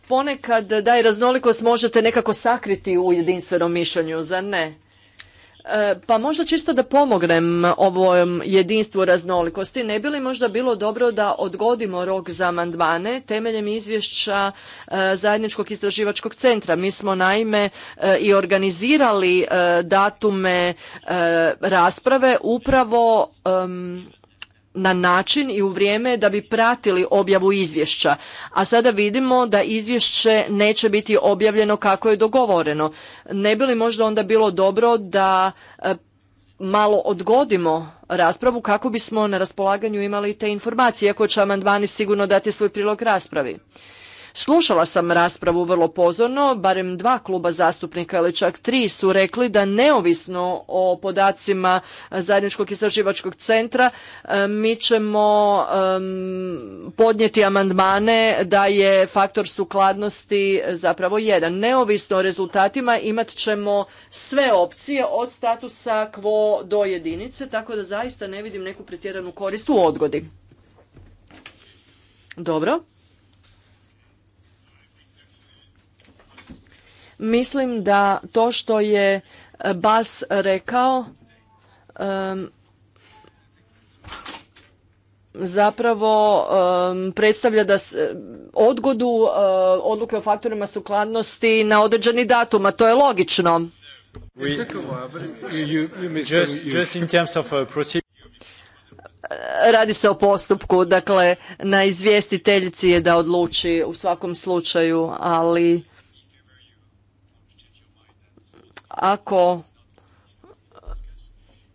Ponekad da je raznolikost možete nekako sakriti u jedinstvenom mišljenju, za ne? E, pa možda čisto da pomognem ovom jedinstvu raznolikosti, ne bi li možda bilo dobro da odgodimo rok za amandmane temeljem izvješća e, Zajedničkog istraživačkog centra. Mi smo naime e, i organizirali datume rasprave upravo na način i u vrijeme da bi pratili objavu izvješća. A sada vidimo da izvješće neće biti objavljeno kako je dogovoreno. Ne bi li možda onda bilo dobro da e, malo odgodimo raspravu kako bismo na raspolaganju imali te informacije, iako će amandmani sigurno dati svoj prilog raspravi. Slušala sam raspravu vrlo pozorno, barem dva kluba zastupnika ili čak tri su rekli da neovisno o podacima zajedničkog istraživačkog centra e, mi ćemo podnijeti amandmane da je faktor sukladnosti zapravo jedan. Neovisno o rezultatima imat ćemo sve opcije od statusa kvo do jedinice, tako da zaista ne vidim neku pretjeranu korist u odgodi. Dobro. Mislim da to što je e, Bas rekao zapravo predstavlja da se, odgodu e, odluke o faktorima sukladnosti na određeni datum, a to je logično. Radi se o postupku, dakle na izvjestiteljici je da odluči u svakom slučaju, ali ako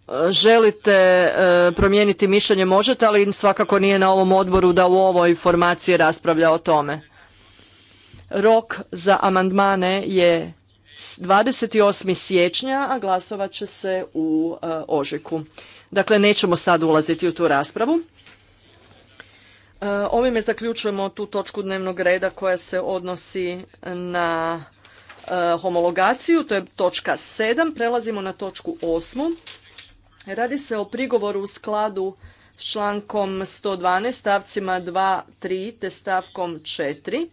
e, želite e, promijeniti mišljenje možete, ali svakako nije na ovom odboru da u ovoj formaciji raspravlja o tome. Rok za amandmane je 28. siječnja, a glasovat će se u e, ožujku. Dakle, nećemo sad ulaziti u tu raspravu. Ovime zaključujemo tu točku dnevnog reda koja se odnosi na E, homologaciju, to je točka 7. Prelazimo na točku 8. Radi se o prigovoru u skladu s člankom 112 stavcima 2, 3 te stavkom 4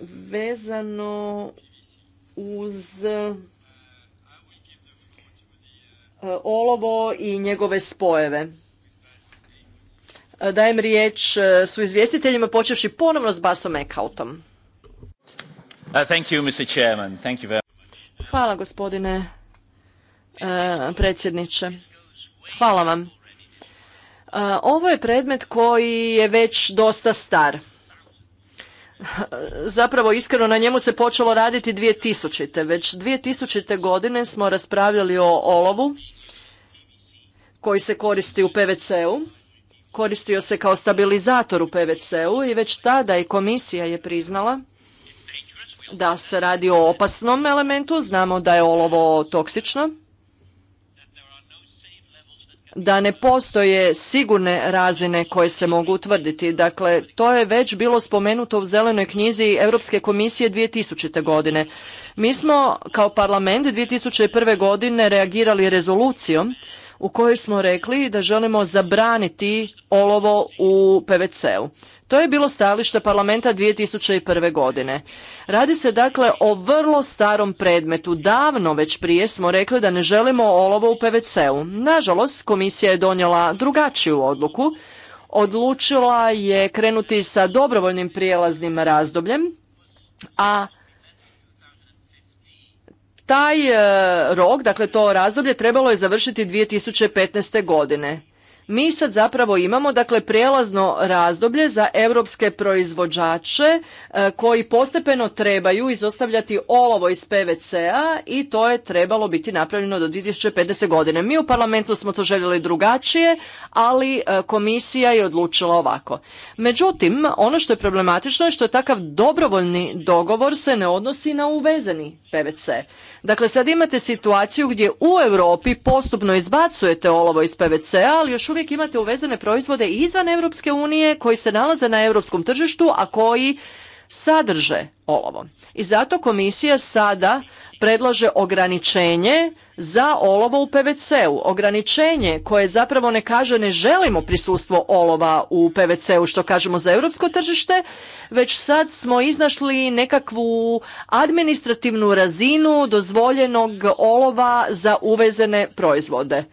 vezano uz e, olovo i njegove spojeve. E, dajem riječ su izvjestiteljima počevši ponovno s Basom Ekautom. Uh, Hvala gospodine uh, predsjedniče. Hvala vam. Uh, ovo je predmet koji je već dosta star. [laughs] Zapravo iskreno na njemu se počelo raditi 2000. Već 2000. godine smo raspravljali o olovu koji se koristi u PVC-u. Koristio se kao stabilizator u PVC-u i već tada i komisija je priznala da se radi o opasnom elementu, znamo da je olovo toksično, da ne postoje sigurne razine koje se mogu utvrditi. Dakle, to je već bilo spomenuto u zelenoj knjizi Europske komisije 2000. godine. Mi smo kao parlament 2001. godine reagirali rezolucijom u kojoj smo rekli da želimo zabraniti olovo u PVC-u. To je bilo stajalište parlamenta 2001. godine. Radi se dakle o vrlo starom predmetu. Davno već prije smo rekli da ne želimo olovo u PVC-u. Nažalost, komisija je donijela drugačiju odluku. Odlučila je krenuti sa dobrovoljnim prijelaznim razdobljem, a taj e, rok, dakle to razdoblje, trebalo je završiti 2015. godine mi sad zapravo imamo dakle prijelazno razdoblje za europske proizvođače e, koji postepeno trebaju izostavljati olovo iz PVC-a i to je trebalo biti napravljeno do 2050. godine. Mi u parlamentu smo to željeli drugačije, ali e, komisija je odlučila ovako. Međutim, ono što je problematično je što takav dobrovoljni dogovor se ne odnosi na uvezeni PVC. Dakle, sad imate situaciju gdje u Europi postupno izbacujete olovo iz PVC-a, ali još uvijek imate uvezene proizvode izvan Europske unije koji se nalaze na europskom tržištu, a koji sadrže olovo. I zato komisija sada predlaže ograničenje za olovo u PVC-u. Ograničenje koje zapravo ne kaže ne želimo prisustvo olova u PVC-u što kažemo za europsko tržište, već sad smo iznašli nekakvu administrativnu razinu dozvoljenog olova za uvezene proizvode.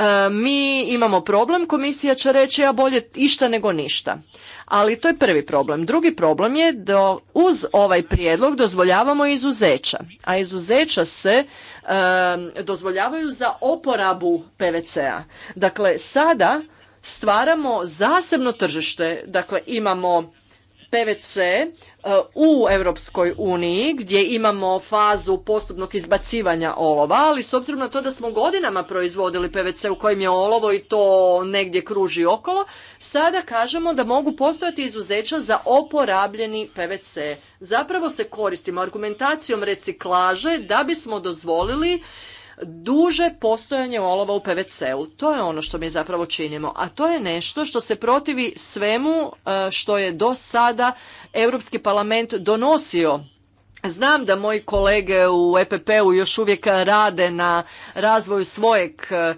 E, mi imamo problem, komisija će reći ja bolje išta nego ništa. Ali to je prvi problem. Drugi problem je da uz ovaj prijedlog dozvoljavamo izuzeća, a izuzeća se e, dozvoljavaju za oporabu PVC-a. Dakle, sada stvaramo zasebno tržište, dakle imamo PVC e, u Europskoj uniji gdje imamo fazu postupnog izbacivanja olova, ali s obzirom na to da smo godinama proizvodili PVC u kojem je olovo i to negdje kruži okolo, sada kažemo da mogu postojati izuzeća za oporabljeni PVC. Zapravo se koristimo argumentacijom reciklaže da bismo dozvolili duže postojanje olova u PVC-u. To je ono što mi zapravo činimo, a to je nešto što se protivi svemu e, što je do sada Europski parlament donosio Znam da moji kolege u EPP-u još uvijek rade na razvoju svojeg e,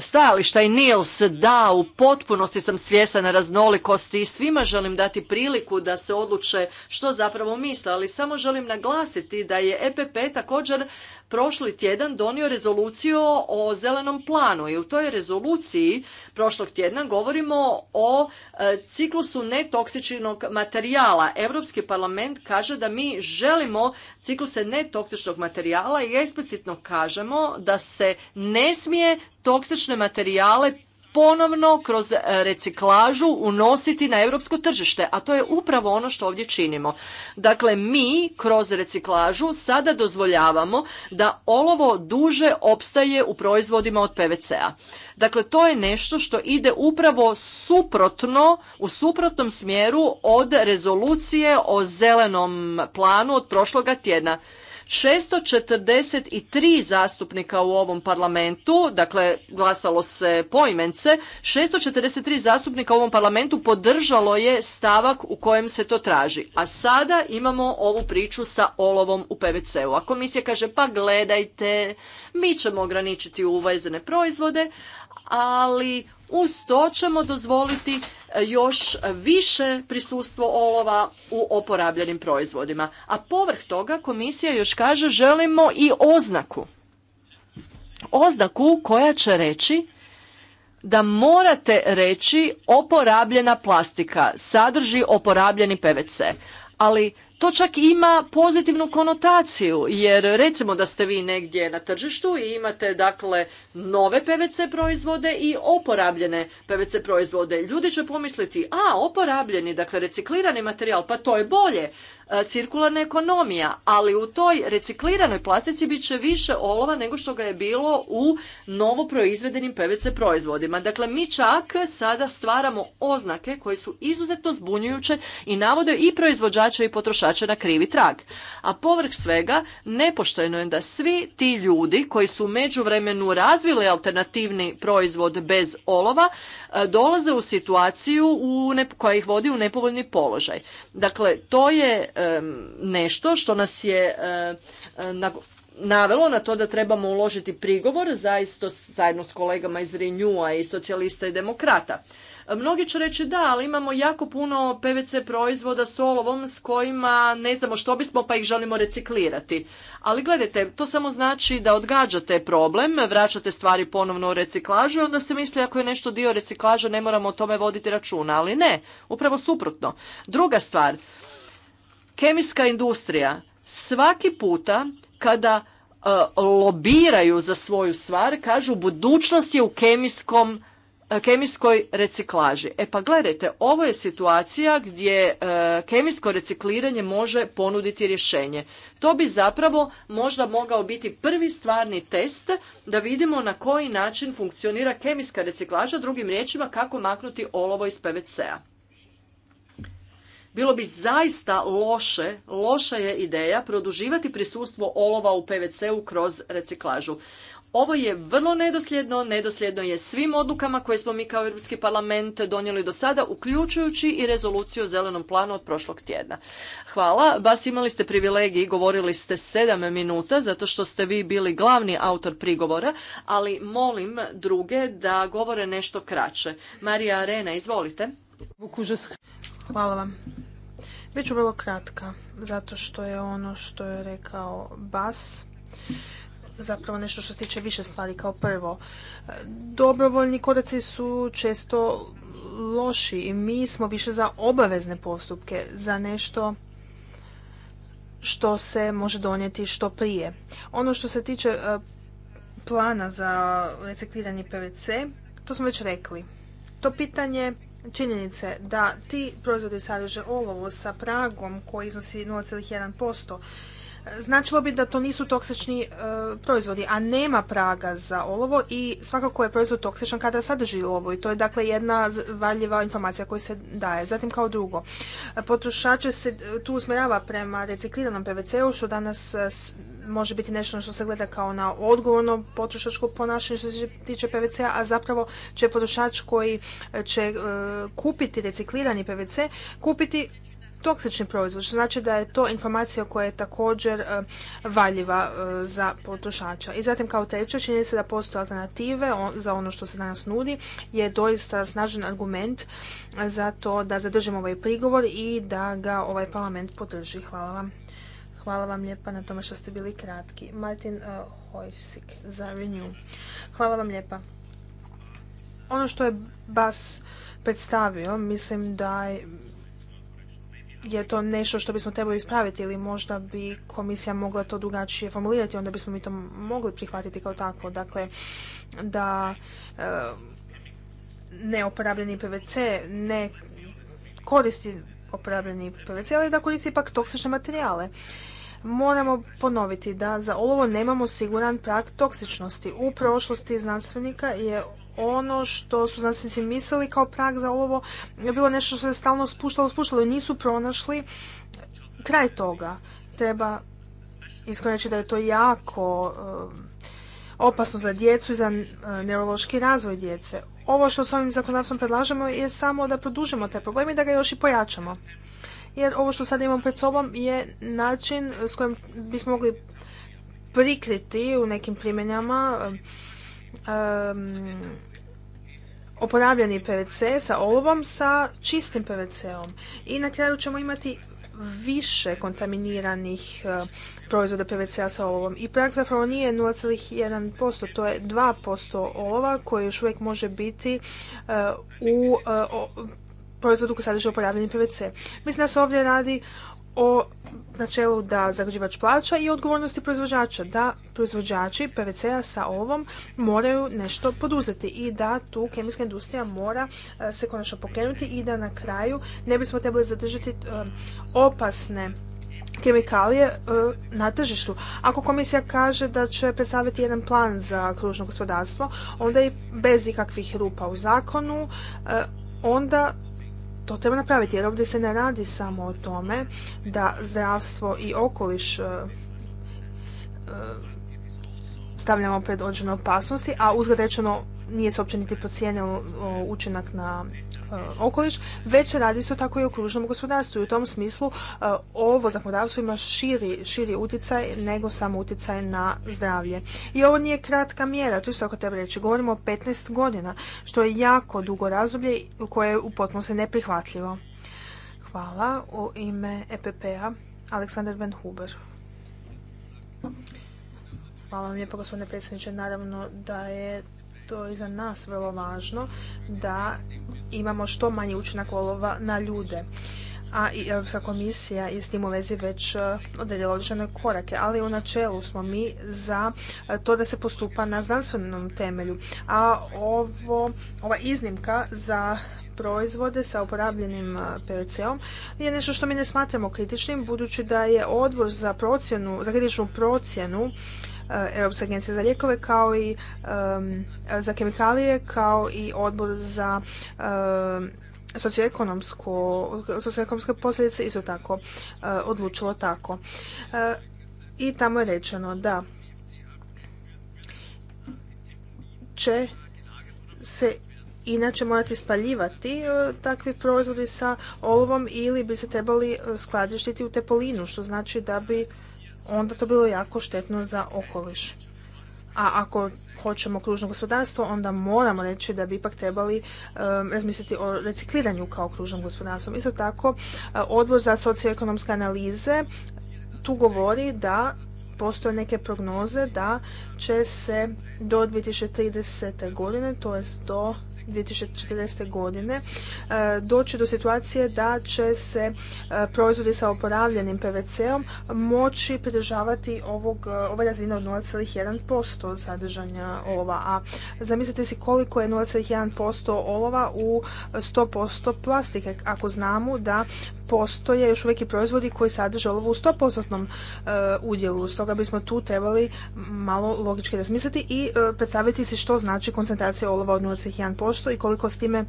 stajališta i Nils, da, u potpunosti sam svjesna raznolikosti i svima želim dati priliku da se odluče što zapravo misle, ali samo želim naglasiti da je EPP također prošli tjedan donio rezoluciju o zelenom planu i u toj rezoluciji prošlog tjedna govorimo o e, ciklusu netoksičnog materijala. Europski parlament kaže da mi želimo cikluse netoksičnog materijala i eksplicitno kažemo da se ne smije toksične materijale ponovno kroz e, reciklažu unositi na europsko tržište, a to je upravo ono što ovdje činimo. Dakle, mi kroz reciklažu sada dozvoljavamo da olovo duže opstaje u proizvodima od PVC-a. Dakle, to je nešto što ide upravo suprotno, u suprotnom smjeru od rezolucije o zelenom planu od prošloga tjedna. 643 zastupnika u ovom parlamentu, dakle glasalo se poimence, 643 zastupnika u ovom parlamentu podržalo je stavak u kojem se to traži. A sada imamo ovu priču sa olovom u PVC-u. A komisija kaže pa gledajte, mi ćemo ograničiti uvezene proizvode, ali uz to ćemo dozvoliti e, još više prisustvo olova u oporabljenim proizvodima. A povrh toga komisija još kaže želimo i oznaku. Oznaku koja će reći da morate reći oporabljena plastika sadrži oporabljeni PVC. Ali to čak ima pozitivnu konotaciju, jer recimo da ste vi negdje na tržištu i imate dakle nove PVC proizvode i oporabljene PVC proizvode. Ljudi će pomisliti, a oporabljeni, dakle reciklirani materijal, pa to je bolje. E, cirkularna ekonomija, ali u toj recikliranoj plastici bit će više olova nego što ga je bilo u novo PVC proizvodima. Dakle, mi čak sada stvaramo oznake koje su izuzetno zbunjujuće i navode i proizvođače i potrošače na krivi trag. A povrh svega, nepošteno je da svi ti ljudi koji su u međuvremenu razvili alternativni proizvod bez olova, e, dolaze u situaciju koja ih vodi u nepovoljni položaj. Dakle, to je nešto što nas je navelo na to da trebamo uložiti prigovor zaista zajedno s kolegama iz Renewa i socijalista i demokrata. Mnogi će reći da, ali imamo jako puno PVC proizvoda s olovom s kojima ne znamo što bismo pa ih želimo reciklirati. Ali gledajte, to samo znači da odgađate problem, vraćate stvari ponovno u reciklažu i onda se misli ako je nešto dio reciklaža ne moramo o tome voditi računa, ali ne, upravo suprotno. Druga stvar, Kemijska industrija svaki puta kada e, lobiraju za svoju stvar, kažu budućnost je u kemijskom e, kemijskoj reciklaži. E pa gledajte, ovo je situacija gdje e, kemijsko recikliranje može ponuditi rješenje. To bi zapravo možda mogao biti prvi stvarni test da vidimo na koji način funkcionira kemijska reciklaža, drugim riječima kako maknuti olovo iz PVC-a. Bilo bi zaista loše, loša je ideja produživati prisustvo olova u PVC-u kroz reciklažu. Ovo je vrlo nedosljedno, nedosljedno je svim odlukama koje smo mi kao Europski parlament donijeli do sada, uključujući i rezoluciju o zelenom planu od prošlog tjedna. Hvala, Bas imali ste privilegij, govorili ste sedam minuta, zato što ste vi bili glavni autor prigovora, ali molim druge da govore nešto kraće. Marija Arena, izvolite. Hvala vam. Biću vrlo kratka, zato što je ono što je rekao Bas zapravo nešto što se tiče više stvari. Kao prvo, dobrovoljni koraci su često loši i mi smo više za obavezne postupke, za nešto što se može donijeti što prije. Ono što se tiče e, plana za recikliranje PVC, to smo već rekli. To pitanje činjenice da ti proizvodi sadrže olovo sa pragom koji iznosi 0,1% značilo bi da to nisu toksični e, proizvodi, a nema praga za olovo i svakako je proizvod toksičan kada sadrži olovo i to je dakle jedna valjiva informacija koja se daje. Zatim kao drugo, potrošače se e, tu usmjerava prema recikliranom PVC-u što danas e, može biti nešto što se gleda kao na odgovorno potrošačko ponašanje što se tiče PVC-a, a zapravo će potrošač koji će kupiti reciklirani PVC kupiti toksični proizvod, što znači da je to informacija koja je također e, valjiva e, za potrošača. I zatim kao treće, činjenica da postoje alternative za ono što se danas nudi je doista snažan argument za to da zadržimo ovaj prigovor i da ga ovaj parlament podrži. Hvala vam. Hvala vam lijepa na tome što ste bili kratki. Martin e, Hojsik za Renew. Hvala vam lijepa. Ono što je Bas predstavio, mislim da je je to nešto što bismo trebali ispraviti ili možda bi komisija mogla to drugačije formulirati, onda bismo mi to mogli prihvatiti kao takvo. Dakle, da e, PVC ne koristi oporabljeni PVC, ali da koristi ipak toksične materijale. Moramo ponoviti da za olovo nemamo siguran prak toksičnosti. U prošlosti znanstvenika je ono što su znanstvenici mislili kao prag za ovo je bilo nešto što se stalno spuštalo, spuštalo i nisu pronašli kraj toga. Treba iskreno da je to jako um, opasno za djecu i za uh, neurološki razvoj djece. Ovo što s ovim zakonodavstvom predlažemo je samo da produžimo taj problem i da ga još i pojačamo. Jer ovo što sad imamo pred sobom je način s kojim bismo mogli prikriti u nekim primjenjama um, um, oporavljeni PVC sa olovom sa čistim PVC-om. I na kraju ćemo imati više kontaminiranih e, proizvoda PVC-a sa olovom. I prak zapravo nije 0,1%, to je 2% olova koje još uvijek može biti e, u e, proizvodu koji sadrži oporavljeni PVC. Mislim da se ovdje radi o načelu da zagađivač plaća i odgovornosti proizvođača, da proizvođači PVC-a sa ovom moraju nešto poduzeti i da tu kemijska industrija mora e, se konačno pokrenuti i da na kraju ne bismo trebali zadržati e, opasne kemikalije e, na tržištu. Ako komisija kaže da će predstaviti jedan plan za kružno gospodarstvo, onda i bez ikakvih rupa u zakonu, onda to treba napraviti jer ovdje se ne radi samo o tome da zdravstvo i okoliš e, e, stavljamo pred određene opasnosti, a uzgled nije se uopće niti procijenio učinak na e, okoliš, već radi se tako i o kružnom gospodarstvu. I u tom smislu e, ovo zakonodavstvo ima širi, širi utjecaj nego samo utjecaj na zdravlje. I ovo nije kratka mjera, to isto ako treba reći. Govorimo o 15 godina, što je jako dugo razdoblje koje je u potpunosti neprihvatljivo. Hvala. U ime EPP-a Aleksandar Ben Huber. Hvala vam lijepo gospodine predsjedniče. Naravno da je to je za nas vrlo važno da imamo što manji učinak olova na ljude. A i Europska komisija je s tim u vezi već e, odredila određene korake, ali u načelu smo mi za e, to da se postupa na znanstvenom temelju. A ovo, ova iznimka za proizvode sa uporabljenim e, PVC-om je nešto što mi ne smatramo kritičnim, budući da je odbor za procjenu, za kritičnu procjenu Eh, Europske agencije za lijekove kao i za kemikalije kao i odbor za socioekonomske posljedice isto tako eh, odlučilo tako. Eh, I tamo je rečeno da će se inače morati spaljivati takvi proizvodi sa olovom ili bi se trebali skladištiti u tepolinu, što znači da bi onda to bilo jako štetno za okoliš. A ako hoćemo kružno gospodarstvo, onda moramo reći da bi ipak trebali razmisliti o recikliranju kao kružnom gospodarstvom. Isto tako, e, odbor za socioekonomske analize tu govori da postoje neke prognoze da će se do 2030. godine, to jest do 2040. godine e, doći do situacije da će se e, proizvodi sa oporavljenim PVC-om moći pridržavati ovog, e, ove razine od 0,1% sadržanja olova. A zamislite si koliko je 0,1% olova u 100% plastike ako znamo da postoje još uvijek i proizvodi koji sadrže olovo u 100% e, udjelu. Stoga bismo tu trebali malo logički razmisliti i e, predstaviti si što znači koncentracija olova od 0,1% i koliko s time e,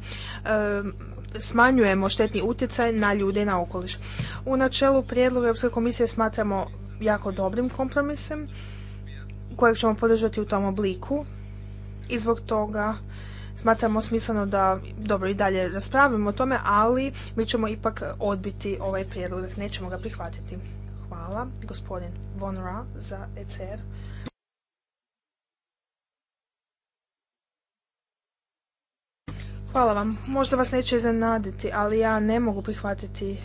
smanjujemo štetni utjecaj na ljude i na okoliš. U načelu prijedlog Europske komisije smatramo jako dobrim kompromisem kojeg ćemo podržati u tom obliku i zbog toga smatramo smisleno da dobro i dalje raspravimo o tome, ali mi ćemo ipak odbiti ovaj prijedlog, dakle nećemo ga prihvatiti. Hvala, gospodin Von Ra za ECR. Hvala vam. Možda vas neće iznenaditi, ali ja ne mogu prihvatiti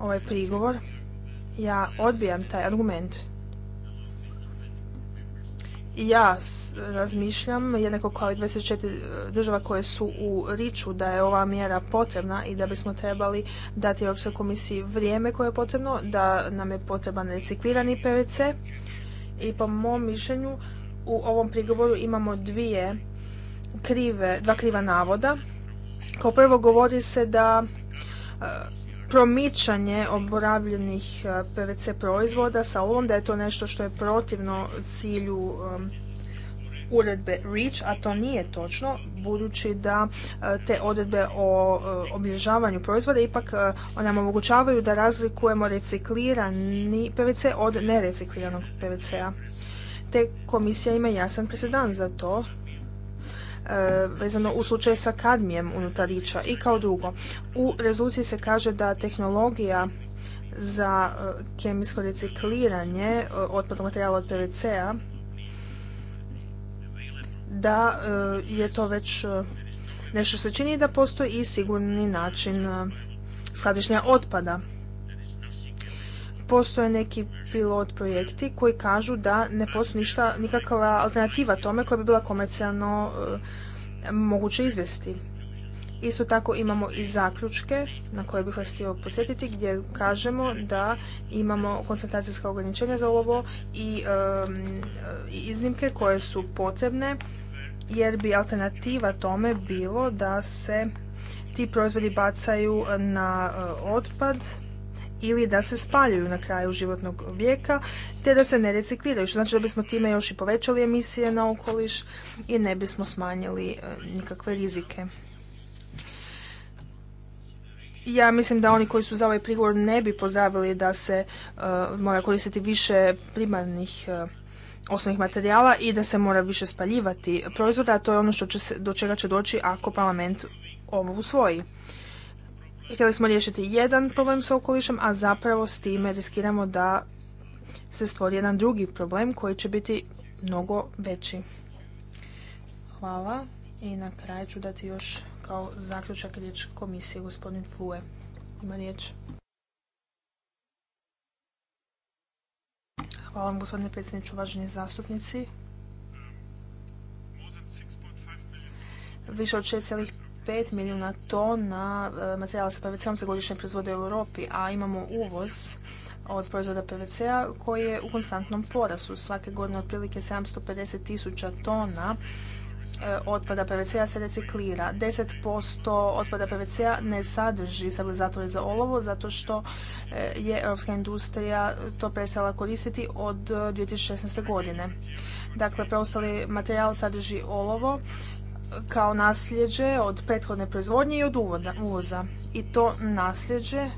ovaj prigovor. Ja odbijam taj argument ja razmišljam, jednako kao i 24 e, država koje su u riču da je ova mjera potrebna i da bismo trebali dati Europskoj komisiji vrijeme koje je potrebno, da nam je potreban reciklirani PVC i po mom mišljenju u ovom prigovoru imamo dvije krive, dva kriva navoda. Kao prvo govori se da e, promičanje oboravljenih e, PVC proizvoda sa ovom, da je to nešto što je protivno cilju um, uredbe REACH, a to nije točno, budući da e, te odredbe o e, obilježavanju proizvoda ipak nam omogućavaju da razlikujemo reciklirani PVC od nerecikliranog PVC-a. Te komisija ima jasan presedan za to, E, vezano u slučaju sa kadmijem unutar riča. I kao drugo, u rezoluciji se kaže da tehnologija za e, kemijsko recikliranje e, otpadnog materijala od PVC-a da je to već nešto se čini da postoji i sigurni način skladišnja otpada postoje neki pilot projekti koji kažu da ne postoji ništa, nikakva alternativa tome koja bi bila komercijalno e, moguće izvesti. Isto tako imamo i zaključke na koje bih vas htio posjetiti gdje kažemo da imamo koncentracijska ograničenja za ovo e, i iznimke koje su potrebne jer bi alternativa tome bilo da se ti proizvodi bacaju na e, otpad ili da se spaljuju na kraju životnog vijeka, te da se ne recikliraju, što znači da bismo time još i povećali emisije na okoliš i ne bismo smanjili e, nikakve rizike. Ja mislim da oni koji su za ovaj prigovor ne bi pozdravili da se e, mora koristiti više primarnih e, osnovnih materijala i da se mora više spaljivati proizvoda, a to je ono što do čega će doći ako parlament ovo usvoji. Htjeli smo riješiti jedan problem s okolišem, a zapravo s time riskiramo da se stvori jedan drugi problem koji će biti mnogo veći. Hvala. I na kraju ću dati još kao zaključak riječ komisije gospodin Flue. Ima riječ. Hvala vam gospodine predsjedniče, uvaženi zastupnici. Više od 6,5 5 milijuna tona e, materijala sa PVC-om se godišnje proizvode u Europi, a imamo uvoz od proizvoda PVC-a koji je u konstantnom porasu. Svake godine otprilike 750 tisuća tona e, otpada PVC-a se reciklira. 10% otpada PVC-a ne sadrži stabilizatore za olovo zato što e, je europska industrija to prestala koristiti od 2016. godine. Dakle, preostali materijal sadrži olovo kao nasljeđe od prethodne proizvodnje i od uvoza. I to nasljeđe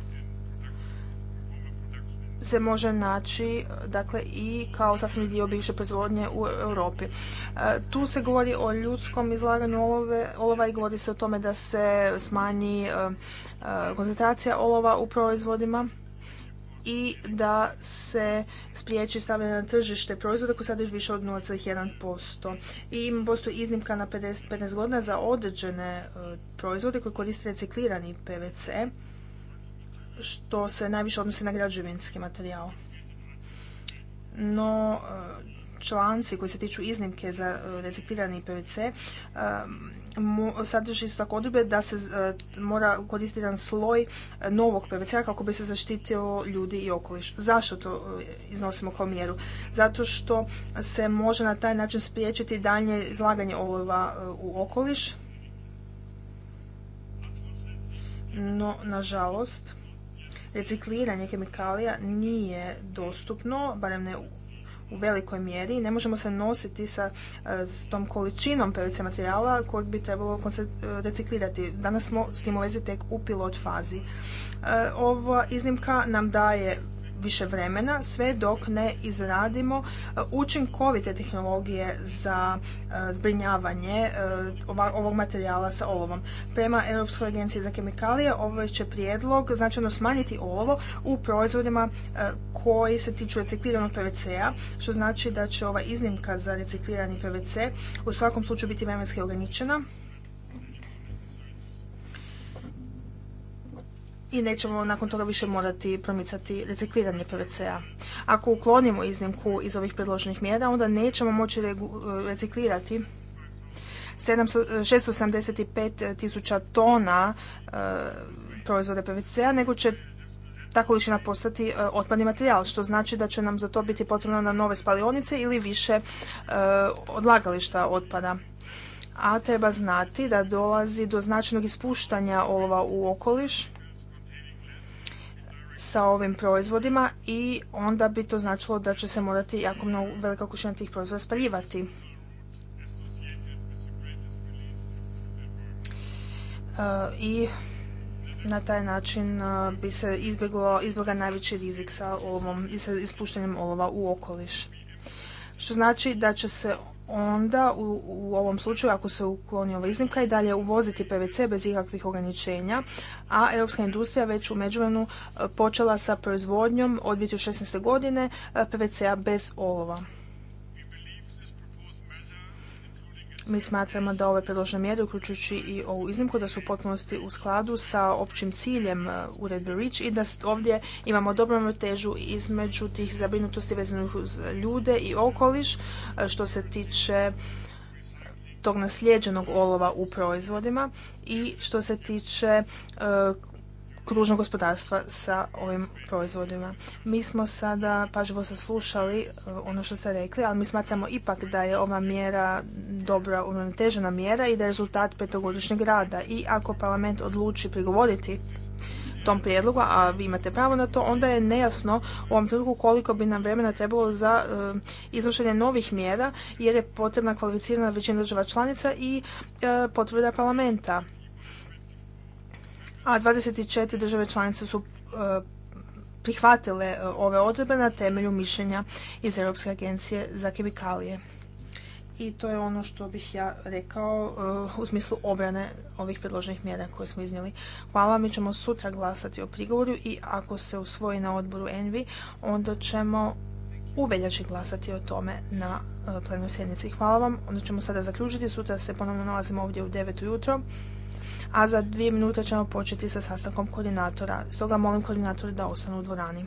se može naći dakle, i kao sasvim dio bivše proizvodnje u Europi. E, tu se govori o ljudskom izlaganju olove, olova i govori se o tome da se smanji e, e, koncentracija olova u proizvodima i da se spriječi stavljanje na tržište proizvoda koji je više od 0,1%. I postoji iznimka na 50, 15 godina za određene e, proizvode koji koriste reciklirani PVC, što se najviše odnosi na građevinski materijal. No, e, članci koji se tiču iznimke za e, reciklirani PVC e, sadrži su tako odrube da se e, mora koristiti jedan sloj novog PVC-a kako bi se zaštitilo ljudi i okoliš. Zašto to iznosimo kao mjeru? Zato što se može na taj način spriječiti daljnje izlaganje olova u okoliš. No, nažalost, recikliranje kemikalija nije dostupno, barem ne u u velikoj mjeri i ne možemo se nositi sa e, s tom količinom PVC materijala kojeg bi trebalo e, reciklirati. Danas smo s tim tek u pilot fazi. E, ova iznimka nam daje više vremena sve dok ne izradimo e, učinkovite tehnologije za e, zbrinjavanje e, ovog materijala sa olovom. Prema Europskoj agenciji za kemikalije ovaj će prijedlog značajno smanjiti olovo u proizvodima koji se tiču recikliranog PVC-a, što znači da će ova iznimka za reciklirani PVC u svakom slučaju biti vremenski ograničena i nećemo nakon toga više morati promicati recikliranje PVC-a. Ako uklonimo iznimku iz ovih predloženih mjera, onda nećemo moći reciklirati 675 tisuća tona proizvode proizvoda PVC-a, nego će ta količina postati e, otpadni materijal, što znači da će nam za to biti potrebno na nove spalionice ili više e, odlagališta otpada. A treba znati da dolazi do značajnog ispuštanja olova u okoliš, sa ovim proizvodima i onda bi to značilo da će se morati jako mnogo velika kućina tih proizvoda spaljivati. E, I na taj način e, bi se izbjeglo, izbjegla najveći rizik sa ovom i sa ispuštanjem olova u okoliš. Što znači da će se onda u, ovom slučaju ako se ukloni ova iznimka i dalje uvoziti PVC bez ikakvih ograničenja, a europska industrija već u međuvremenu e, počela sa proizvodnjom od 2016. godine e, PVC-a bez olova. mi smatramo da ove predložene mjere, uključujući i ovu iznimku, da su u potpunosti u skladu sa općim ciljem e, uredbe REACH i da ovdje imamo dobru težu između tih zabrinutosti vezanih uz ljude i okoliš e, što se tiče tog naslijeđenog olova u proizvodima i što se tiče e, kružnog gospodarstva sa ovim proizvodima. Mi smo sada pažljivo saslušali e, ono što ste rekli, ali mi smatramo ipak da je ova mjera dobra uravnotežena mjera i da je rezultat petogodišnjeg rada. I ako parlament odluči prigovoriti tom prijedlogu, a vi imate pravo na to, onda je nejasno u ovom trenutku koliko bi nam vremena trebalo za e, iznošenje novih mjera jer je potrebna kvalificirana većina država članica i e, potvrda parlamenta a 24 države članice su e, prihvatile e, ove odredbe na temelju mišljenja iz Europske agencije za kemikalije. I to je ono što bih ja rekao e, u smislu obrane ovih predloženih mjera koje smo iznijeli. Hvala, mi ćemo sutra glasati o prigovoru i ako se usvoji na odboru ENVI, onda ćemo u veljači glasati o tome na plenoj sjednici. Hvala vam, onda ćemo sada zaključiti. Sutra se ponovno nalazimo ovdje u 9 jutro a za dvije minute ćemo početi sa sastankom koordinatora. Stoga molim koordinatore da ostanu u dvorani.